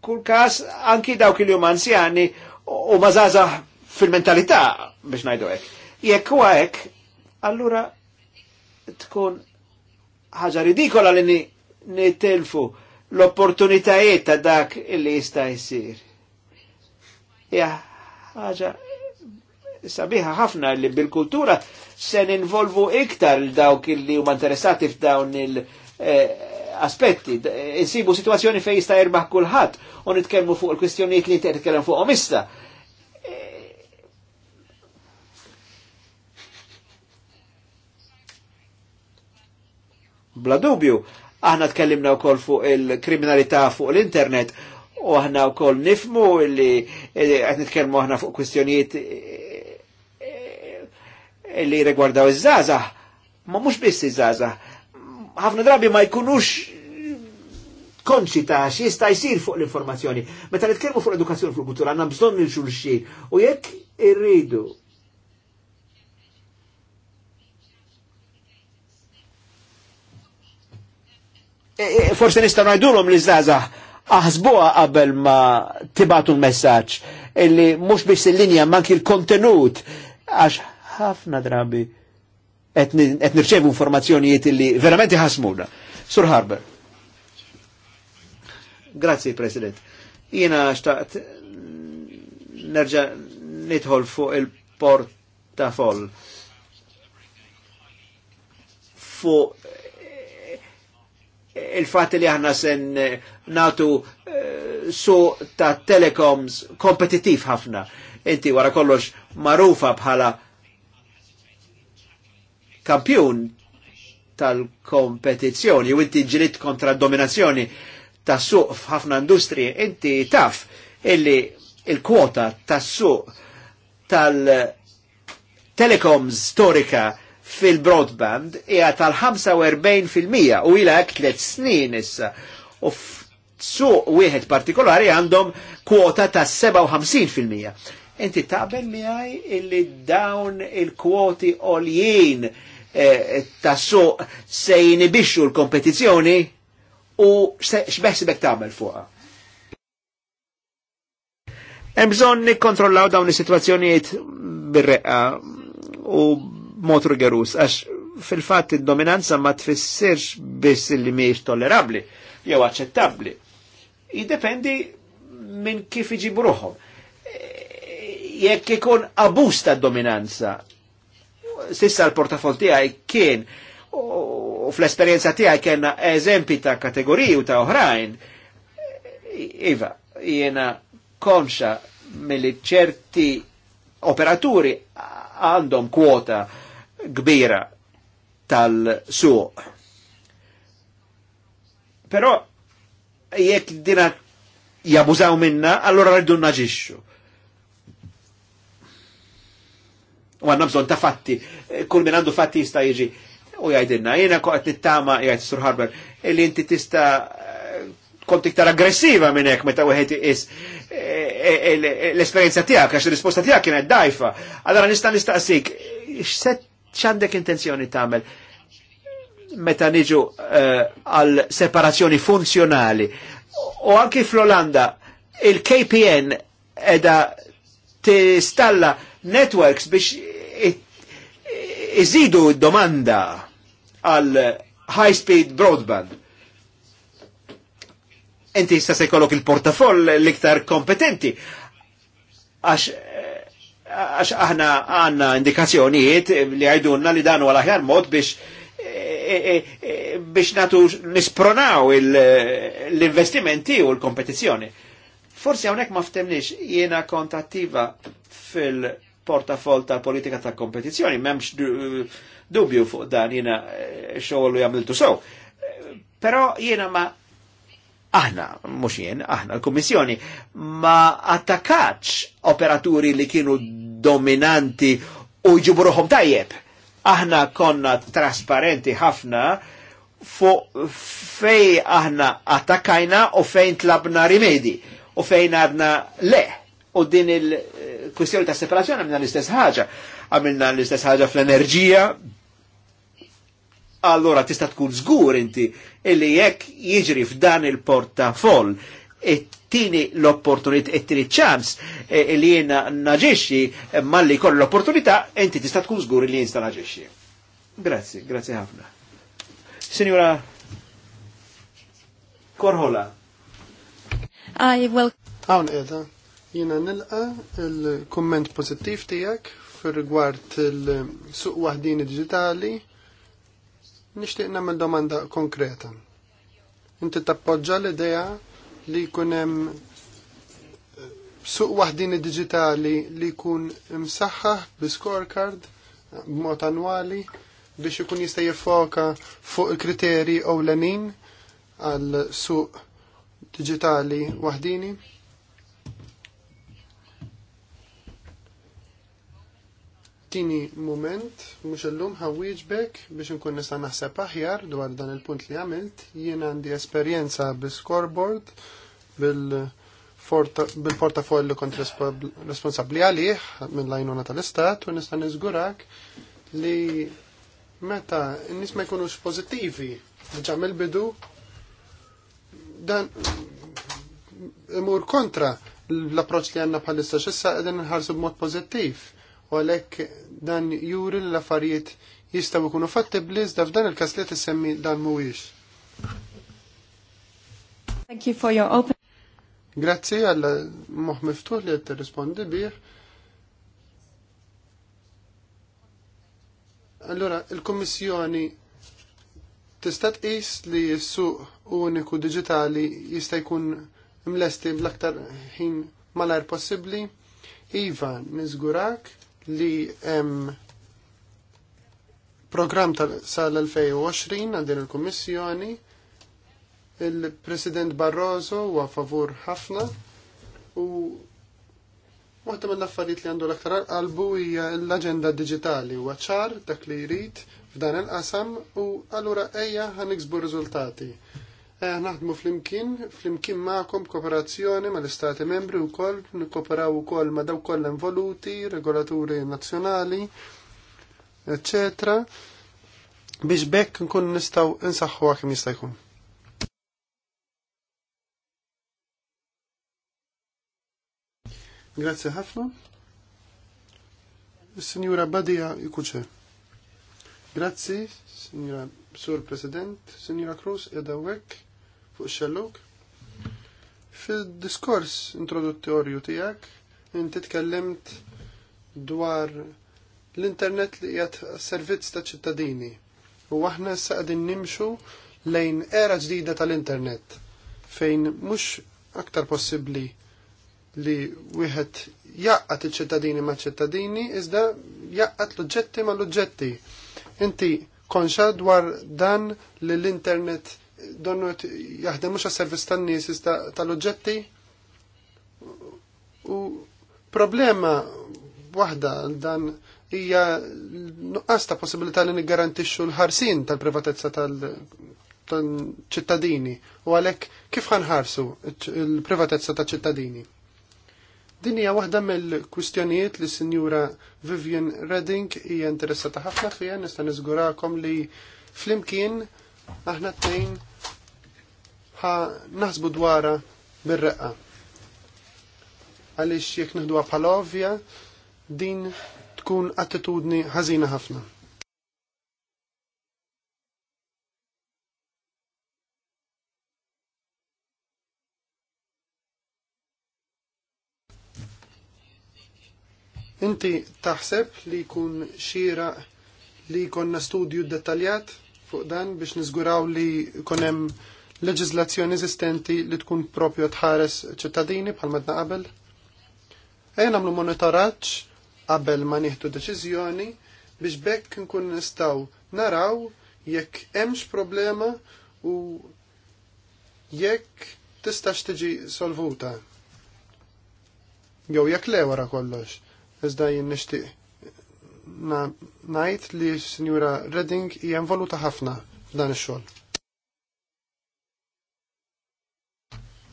Speaker 1: Kull każ anki dawk il-jum anzjani u mażażagħ fil-mentalità biex ngħidu hekk. Jekk huwa hekk, allura tkun ħaġa ridikola li nitilfu l-opportunitajiet ta' dak illi jista' jsir. Ja, ħaġa sabiħa ħafna li bil-kultura se ninvolvu iktar l-dawk illi huma interessati f'dawn il-aspetti. Eh, eh, insibu situazzjoni fej jista' jerbaħ kulħadd u nitkellmu fuq il-kwistjonijiet li nitkellem fuqhom issa Bla dubju, aħna tkellimna wkoll fuq il-kriminalità fuq l-internet u aħna wkoll nifmu li għetni nitkellmu aħna fuq kwistjonijiet e, e, e, li regwardaw iż żaza ma mhux biss iż żaza Ħafna drabi ma jkunux konċi ta' xista jisir fuq l-informazzjoni. Meta nitkellmu fuq l-edukazzjoni fuq kultura għanna bżon il xulxin u jekk irridu E, e, forse nista najdulom li zazah aħsbuha qabel ma tibatu l-messaġġ illi mhux biex il-linja manki l-kontenut għax ħafna drabi qed nirċevu informazzjonijiet illi verament iħasmuna. Sur Harber. Grazzi, President. Jiena xtaqt nerġa' nidħol fuq il-portafol fuq il-fat li aħna sen eh, natu eh, su ta' telecoms kompetitiv ħafna. Inti wara kollox marufa bħala kampjun tal-kompetizzjoni u inti ġilit kontra dominazzjoni ta' suq f'ħafna industrije, inti taf illi il-kwota ta' suq tal-telecoms storika fil-broadband hija tal-45% u ila hekk tliet snin issa. U su wieħed partikolari għandhom kwota ta' 57%. Inti taqbel miħaj illi dawn il-kwoti oljien eh, ta' suq se jinibixxu l-kompetizzjoni u x'beħsibek tagħmel fuqha. Hemm bżonn nikkontrollaw dawn is-sitwazzjonijiet bir-reqqa u mod rigorus, għax fil fat il dominanza ma tfissirx biss li miex tollerabli jew aċċettabbli. Jiddependi minn kif iġi bruħom. Jekk ikun abus ta' dominanza, sissa l-portafol tiegħi kien u fl-esperjenza tiegħi kien eżempi ta' kategoriju u ta' oħrajn. Iva, jena konxa mill ċerti operaturi għandhom kwota kbira tal-suq. Però jekk dina jabużaw minna, allora rridu naġixxu. U għanna bżon ta' fatti, eh, kull minn għandu fatti jista' jiġi u jgħidilna, jena koqgħod nittama jgħid Sur Harber, illi inti tista' eh, kont iktar aggressiva minn hekk meta wieħed is eh, l-esperjenza tiegħek għax ir-risposta tiegħek kienet dajfa. Allora nista' nistaqsik, x'set ċandek intenzjoni tamel meta niġu eh, għal uh, separazzjoni funzjonali. U anki fl-Olanda il-KPN edha t-stalla networks biex iżidu domanda għal high-speed broadband. Enti jista sekolok il-portafoll l-iktar kompetenti għax għax aħna għanna indikazzjonijiet li għajdunna li danu għal aħjar mod biex e, e, e, biex natu nispronaw l-investimenti u l-kompetizjoni. Forsi għonek ma ftemnix jena kontattiva fil-portafol tal-politika tal-kompetizjoni, memx dubju fuq dan jena xoħlu jamiltu so. Pero jena ma aħna, mux jien, aħna l kummissjoni ma attakax operaturi li kienu dominanti u ġibruħom tajjeb. Aħna konna trasparenti ħafna fuq fej aħna attakajna u fejn tlabna rimedi u fejn għadna le. U din il-kwistjoni ta' separazzjoni għamilna l-istess ħaġa. Għamilna l-istess ħaġa fl-enerġija, allora tista' tkun żgur inti illi jekk jiġri f'dan il-portafoll it-tini e l-opportunità, it-tini e ċans e, li jena naġiexi malli koll l-opportunità, inti tista' tkun żgur li jinsta naġiexi. Grazzi, grazzi ħafna. Signora
Speaker 3: Korhola. Aj, well. Għawn edha, jena nilqa il-komment pozittiv tijak fir rigward il-suq wahdini digitali Nixtieq nagħmel domanda konkreta. Inti tappoġġa l-idea li jkun hemm eh, suq waħdini digitali li jkun imsaħħaħ bi scorecard eh, b'mod annwali biex ikun jista' jiffoka fuq il-kriterji ewlenin għal suq digitali waħdini. Tini moment, mux l-lum ħawieġbek biex nkun nista naħseb aħjar dwar dan il-punt li għamilt. Jien għandi esperjenza bil-scoreboard, bil-portafoll li kont responsabli għalih minn lajnuna tal-istat u nista nizgurak li meta n-nis ma jkunux pozittivi. Ġamil bidu dan imur kontra l-approċ li għanna bħalissa xissa għedin nħarsu b'mod pozittiv u għalhekk dan juri l-affarijiet jistgħu jkunu bliz iżda f'dan il-każ li dan mhuwiex. Thank you for your open. Grazzi għalla moħ miftuħ li qed tirrispondi bih. Allora, il-Kommissjoni tista' tqis li s-suq uniku digitali jista' jkun mlesti bl-aktar ħin malajr possibbli? Iva, nizgurak li hemm program sal-2020 għal din il-Kummissjoni. Il-President Barroso huwa favur ħafna u waħda mill-affarijiet li għandu l-aktar qalbu hija l-aġenda digitali huwa ċar dak li jrid f'dan il-qasam u allura ejja ħaniksbu riżultati. Eh, naħdmu flimkien, flimkien ma'kom kooperazzjoni ma' l-Istati membri u koll, nikoperaw u koll ma' daw koll involuti, regolaturi nazjonali, eccetera, biex bekk nkun nistaw insaxħu għakim jistajkun. Grazie ħafna. Signora Badia Ikuċe. Grazie, signora Sur President, signora Cruz, edawek fuq xellok. Fil-diskors introduttorju tijak, inti tkellimt dwar l-internet li jgħat servizz ta' ċittadini. U aħna s-saqdin nimxu lejn era ġdida tal-internet fejn mux aktar possibli li wieħed jaqqat iċ-ċittadini ma' ċittadini iżda jaqqat l-oġġetti ma' l-oġġetti. Inti konxa dwar dan li l-internet donnu jaħdem mux għas-servis tan-nies tal-oġġetti u problema waħda dan hija nuqqas ta' possibilità li niggarantixxu l-ħarsin tal-privatezza tal-ċittadini u għalhekk kif ħanħarsu l-privatezza tal-ċittadini. Din hija waħda mill-kwistjonijiet li sinjura Vivian Redding hija interessata ħafna fiha nista' niżgurakom li flimkien aħna t-tejn ħa naħsbu dwara bir-reqqa. Għalix jek nħduwa bħal din tkun attitudni ħażina ħafna. Inti taħseb li jkun xira li jkonna studju dettaljat fuq dan biex niżguraw li konem leġizlazzjoni eżistenti li tkun propju tħares ċittadini bħal madna qabel. Ejja nagħmlu monitoraċ qabel ma nieħdu deċiżjoni biex bekk nkun nistgħu naraw jekk hemmx problema u jekk tistax tiġi solvuta. Jew jekk le wara kollox, iżda jien nixtieq najt li s-Sinjura Redding hija involuta ħafna f'dan ix-xogħol.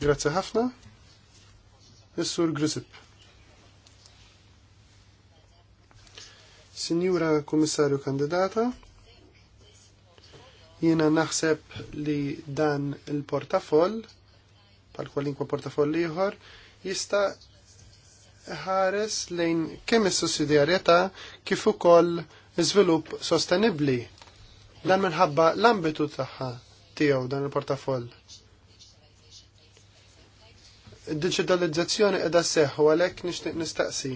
Speaker 3: Grazzi ħafna. Is-Sur Grisip. Sinjura Kummissarju Kandidata, jiena naħseb li dan il-portafoll, pal kwalinkwa portafoll ieħor, jista' ħares lejn kemm is-sussidjarjetà kif ukoll iżvilupp sostenibbli dan minħabba l-ambitu tagħha tiegħu dan il-portafoll. Id-diġitalizzazzjoni qiegħda seħħ u għalhekk nixtieq nistaqsi.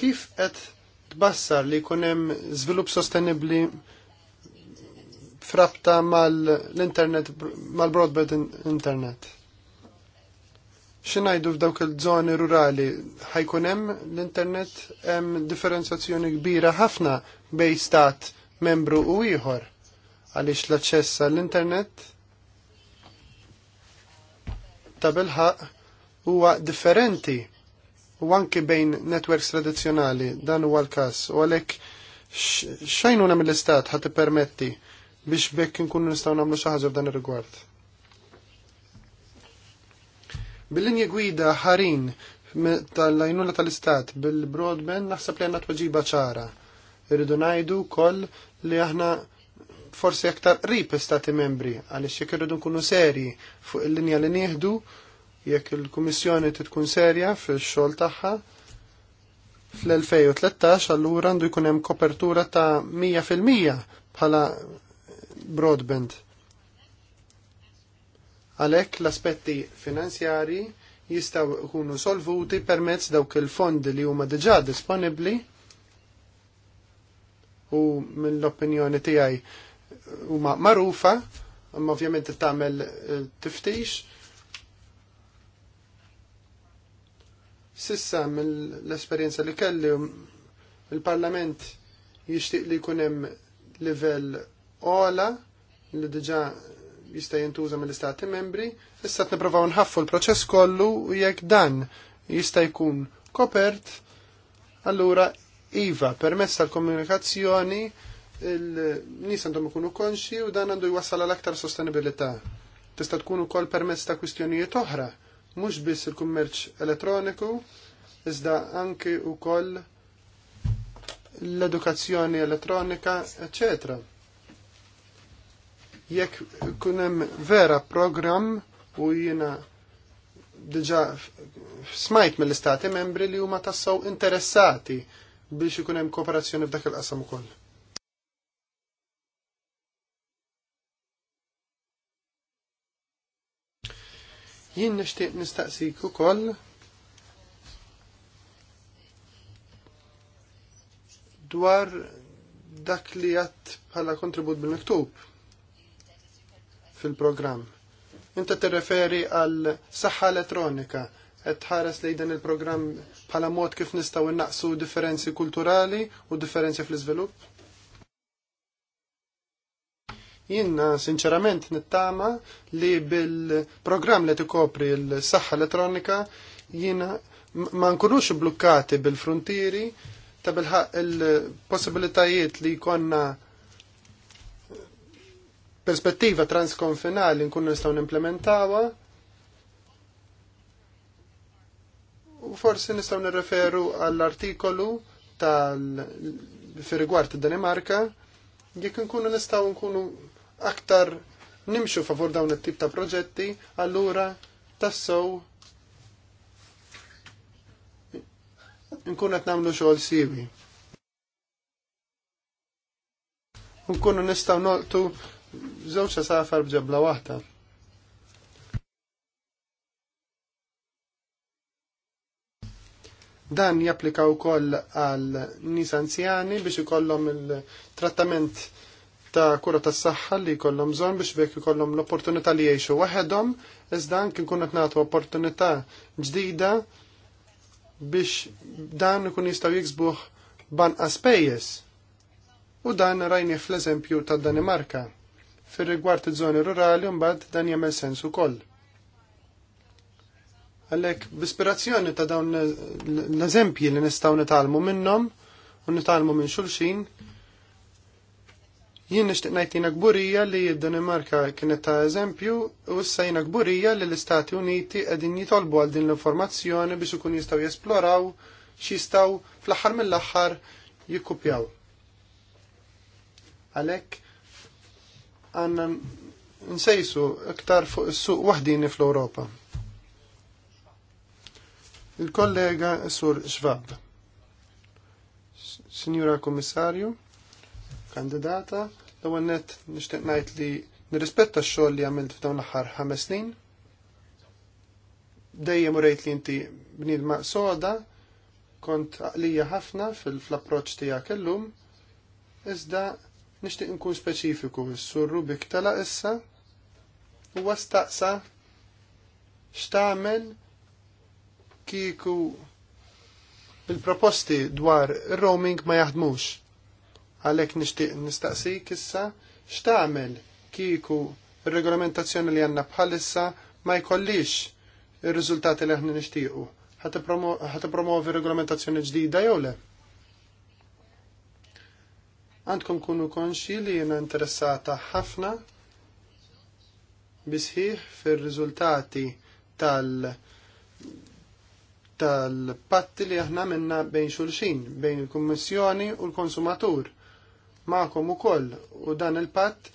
Speaker 3: Kif qed tbassar li jkun hemm żvilupp sostenibbli frabta mal-internet mal-broadband internet? Xinajdu f'dawk il-żoni rurali ħajkun hemm l-internet hemm differenzjazzjoni kbira ħafna bej stat membru u ieħor għaliex l-aċċess għall-internet ta' bilħaq huwa differenti u anki bejn networks tradizzjonali dan huwa l-każ u għalhekk xajnuna mill-istat ħat permetti biex bekk nkunu nistgħu nagħmlu xi ħaġa f'dan ir-rigward. Bil-linja gwida ħarin tal-lajnuna tal-istat bil-broadband naħseb li għanna tweġiba ċara. Irridu najdu koll li aħna forsi aktar qrib stati membri għaliex jekk irridu nkunu serji fuq il-linja li nieħdu jekk il-Kummissjoni titkun serja fix-xogħol tagħha fl-2013 allura għandu jkun hemm kopertura ta' 100% bħala broadband Għalhekk l-aspetti finanzjari jistgħu jkunu solvuti permezz dawk il-fondi li huma diġà disponibbli u mill-opinjoni tiegħi huma magħrufa, imma ovvjament tagħmel eh, tiftix. Sissa mill-esperjenza li kelli il-Parlament jixtieq li jkun hemm livell ola li diġà jista' jintuża mill-istati membri, issa qed nipprovaw nħaffu l-proċess kollu u jekk dan jista' jkun kopert, allura iva permezz tal-komunikazzjoni il-nies għandhom ikunu konxi u dan għandu jwassal għal aktar sostenibilità. Tista' tkun ukoll permezz ta' kwistjonijiet oħra, mhux biss il-kummerċ elettroniku, iżda anki ukoll l-edukazzjoni elettronika, eccetera jekk kunem vera program u jina diġa smajt mill-istati membri li huma tassaw interessati biex ikun hemm kooperazzjoni f'dak il-qasam ukoll. Jien nixtieq nistaqsik ukoll dwar dak li għat bħala kontribut bil-miktub fil-programm. Inta t-referi għal saħħa elettronika għed tħares lejn dan il-programm bħala mod kif nistgħu innaqsu differenzi kulturali u differenzi fl-iżvilupp? Jiena sinċerament nittama li bil-programm li t-kopri l-saħħa elettronika jiena ma nkunux blukkati bil-frontieri ta' bil-ħaq il-possibilitajiet li jkollna perspettiva transkonfinali nkunu nistgħu nimplementawha u forsi nistgħu nirreferu għall-artikolu tal fi rigward id-Danimarka jekk nkunu nistgħu nkunu aktar nimxu favur dawn it-tip ta' proġetti, allura tassow nkunu qed nagħmlu xogħol siwi. Nkunu nistgħu noqtu żewġ safar bġebla waħda. Dan japplika wkoll għal nies anzjani biex ikollhom il-trattament ta' kura tas saħħa li jkollhom bżonn biex bekk ikollhom l-opportunità li jgħixu waħedhom, iżda anke nkun qed nagħtu opportunità ġdida biex dan ikun jistgħu jiksbuh banqas pejjeż. U dan rajni fl-eżempju tad Danimarka Fir-rigward iż-żoni rurali mbagħad dan jagħmel sens ukoll. Għalhekk b'ispirazzjoni ta' dawn l-eżempji li nistgħu nitalmu minnhom u nitalmu minn xulxin, jien nixtieq ngħid jiena kburija li d-Danimarka kienet ta' eżempju u issa jiena kburija li l-Istati Uniti qegħdin jitolbu għal din l-informazzjoni biex ikun jistgħu jesploraw x'jistgħu fl-aħħar mill-aħħar jikkupjaw. Għalhekk għanna nsejsu iktar fuq is-suq waħdini fl-Ewropa. Il-kollega Sur Xvab. Signora Komissarju, kandidata, l-ewwel nett nixtieq ngħid li nirrispetta x-xogħol li għamilt f'dawn l-aħħar ħames snin. Dejjem urejt li inti ma' soda, kont għalija ħafna fil-approċċ tiegħek lum iżda Nixtieq nkun speċifiku, s-surru bik tala issa u wastaqsa xtaħmen kieku il-proposti dwar roaming ma jaħdmux. Għalhekk nixtieq nistaqsi issa xtaħmen kieku il regolamentazzjoni li għandna bħalissa ma jkollix ir-riżultati li aħna nixtiequ. Għat promovi regolamentazzjoni ġdida jew le? għandkom kunu konxi li jena interessata ħafna bisħiħ fil-rizultati tal- tal-patti li aħna minna bejn xulxin, bejn il-Kummissjoni u l-Konsumatur. Ma'kom ukoll u dan il-patt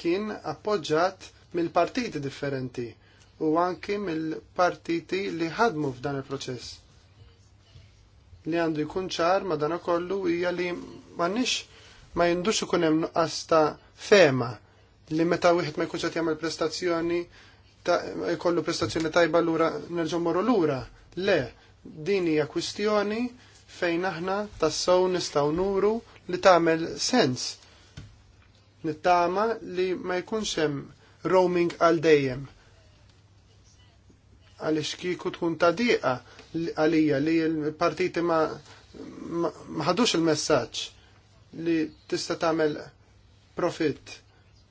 Speaker 3: kien appoġġat mill-partiti differenti u anki mill-partiti li ħadmu f'dan il-proċess. Li għandu jkun ċar ma dan kollu hija li m'għandniex ma jindux ikun hemm nuqqas ta' fema li meta wieħed ma jkunx qed jagħmel prestazzjoni jkollu prestazzjoni tajba lura nerġgħu morru lura. Le, din hija kwistjoni fejn aħna tassew nistgħu nuru li tagħmel sens. Nittama li ma jkunx hemm roaming għal dejjem. Għaliex kieku tkun tadiqa għalija li l-partiti ma ħadux il-messaġġ li tista' tagħmel profit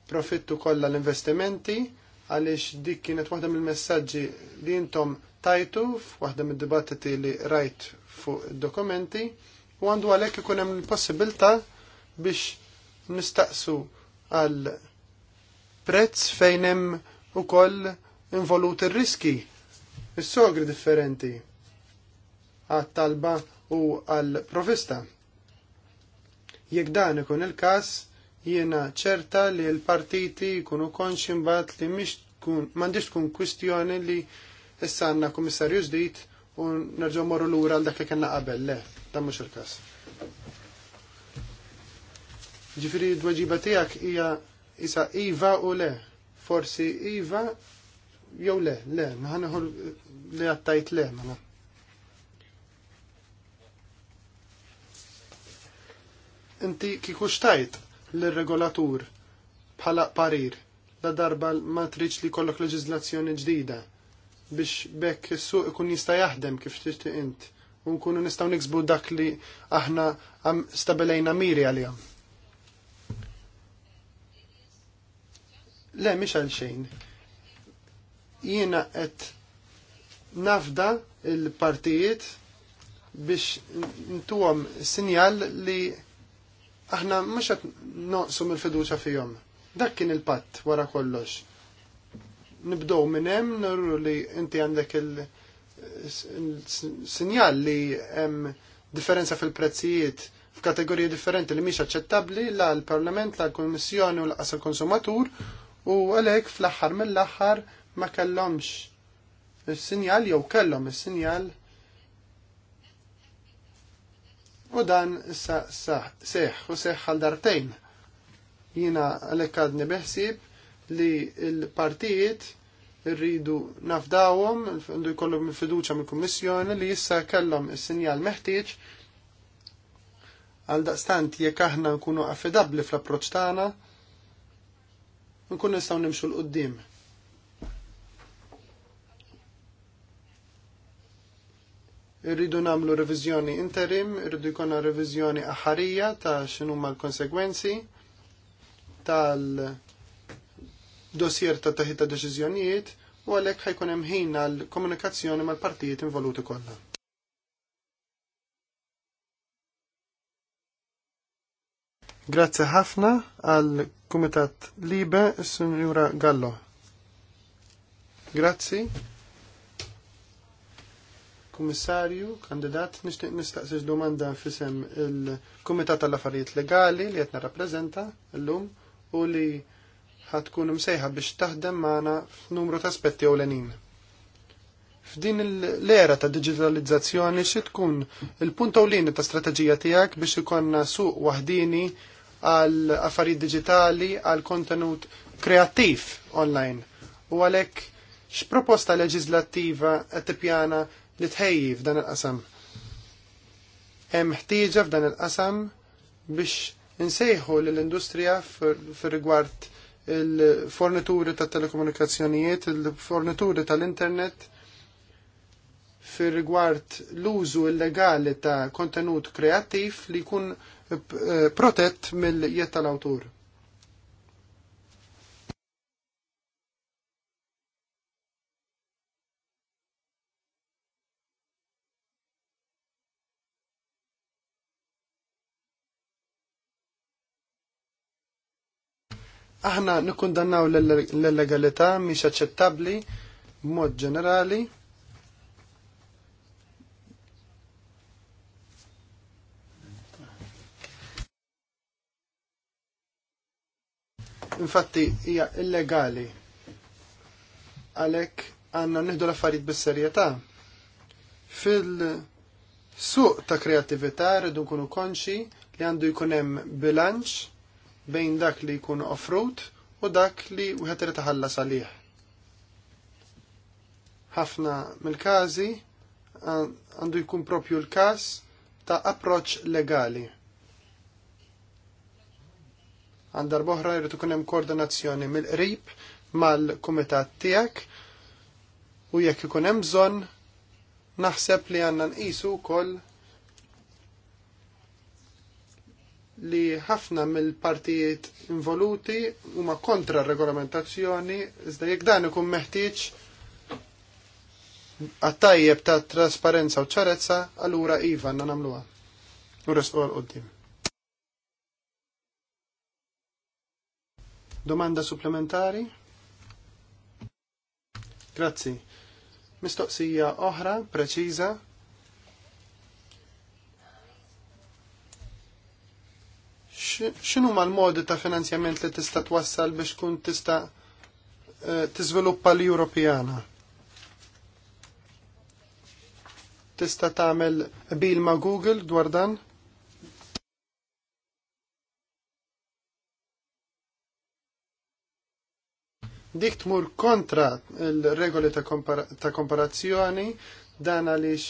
Speaker 3: profittu kollha l-investimenti għaliex dik kienet waħda mill-messaġġi li intom tajtu f'waħda mid-dibattiti li rajt fuq id dokumenti u għandu għalhekk ikun hemm il-possibilità biex nistaqsu għal prezz fejn hemm ukoll involut ir-riski is-sogri differenti għat-talba u għal provista Jekk dan ikun il-każ, jiena ċerta li l-partiti jkunu konxi mbagħad li mhix tkun m'għandix tkun kwistjoni li issa għandna kummissarju ġdid u nerġgħu morru lura għal dak li kellna qabel. Le, dan mhux il-każ. Ġifieri d-tweġiba tiegħek hija isa iva u le. Forsi iva jew le, le, naħan li għattajt le, ma inti kieku xtajt l-regolatur bħala parir la darba ma triċ li kollok leġizlazzjoni ġdida biex bekk is-suq ikun jista' jaħdem kif tixtieq int u nkunu nistgħu niksbu dak li aħna stabilejna miri għalija. Le, mhix għal xejn. Jiena qed nafda il-partijiet biex ntuhom sinjal li aħna mhux qed noqsu mill-fiduċja fihom. Dak kien il-patt wara kollox. Nibdow minn hemm nurru li inti għandek il-sinjal li hemm differenza fil-prezzijiet f'kategoriji differenti li mhix aċċettabbli la l-Parlament, la l-Kummissjoni u laqas il-konsumatur u għalhekk fl-aħħar mill-aħħar ma kellhomx is-sinjal jew kellhom is-sinjal U dan seħ u seħ għal dartejn. Jina għalek għadni beħsib li l-partijiet rridu nafdawhom, għandu jkollhom fiduċa mill-Kummissjoni li issa kellom is-sinjal meħtieġ għal daqstant jekk aħna nkunu affidabbli fl-approċċ tagħna nkun nistgħu nimxu l qudiem rridu namlu revizjoni interim, rridu jkonna revizjoni aħarija ta' x'inhuma l-konsegwenzi tal-dossier ta' taħita deċiżjonijiet u għalhekk ħajkun hemm ħin għal komunikazzjoni mal-partijiet involuti kollha. Grazzi ħafna għal Kumitat Libe, Sinjura Gallo. Grazzi. Kummissarju, kandidat, nixtieq nistaqsix domanda fisem il-Kumitat tal-Affarijiet Legali li qed l llum u li ħatkun msejħa biex taħdem magħna f'numru ta' aspetti ewlenin. F'din l-era ta' digitalizzazzjoni xie tkun il-punt ewlieni ta' strateġija tiegħek biex ikonna suq wahdini għal affarijiet digitali għal kontenut kreattiv online u għalhekk x'proposta leġislattiva qed tipjana? li tħejji f'dan il-qasam. Hemm ħtieġa f'dan il-qasam biex insejħu l-industrija fir-rigward il-fornituri ta' telekomunikazzjonijiet, il-fornituri tal-internet fir-rigward l-użu illegali ta' kontenut kreattiv li jkun eh, protett mill-jiet tal-awtur. aħna nikundannaw l-legalità mhix aċċettabbli b'mod ġenerali infatti hija illegali. Għalhekk għandna nieħdu l-affarijiet bis-serjetà. Fil-suq ta' kreattività rridu nkunu konxi li għandu jkun hemm bilanċ bejn dak li jkun off u dak li wieħed irid iħallas għalih. Ħafna mill-każi għandu jkun propju l-każ ta' approċċ legali. Għandar boħra jrid ikun hemm koordinazzjoni mill-qrib mal-kumitat tiegħek u jekk ikun hemm bżonn naħseb li għandna nqisu wkoll li ħafna mill-partijiet involuti huma kontra regolamentazzjoni, iżda jekk dan ikun meħtieġ għattajjeb ta' trasparenza u ċarezza, allura iva na nagħmluha. U resqu għal-qoddim. Domanda supplementari? Grazzi. Mistoqsija oħra, preċiża, ma l-modi ta' finanzjament li tista' twassal biex tkun tista' eh, tiżviluppa l-Ewropjana? Tista' tagħmel bil ma' Google dwar dan? Dik tmur kontra l-regoli ta', kompar ta komparazzjoni dan għaliex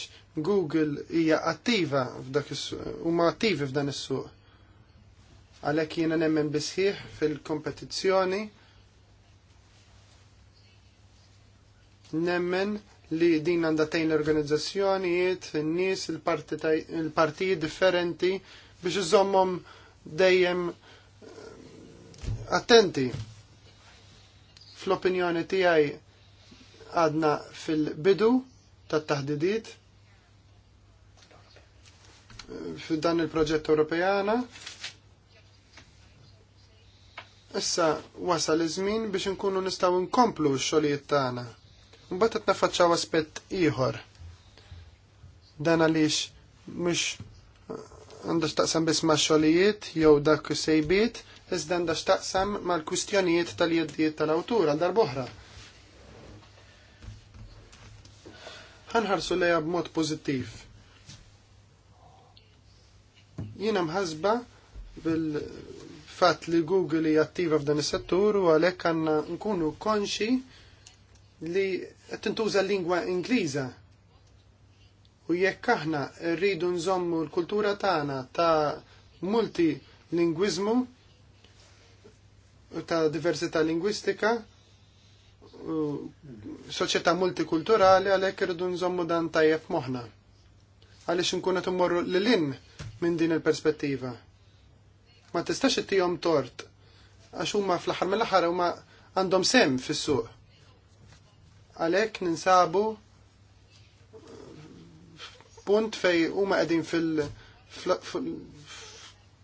Speaker 3: Google hija attiva f'dak is huma attivi f'dan is-suq. Għalhekk jiena nemmen bisħiħ fil-kompetizzjoni nemmen li din għandatajn l-organizzazzjonijiet, n-nies, il-partijiet differenti biex iżommhom dejjem eh, attenti. Fl-opinjoni tiegħi għadna fil-bidu tat-taħdidiet eh, f'dan il-proġett Ewropejana Issa wasal iż-żmien biex inkunu nistgħu nkomplu x-xogħlijiet tagħna. Mbagħad qed nafaċċaw aspett ieħor. Dan għaliex mhux għandu x'taqsam biss ma' xogħlijiet jew dak sejbiet, iżda għandha x'taqsam mal-kwistjonijiet tal-jeddijiet tal-awtur għal darb'oħra. ħanħarsu lejha b'mod pożittiv. Jiena mħasba bil fatt li Google hija attiva f'dan is-settur u għalhekk għandna nkunu konxi li qed tintuża l-lingwa Ingliża. U jekk aħna rridu nżommu l-kultura tagħna ta' multilingwiżmu u ta' diversità lingwistika, soċjetà multikulturali għalhekk irridu nżommu dan tajjeb moħħna. Għaliex nkun qed immorru lil minn din il-perspettiva ma tistax ittihom tort għax huma fl-aħħar mill-aħħar huma għandhom sem fis-suq. Għalhekk ninsabu punt fej huma qegħdin fil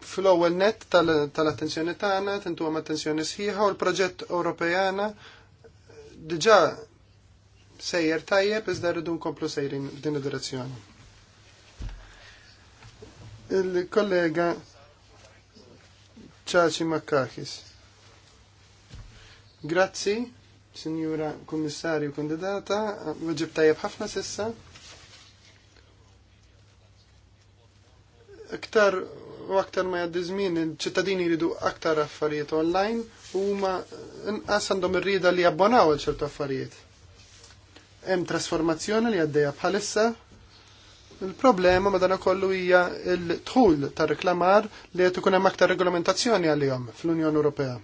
Speaker 3: fl-ewwel net tal-attenzjoni tagħna, tintuhom attenzjoni sħiħa u l-proġett Ewropejana diġà sejjer tajjeb iżda rridu nkomplu sejrin f'din id-direzzjoni. Il-kollega ċaċi Makakis. Grazzi, Signora Commissario Kandidata, weġib tajab ħafna sissa. Aktar u aktar ma jaddi il-ċittadini ridu aktar affarijiet online u ma nqas għandhom li jabbonaw għal ċertu affarijiet. Hemm trasformazzjoni li għaddejja bħalissa Il-problema dana kollu hija il tħul tar reklamar li qed ikun hemm aktar regolamentazzjoni għalihom fl-Unjoni Ewropea.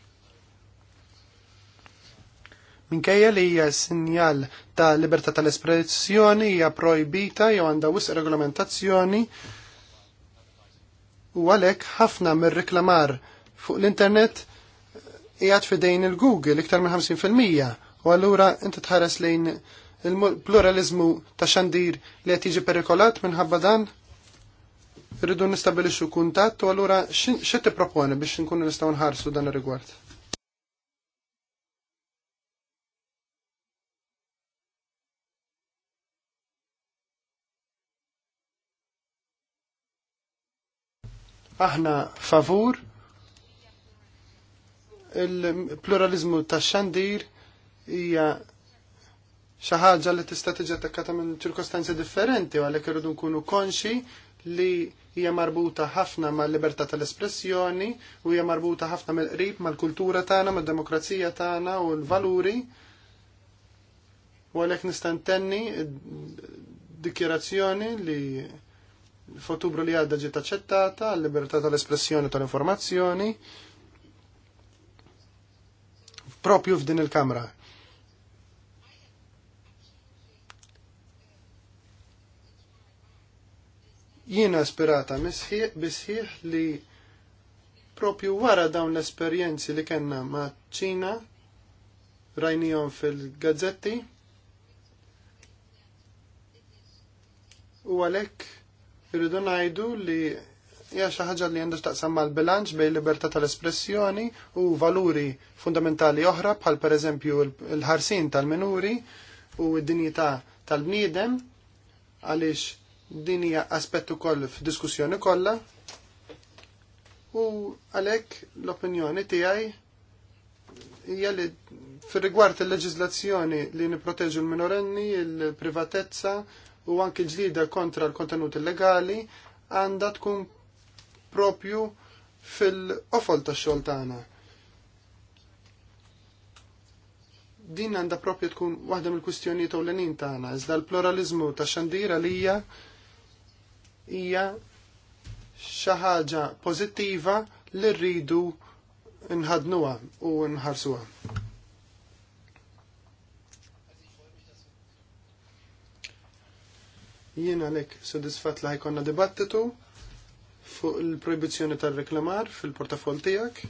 Speaker 3: Minkejja li hija sinjal ta' libertà tal-espressjoni hija projbita jew għandha wisq regolamentazzjoni u għalhekk ħafna mir-reklamar fuq l-internet jgħat fidejn il-Google iktar minn 50% u għallura inti tħares lejn il-pluralizmu ta' xandir li qed jiġi perikolat minħabba dan? Rridu nistabilixxu kuntat u allura x'qed tipproponi biex nkunu nistgħu nħarsu dan ir-rigward? Aħna favur il-pluralizmu ta' xandir hija xaħġa li tista' tiġi attakkata minn ċirkostanzi differenti u għalhekk irridu nkunu konxi li hija marbuta ħafna mal-libertà tal-espressjoni u hija marbuta ħafna mill-qrib mal-kultura tagħna, mad-demokrazija tagħna u l-valuri. U għalhekk nista' ntenni dikjerazzjoni li fotubru li għadda ġiet aċċettata l-libertà tal-espressjoni tal-informazzjoni propju f'din il-Kamra jiena sperata bisħiħ li propju wara dawn l-esperjenzi li kellna ma' ċina rajnijon fil-gazzetti u għalek irridu najdu li hija xi ħaġa li għandha x'taqsam mal-bilanċ bejn libertà tal-espressjoni u valuri fundamentali oħra bħal pereżempju l-ħarsin tal-minuri u id dinjità tal-bniedem għaliex din hija aspett ukoll f'diskussjoni kollha u għalhekk l-opinjoni tiegħi hija li fir-rigward il-leġiżlazzjoni li nipproteġu l-minorenni, il-privatezza u anke ġlida kontra l-kontenut illegali għandha tkun propju fil-qofol tax-xogħol tagħna. din għanda propju tkun waħda mill-kustjonijiet ta' tagħna, iżda l-pluralizmu ta' xandira lija hija xi ħaġa pożittiva li rridu nħadnuha u nħarsuha. Jiena lek sodisfat li ħajkonna dibattitu fuq il-proibizzjoni tal-reklamar fil-portafol tiegħek.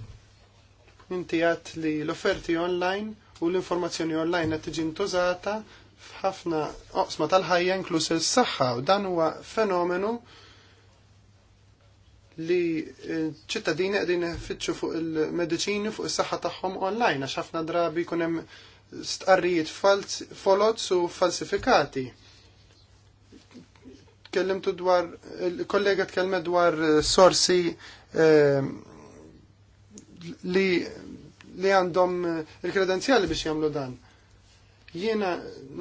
Speaker 3: Inti għat li l-offerti online u l-informazzjoni online qed tiġi ntużata f'ħafna oqsma tal-ħajja inkluż il saħħa u dan huwa fenomenu li ċittadini qegħdin ifittxu fuq il-mediċini fuq is-saħħa tagħhom online għax ħafna drabi jkun hemm stqarrijiet folots u falsifikati. Tkellimtu dwar il-kollega tkellmet dwar sorsi eh, li li għandhom il-kredenzjali biex jagħmlu dan. Jiena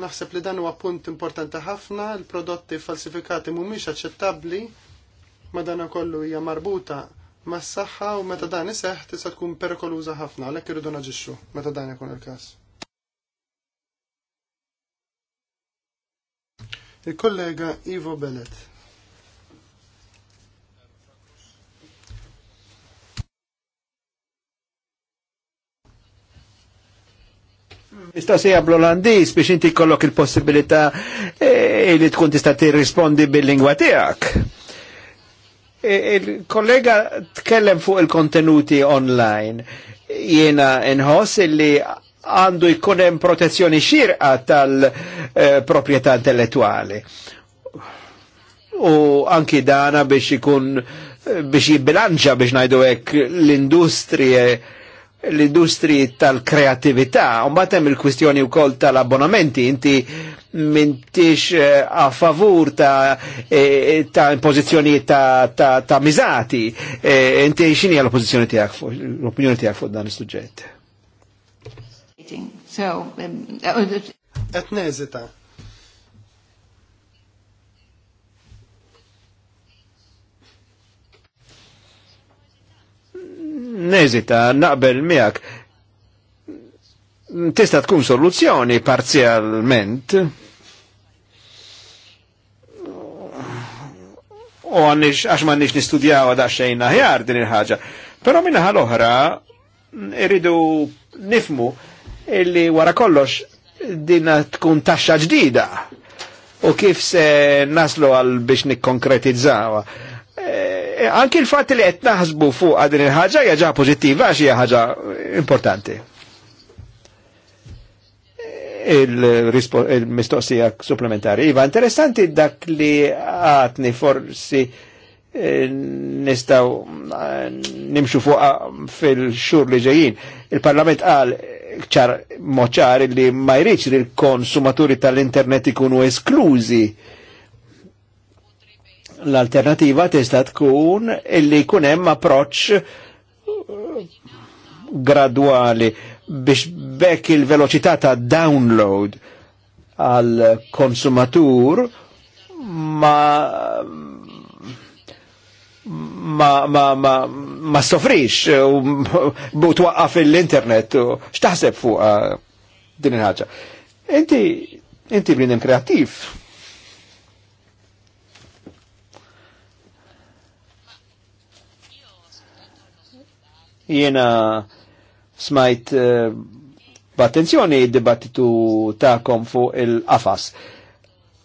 Speaker 3: naħseb li dan huwa punt importanti ħafna, il-prodotti falsifikati mhumiex aċċettabbli, madanakollu hija marbuta mas saħħa u meta dan iseħħ tista' tkun perikoluża ħafna, għalhekk irridu naġixxu meta dan ikun il-każ. Il-kollega Ivo Bellet.
Speaker 1: Mistoqsija bl-Olandis biex inti kollok il-possibilità eh, li tkun tista' tirrispondi bil-lingwa tiegħek. E, il-kollega tkellem fuq il-kontenuti online. Jiena inħoss li għandu jkun hemm protezzjoni xirqa tal-proprjetà intellettuali. U anki dana biex ikun eh, biex jibbilanċa biex najdu hekk l-industrije l-industri tal kreativita un batem il-kwistjoni u kol tal-abbonamenti, inti mintix eh, a favur ta', e, ta pozizjoni ta', ta, ta mizati, e, inti xini għal pozizjoni tijak, l-opinjoni tijak fuq dan il
Speaker 3: So, um, uh, uh Etnezita,
Speaker 1: neżita naqbel miegħek tista' tkun soluzzjoni parzjalment. U għannix, għax għannix nistudjaw għada xejn aħjar din il-ħagġa. Pero minna ħal-oħra, irridu nifmu illi wara kollox din tkun taxxa ġdida u kif se naslu għal biex nikkonkretizzawa anki l-fat li qed naħsbu fuq għadin il-ħaġa hija pozittiva, għax hija ħaġa importanti. Il-mistoqsija supplementari. Iva, interessanti dak li għatni forsi eh, nistaw eh, nimxu fuq fil-xur li ġejjin. Il-Parlament qal ċar moċar li ma jriċ li l-konsumaturi tal-internet ikunu esklużi L-alternativa tista' tkun illi jkun hemm approċċ uh, gradwali biex bekk il-veloċità ta' download għal konsumatur ma ma ma ma ma soffrix u twaqqaf l-internet u xtaħseb fuq uh, din il-ħaġa. Inti inti bnidem kreattiv Jena smajt uh, b'attenzjoni id-dibattitu ta'kom fuq il-qafas.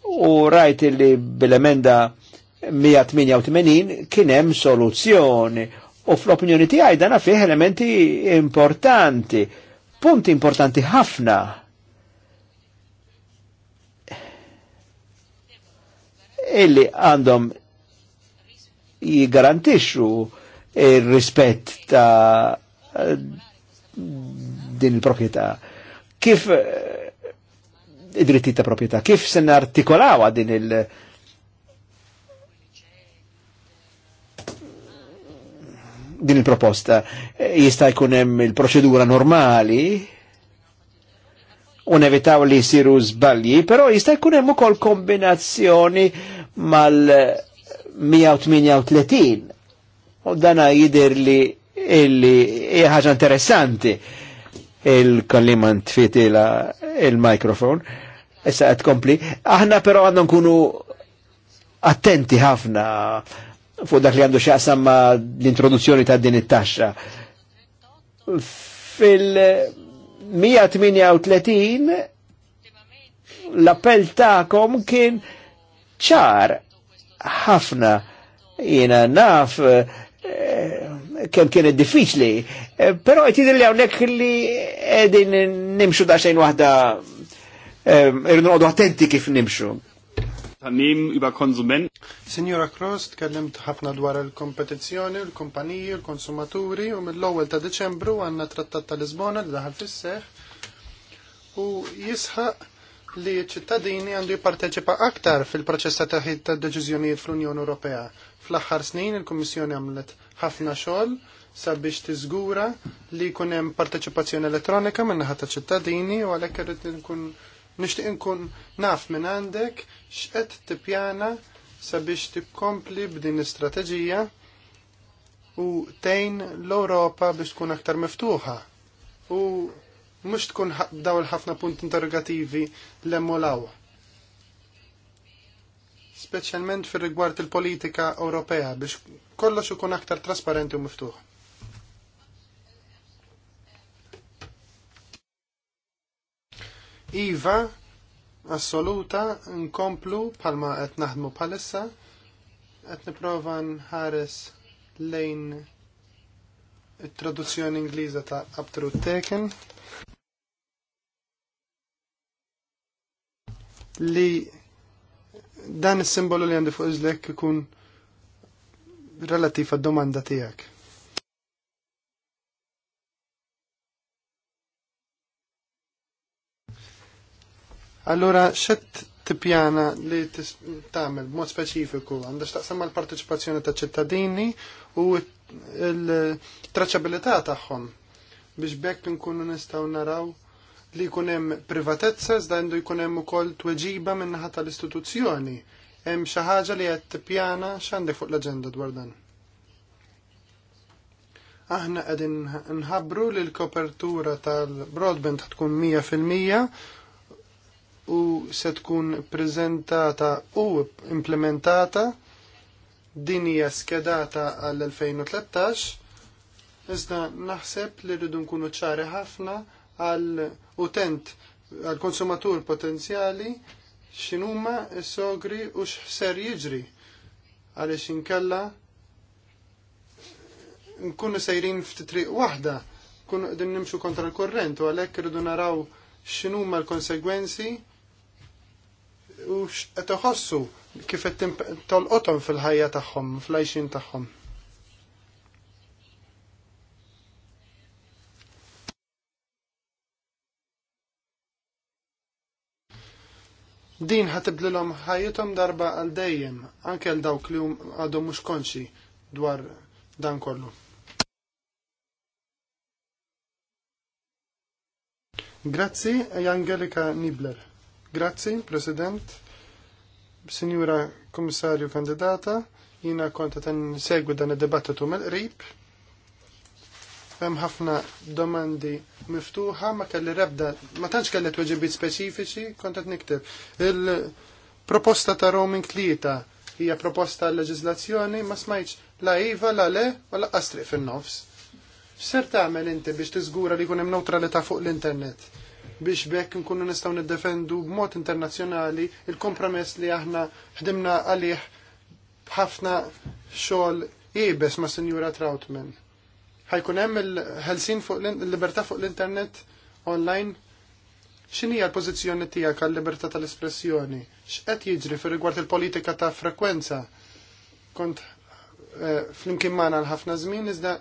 Speaker 1: U rajt li bil-emenda 188 kienem soluzzjoni u fl-opinjoni tiegħi dana fih elementi importanti, punti importanti ħafna. Illi għandhom jigarantixxu il-rispett ta' din il-propieta. Kif eh, id-dritti ta' propieta, kif se nartikolawa din il- din il-proposta eh, jista' jkun hemm il-proċedura normali u nevitaw li jisiru żbalji, però jista' jkun hemm ukoll kombinazzjoni mal 138 U dana jider li illi ħaġa interessanti il-kolliman tfitila il-mikrofon. Issa għed kompli. Aħna pero għanna nkunu attenti ħafna fuq dak li għandu xaqsam ma l-introduzzjoni ta' din it-taxxa. Fil-138 l-appell ta'kom kien ċar ħafna jena naf uh, kem kienet diffiċli, eh, pero għet jidilli għonek li għedin nimxu da xejn wahda, irnu għadu attenti kif nimxu.
Speaker 3: Tanim iba konsument. Signora Cross, tkellimt tħafna dwar il-kompetizjoni, il kompaniji il-konsumaturi, u mill-ewwel ta' Deċembru għanna trattat ta' Lisbona li daħal fisseħ, u jisħaq li ċittadini għandu jipparteċipa aktar fil-proċess ta' taħid ta' deċiżjonijiet fl-Unjoni Ewropea. fl axħar snin il-Kummissjoni għamlet ħafna xogħol sabiex tiżgura li jkun hemm parteċipazzjoni elettronika minn naħa ta' ċittadini u għalhekk irid nkun nixtieq nkun naf minn għandek x'qed tippjana sabiex tikkompli b'din l-istrateġija u tejn l-Ewropa biex tkun aktar miftuħa u mhux tkun dawl ħafna punti interrogativi l-emmolawa speċjalment fir rigward il-politika Ewropea biex kollox ikun aktar trasparenti u miftuħ. Iva, assoluta, nkomplu palma qed naħdmu bħalissa, qed niprova nħares lejn it-traduzzjoni Ingliża ta' Abtrut Taken. li dan is-simbolu li għandi fuq iżlek ikun relativ għad-domanda tiegħek. Allora, xett tipjana li tagħmel b'mod speċifiku għandha x'taqsam mal-parteċipazzjoni ta' ċittadini u l-traċabilità tagħhom biex bekk nkunu nistgħu naraw li jkun hemm privatezza iżda għandu jkun hemm ukoll tweġiba min-naħa tal-istituzzjoni. Hemm xi ħaġa li qed tippjana x'għandek fuq l-aġenda dwar dan. Aħna qegħdin nħabbru li l-kopertura tal-broadband tkun 100% u se tkun prezentata u implementata din hija skedata għall-2013 iżda naħseb li rridu nkunu ċari ħafna għal utent għal-konsumatur potenzjali x'inhuma s-sogri u x'ser jiġri għaliex inkella nkunu sejrin f'titriq waħda, kun din nimxu kontra l-korrent u għalhekk irridu naraw x'inhuma l-konsegwenzi u x'qed iħossu kif qed fil-ħajja tagħhom, fl-għajxin tagħhom. Din ħatibdilhom ħajjithom darba għal dejjem anke għal dawk li għadhom mhux konxi dwar dan kollu. Grazzi, Angelika Nibler. Grazzi, President, Sinjura Kommissarju Kandidata, jina konta ten segwi dan id-debattitu mill-qrib, hemm ħafna domandi miftuħa ma kelli rebda, ma tantx kelli tweġibiet speċifiċi kont qed nikteb. Il-proposta ta' roaming tlieta hija proposta leġislazzjoni ma smajtx la iva, la le u la qasri fin-nofs. X'ser tagħmel inti biex tiżgura li jkun hemm neutralità fuq l-internet? biex bekk nkunu nistgħu niddefendu b'mod internazzjonali il-kompromess li aħna ħdimna għalih b'ħafna xogħol ibes ma' Sinjura Trautman ħajkun hemm il-ħelsin fuq il libertà fuq l-internet online x'inhi l-pożizzjoni tiegħek għall-libertà tal-espressjoni? X'qed jiġri fir rigward il-politika ta' frekwenza? Kont eh, flimkien magħna l-ħafna żmien iżda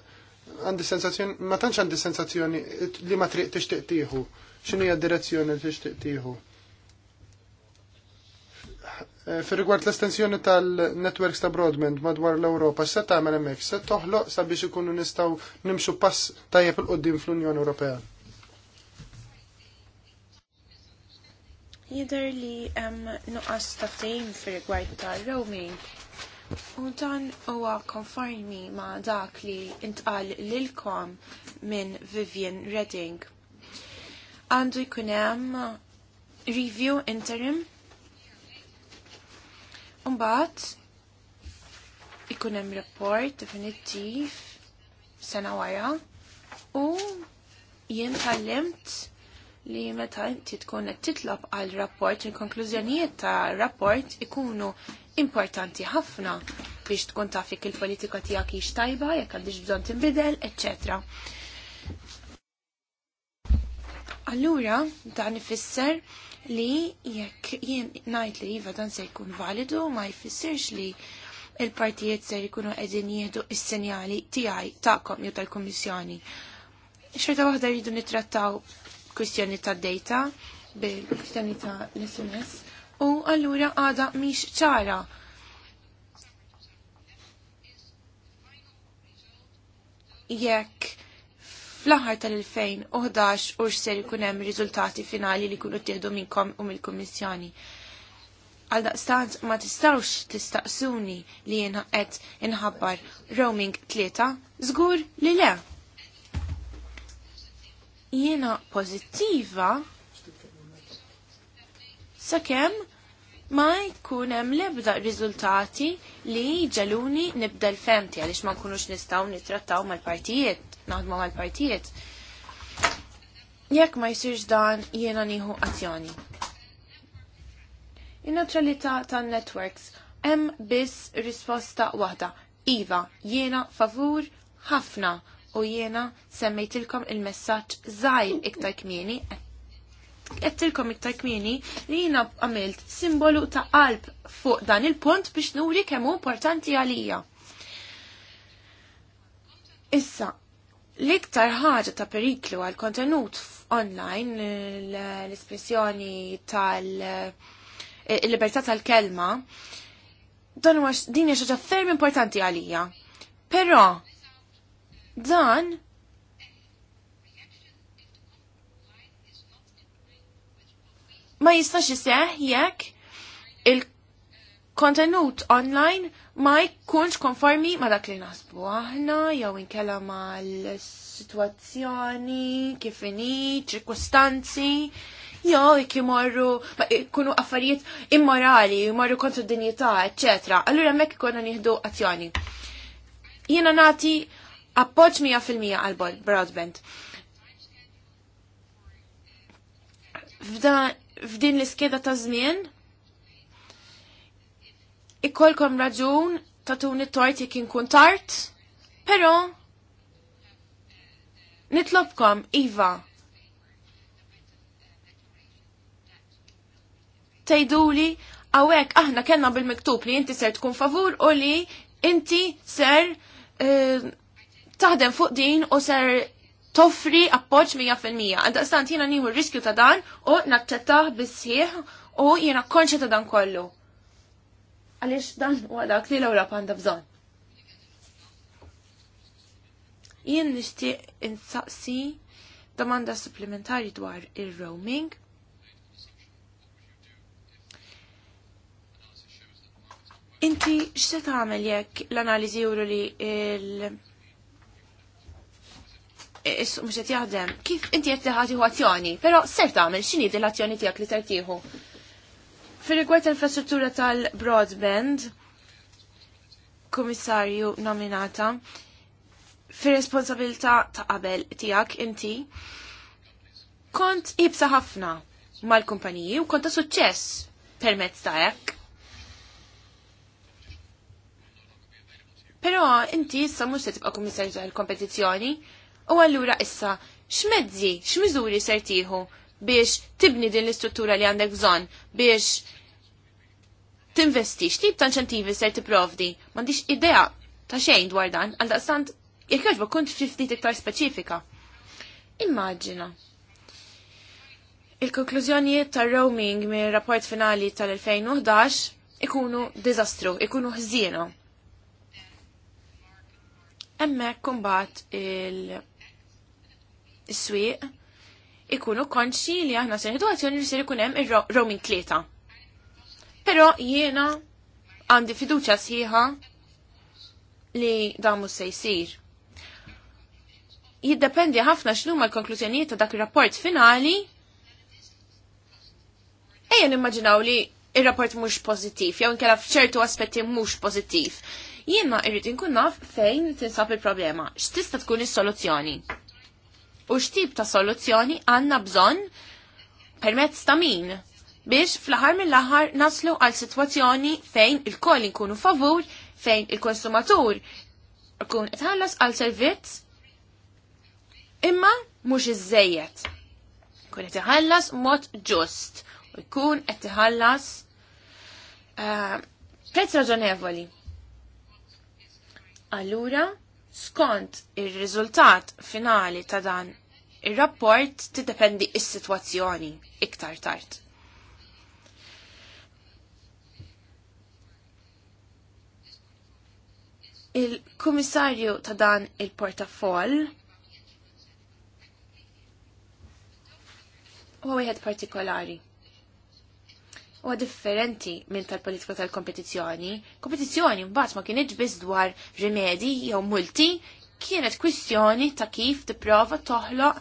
Speaker 3: għandi sensazzjoni, ma tantx għandi sensazzjoni li ma triq tixtieq tieħu. X'inhi d-direzzjoni li tixtieq tieħu? Eh, fir rigward l-estensjoni tal-networks ta' broadband madwar l-Ewropa, se tagħmel hemmhekk, se toħloq sabiex ikunu nistgħu nimxu pass tajjeb il qoddim fl-Unjoni Ewropea.
Speaker 2: Jidher li hemm nuqqas ta' tejn fir rigward tal-roaming. U dan huwa konformi ma' dak li intqal lilkom minn Vivian Redding. Għandu jkun hemm review interim Mbagħad ikun hemm rapport definitiv sena wara u jien tallimt li meta inti tkun qed titlob għal rapport il-konklużjonijiet ta' rapport ikunu importanti ħafna biex tkun taf il-politika tiegħek hix tajba, jekk għandix bżonn tinbidel, eccetera. Allura, dan ifisser li jekk jien najt li jiva dan se jkun validu ma jfissirx li il-partijiet se jkunu edin jiedu s senjali tiegħi taqkom jew tal-Kummissjoni. Xorta waħda rridu nitrattaw kwistjoni ta' data bil-kwistjoni ta' l-SMS u allura għada miex ċara. Jekk fl-aħħar tal-2011 u x'ser ikun hemm riżultati finali li jkunu ttieħdu minnkom u mill-Kummissjoni. Għal daqstant ma tistawx tistaqsuni li jiena qed inħabbar roaming tlieta, żgur li le. Jiena pożittiva sakemm ma jkun hemm l-ebda riżultati li ġaluni nibda l-femti għaliex ma nkunux nistgħu nittrattaw mal-partijiet naħdmu mal-partijiet. Jekk ma jsirx dan jiena nieħu azzjoni. In-neutralità tan-networks hemm biss risposta waħda. Iva, jiena favur ħafna u jiena semmejtilkom il-messaġġ żgħir iktar kmieni għettilkom iktar kmieni li jiena għamilt simbolu ta' qalb fuq dan il-punt biex nuri kemmu importanti għalija. Issa, L-iktar ħaġa ta' periklu għal kontenut online l-espressjoni tal-libertà eh, tal-kelma dan huwa din hija xaġa ferm importanti għalija. Però dan ma jistax iseħ jekk il kontenut online ma jkunx konformi ma dak li nasbu aħna jew inkella ma l-sitwazzjoni kif inhi, ċirkustanzi, jew jekk imorru jkunu affarijiet immorali, jmorru kontra dinjità, eċetera. Allura hemmhekk ikolna nieħdu azzjoni. Jiena nagħti appoġġ filmija għal broadband. F'din l-iskeda ta' żmien, ikolkom raġun tatuni tort jek inkun tart, pero nitlobkom Iva. Tejduli għawek aħna kena bil-miktub li inti ser tkun favur u li inti ser eh, taħdem fuq din u ser toffri appoġġ 100%. Għandaqstant jena nieħu r-riskju ta' dan u naċċettaħ bis-sieħ u jena konċa ta' dan kollu għaliex dan huwa dak li l-Ewropa għandha bżonn. Jien nixtieq insaqsi domanda supplementari dwar il-roaming. Inti x'se tagħmel jekk l-analiżi juru li il- Issu mhux qed jaħdem. Kif inti qed tieħu azzjoni, però ser tagħmel x'inhi l-azzjoni tiegħek li ser tieħu? fil rigward infrastruttura tal-broadband, komissarju nominata, fir responsabilità ta' qabel tiegħek inti, kont ibsa ħafna mal-kumpaniji u kont ta' suċċess permezz ta' hekk. Però inti issa mhux se tibqa' kummissarju tal-kompetizzjoni u allura issa x'mezzi, x'miżuri sertiħu biex tibni din l-istruttura li għandek bżonn biex tinvesti, xtib ta' inċentivi ser tipprovdi. M'għandix idea ta' xejn dwar dan, għal sant, jekk jogħġbok kunt xi ftit iktar speċifika. Immaġina. Il-konklużjonijiet ta' roaming mir rapport finali tal-2011 ikunu diżastru, ikunu ħżienu. Emmek kumbat il-swieq ikunu konxi li aħna seħdu azzjoni li ser ikun hemm ir-roaming tlieta. Però jiena għandi fiduċa sħiħa li dan mhux se jsir. Jiddependi ħafna x'numa l-konklużjonijiet ta' dak ir-rapport finali. Ejja nimmaġinaw li ir-rapport mhux pożittiv, jew inkella f'ċertu aspetti mhux pożittiv. Jiena irrid inkun naf fejn tinsab il-problema, x'tista' tkun is-soluzzjoni u x'tip ta' soluzzjoni għandna bżonn permezz ta' min biex fl-aħħar mill-aħħar naslu għal sitwazzjoni fejn il-koll inkunu favur fejn il-konsumatur kun tħallas għal servizz imma mhux iżejjed. Kun qed iħallas mod ġust u jkun qed iħallas eh, prezz raġonevoli. Allura, Skont ir-riżultat finali ta' dan ir-rapport tiddependi is-sitwazzjoni iktar tard. Il-Kummissarju ta' dan il-portafoll huwa wieħed partikolari huwa differenti minn tal-politika tal-kompetizzjoni. Kompetizzjoni mbagħad ma kienx biss dwar rimedi jew multi, kienet kwistjoni ta' kif tipprova toħloq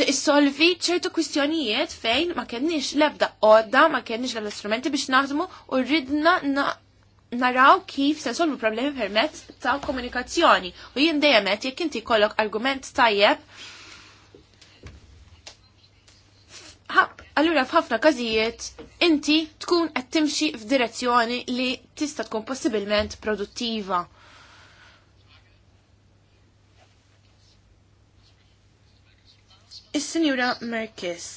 Speaker 2: tissolvi ċertu kwistjonijiet fejn ma kenniex lebda qodda, ma kenniex lebda strumenti biex naħdmu u rridna na naraw kif se solvu problemi permezz ta' komunikazzjoni. U jien dejjem qed jekk inti kollok argument tajjeb allura f'ħafna każijiet inti tkun qed timxi f'direzzjoni li tista' tkun possibilment produttiva. Is-Sinjura Merkis.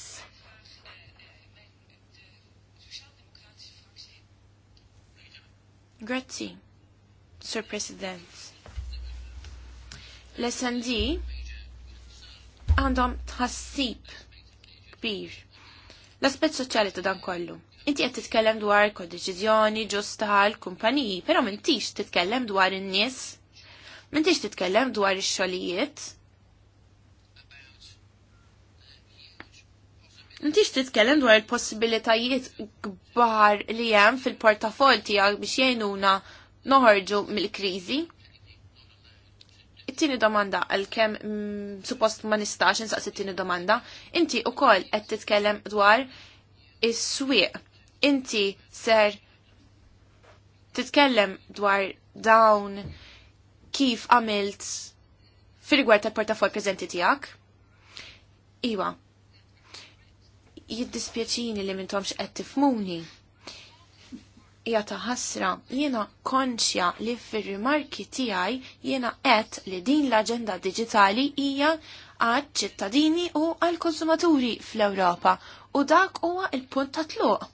Speaker 2: Grazzi, Sir President. L-SND għandhom tħassib kbir. L-aspett soċjali ta' dan kollu. Inti qed titkellem dwar kodeċiżjoni ġusta għal kumpaniji, però m'intix titkellem dwar in-nies, m'intix titkellem dwar ix-xogħlijiet. M'intix titkellem dwar il-possibilitajiet kbar li hemm fil-portafol tiegħek biex jgħinuna noħorġu mill-kriżi. It-tieni domanda għalkemm mm, suppost ma nistax nsaqs it tini domanda, inti ukoll qed titkellem dwar is-swieq. Inti ser titkellem dwar dawn kif għamilt fil gwar tal-portafol preżenti tiegħek? Iwa, jiddispjaċini li mintomx qed tifmuni hija ta' ħasra jiena konxja li fir-rimarki tiegħi jiena qed li din l-aġenda diġitali hija għad ċittadini u għal konsumaturi fl-Ewropa u dak huwa il-punt ta' tluq.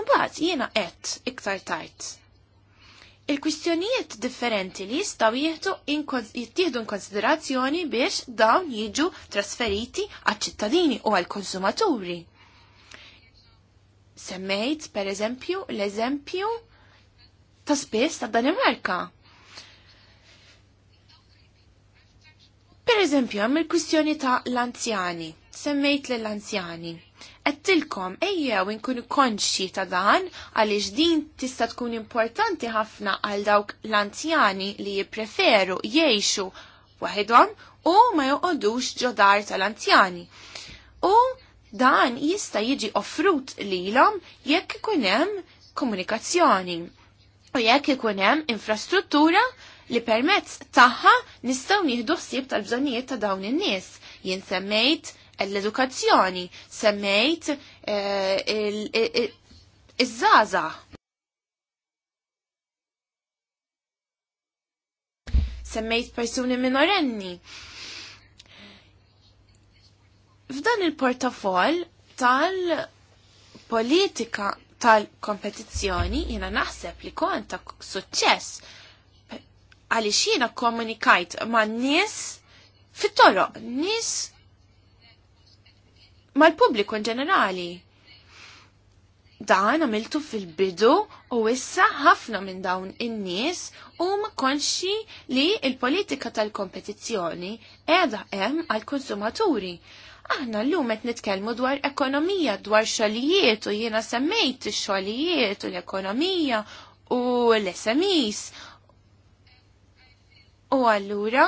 Speaker 2: Mbagħad jiena qed iktar tajt. Il-kwistjonijiet differenti li jistaw jittieħdu konsiderazzjoni biex dawn jiġu trasferiti għal ċittadini u għal konsumaturi semmejt, per eżempju, l-eżempju ta' spiss ta' Danimarka. Per eżempju, għam il-kwistjoni ta' l-anzjani. Semmejt l anzjani Għattilkom, ejjew inkunu konxi ta' dan, għalix din tista' tkun importanti ħafna għal dawk l-anzjani li jipreferu jiexu waħedhom u ma joqodux ġodar tal-anzjani. U Dan jista' jiġi offrut lilhom jekk ikun hemm komunikazzjoni u jekk ikun hemm infrastruttura li permezz tagħha nistgħu nieħdu ħsieb tal-bżonnijiet ta' dawn in-nies. Jien semmejt l-edukazzjoni, semmejt eh, iż-żaża. Semmejt persuni minorenni. F'dan il-portafoll tal-politika tal-kompetizzjoni jina naħseb li kon ta' suċċess għaliex jina komunikajt ma' nies fit-toroq, nies mal-pubbliku in ġenerali. Dan għamiltu fil-bidu u issa ħafna minn dawn in-nies huma konxi li l-politika tal-kompetizzjoni qiegħda hemm għall-konsumaturi. Aħna l-lum qed nitkellmu dwar ekonomija, dwar xogħlijiet u jiena semmejt ix-xogħlijiet u l-ekonomija u l-SMEs. U allura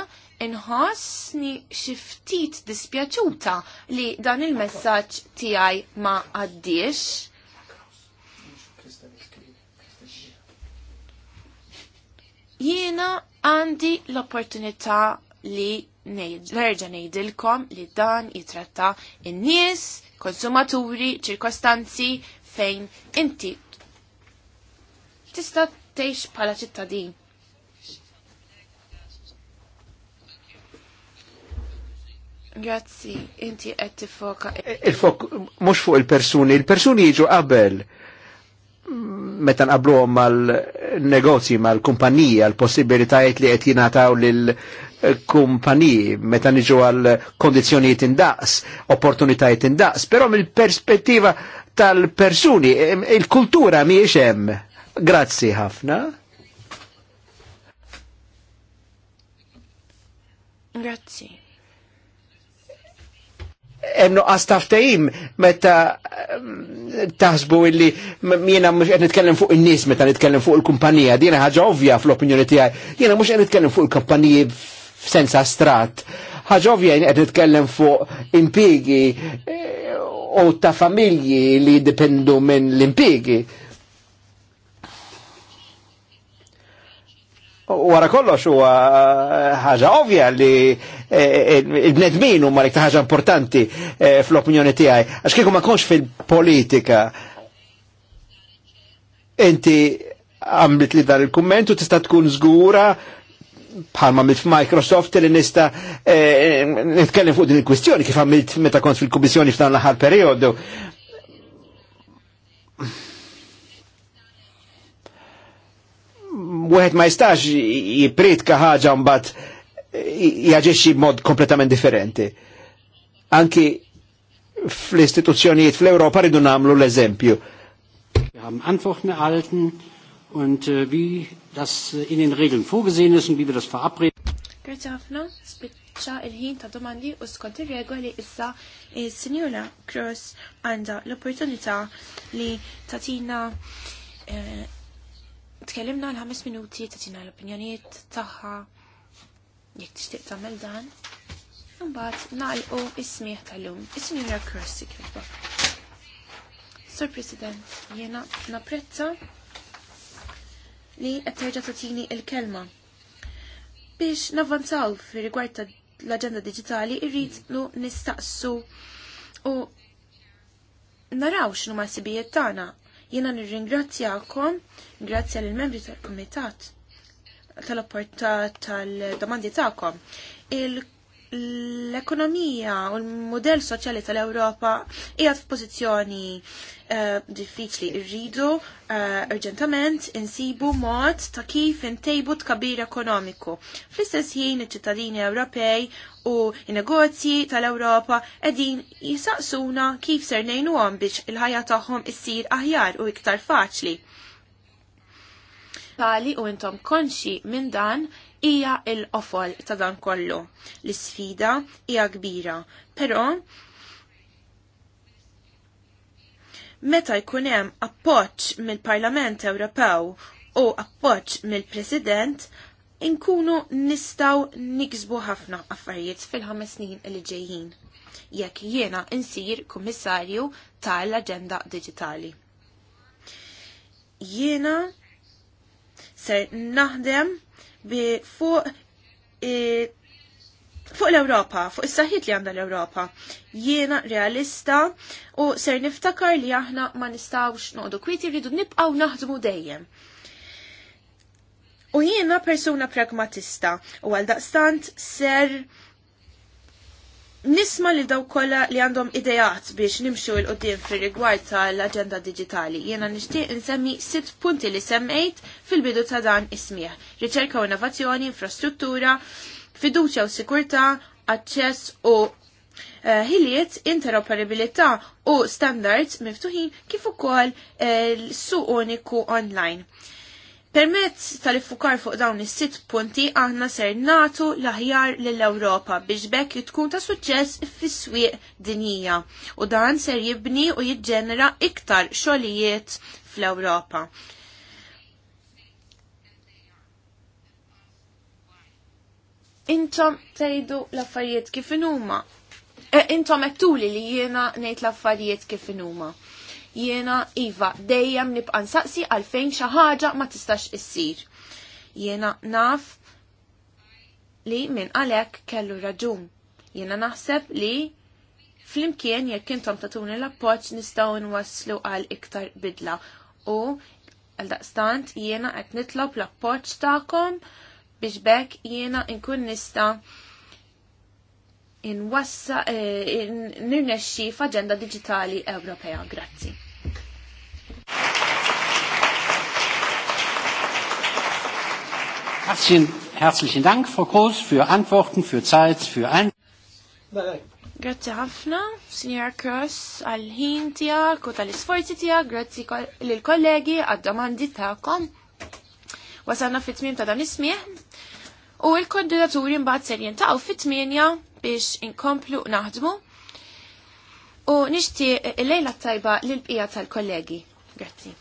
Speaker 2: inħossni xi ftit dispjaċuta li dan il-messaġġ tiegħi ma għaddiex. Jiena għandi l-opportunità li nerġa' nejdilkom li dan jitratta in-nies, konsumaturi, ċirkostanzi fejn inti tista' tgħix bħala ċittadin. Grazzi, inti qed tifoka. Il-fok
Speaker 1: mhux fuq il-persuni, il-persuni jiġu qabel
Speaker 2: meta
Speaker 1: nqablu mal-negozji, mal kumpanija l possibilitajiet li qed jingħataw lil kumpaniji, meta niġu għal kondizzjonijiet indaqs, opportunitajiet indaqs, però mill-perspettiva tal-persuni, il-kultura mhijiex hemm. Grazzi ħafna. Grazzi hemm noqas metta meta eh, taħsbu illi jiena mhux qed nitkellem fuq in-nies meta nitkellem fuq il-kumpanija, dina ħaġa ovvja fl-opinjoni tiegħi. Jiena mhux qed nitkellem fuq il-kumpaniji sens astrat. ħagġa ovvja qed nitkellem fuq impigi eh, u ta' familji li jiddependu minn l-impigi. wara kollox huwa eh, ħaġa ovvja li eh, il-bnedmin huma marik ħaġa importanti eh, fl-opinjoni tiegħi. Għax kieku ma konx fil-politika inti għamlet li dar il-kummentu tista' tkun żgura bħalma mill Microsoft li nista nitkellem fuq din il-kwistjoni kif għamilt meta kont fil-Kummissjoni f'dan l-aħħar periodu wieħed ma jistax jipritka ħaġa mbagħad jaġixxi b'mod kompletament differenti. Anki fl-istituzzjonijiet fl-Ewropa ridu nagħmlu l-eżempju.
Speaker 3: Wir haben Antworten und äh, wie das in den Regeln vorgesehen ist und wie wir das verabreden.
Speaker 2: Grazie ħafna, spiċċa il-ħin ta' domandi u skont ir-regoli issa il sinjura Cross għandha l-opportunità li tatina eh, Tkellimna l-ħames minuti ta' tina l-opinjonijiet tagħha jekk tixtieq tagħmel dan. Imbagħad nagħlqu is-smieħ tal-lum. Is-Sinjura Crossi kitba. Sur President, jiena napprezza li qed terġa' tagħtini l-kelma. Biex navvanzaw fi rigward l-aġenda diġitali lu nistaqsu u naraw x'nu ma' sibijiet tagħna Jiena nirringrazzjakom, grazzja lill membri tal-Kumitat tal-apportat tal-domandi tagħkom. Il l-ekonomija u l-modell soċjali tal-Ewropa hija f'pożizzjoni eh, diffiċli rridu eh, urġentament insibu mod ta' kif intejbu tkabir ekonomiku. Fl-istess ħin iċ-ċittadini Ewropej u n-negozji tal-Ewropa qegħdin jisaqsuna kif ser ngħinuhom biex il-ħajja tagħhom issir aħjar u iktar faċli. Pali u intom konxi minn dan hija l-qofol ta' dan kollu. L-isfida hija kbira, però meta jkun hemm appoġġ mill-Parlament Ewropew u appoġġ mill-President, inkunu nistaw niksbu ħafna affarijiet fil-ħames snin li ġejjin jekk jiena insir kummissarju tal-Aġenda Digitali. Jiena ser naħdem bi fuq fuq l-Europa, fuq is-saħħit li għandha l-Europa. Jiena realista u ser niftakar li aħna ma nistawx noqdu kwiti rridu nibqgħu naħdmu dejjem. U jiena persuna pragmatista u għal daqstant ser nisma li daw kolla li għandhom idejat biex nimxu l-qoddim fil rigward tal-agenda digitali. Jena nishtiq nsemmi sitt punti li semmejt fil-bidu ta' dan ismiħ. Riċerka u innovazzjoni, infrastruttura, fiduċja u sikurta, aċċess u eh, ħiliet, uh, interoperabilità u standards miftuħin kif ukoll uh, l-suq uniku online Permezz tal-iffukar fuq dawn is-sitt punti aħna ser natu l-aħjar lill-Ewropa biex bekk tkun ta' suċċess fis-swieq dinija u dan ser jibni u jiġġenera iktar xogħlijiet fl-Ewropa. Intom tgħidu l-affarijiet kif inhuma. Eh, intom qedtuli li jiena ngħid l-affarijiet kif inhuma jiena iva dejjem nibqa' nsaqsi għalfejn xi ħaġa ma tistax issir. Jiena naf li minn għalhekk kellu raġun. Jiena naħseb li flimkien jekk intom tatuni l-appoġġ nistgħu nwasslu għal iktar bidla u għaldaqstant jiena qed nitlob l-appoġġ tagħkom biex bekk jiena nkun nista' inwassa eh, in, nirnexxi f'aġenda digitali Ewropea. Grazzi.
Speaker 3: Herzlichen, herzlichen Dank, Frau Groß, für Antworten, für
Speaker 1: Zeit, für ein.
Speaker 2: Grazzi ħafna, Signor Cross, għal-ħin tijak u tal-isforzi tijak, grazzi l-kollegi għad-domandi ta'kom. Wasanna fit-tmim ta' dan ismieħ. U il-koordinaturi mbagħad se jintaqgħu fit-tminja biex inkomplu naħdmu. U nixtieq il-lejla tajba lil bqija tal-kollegi. Grazzi.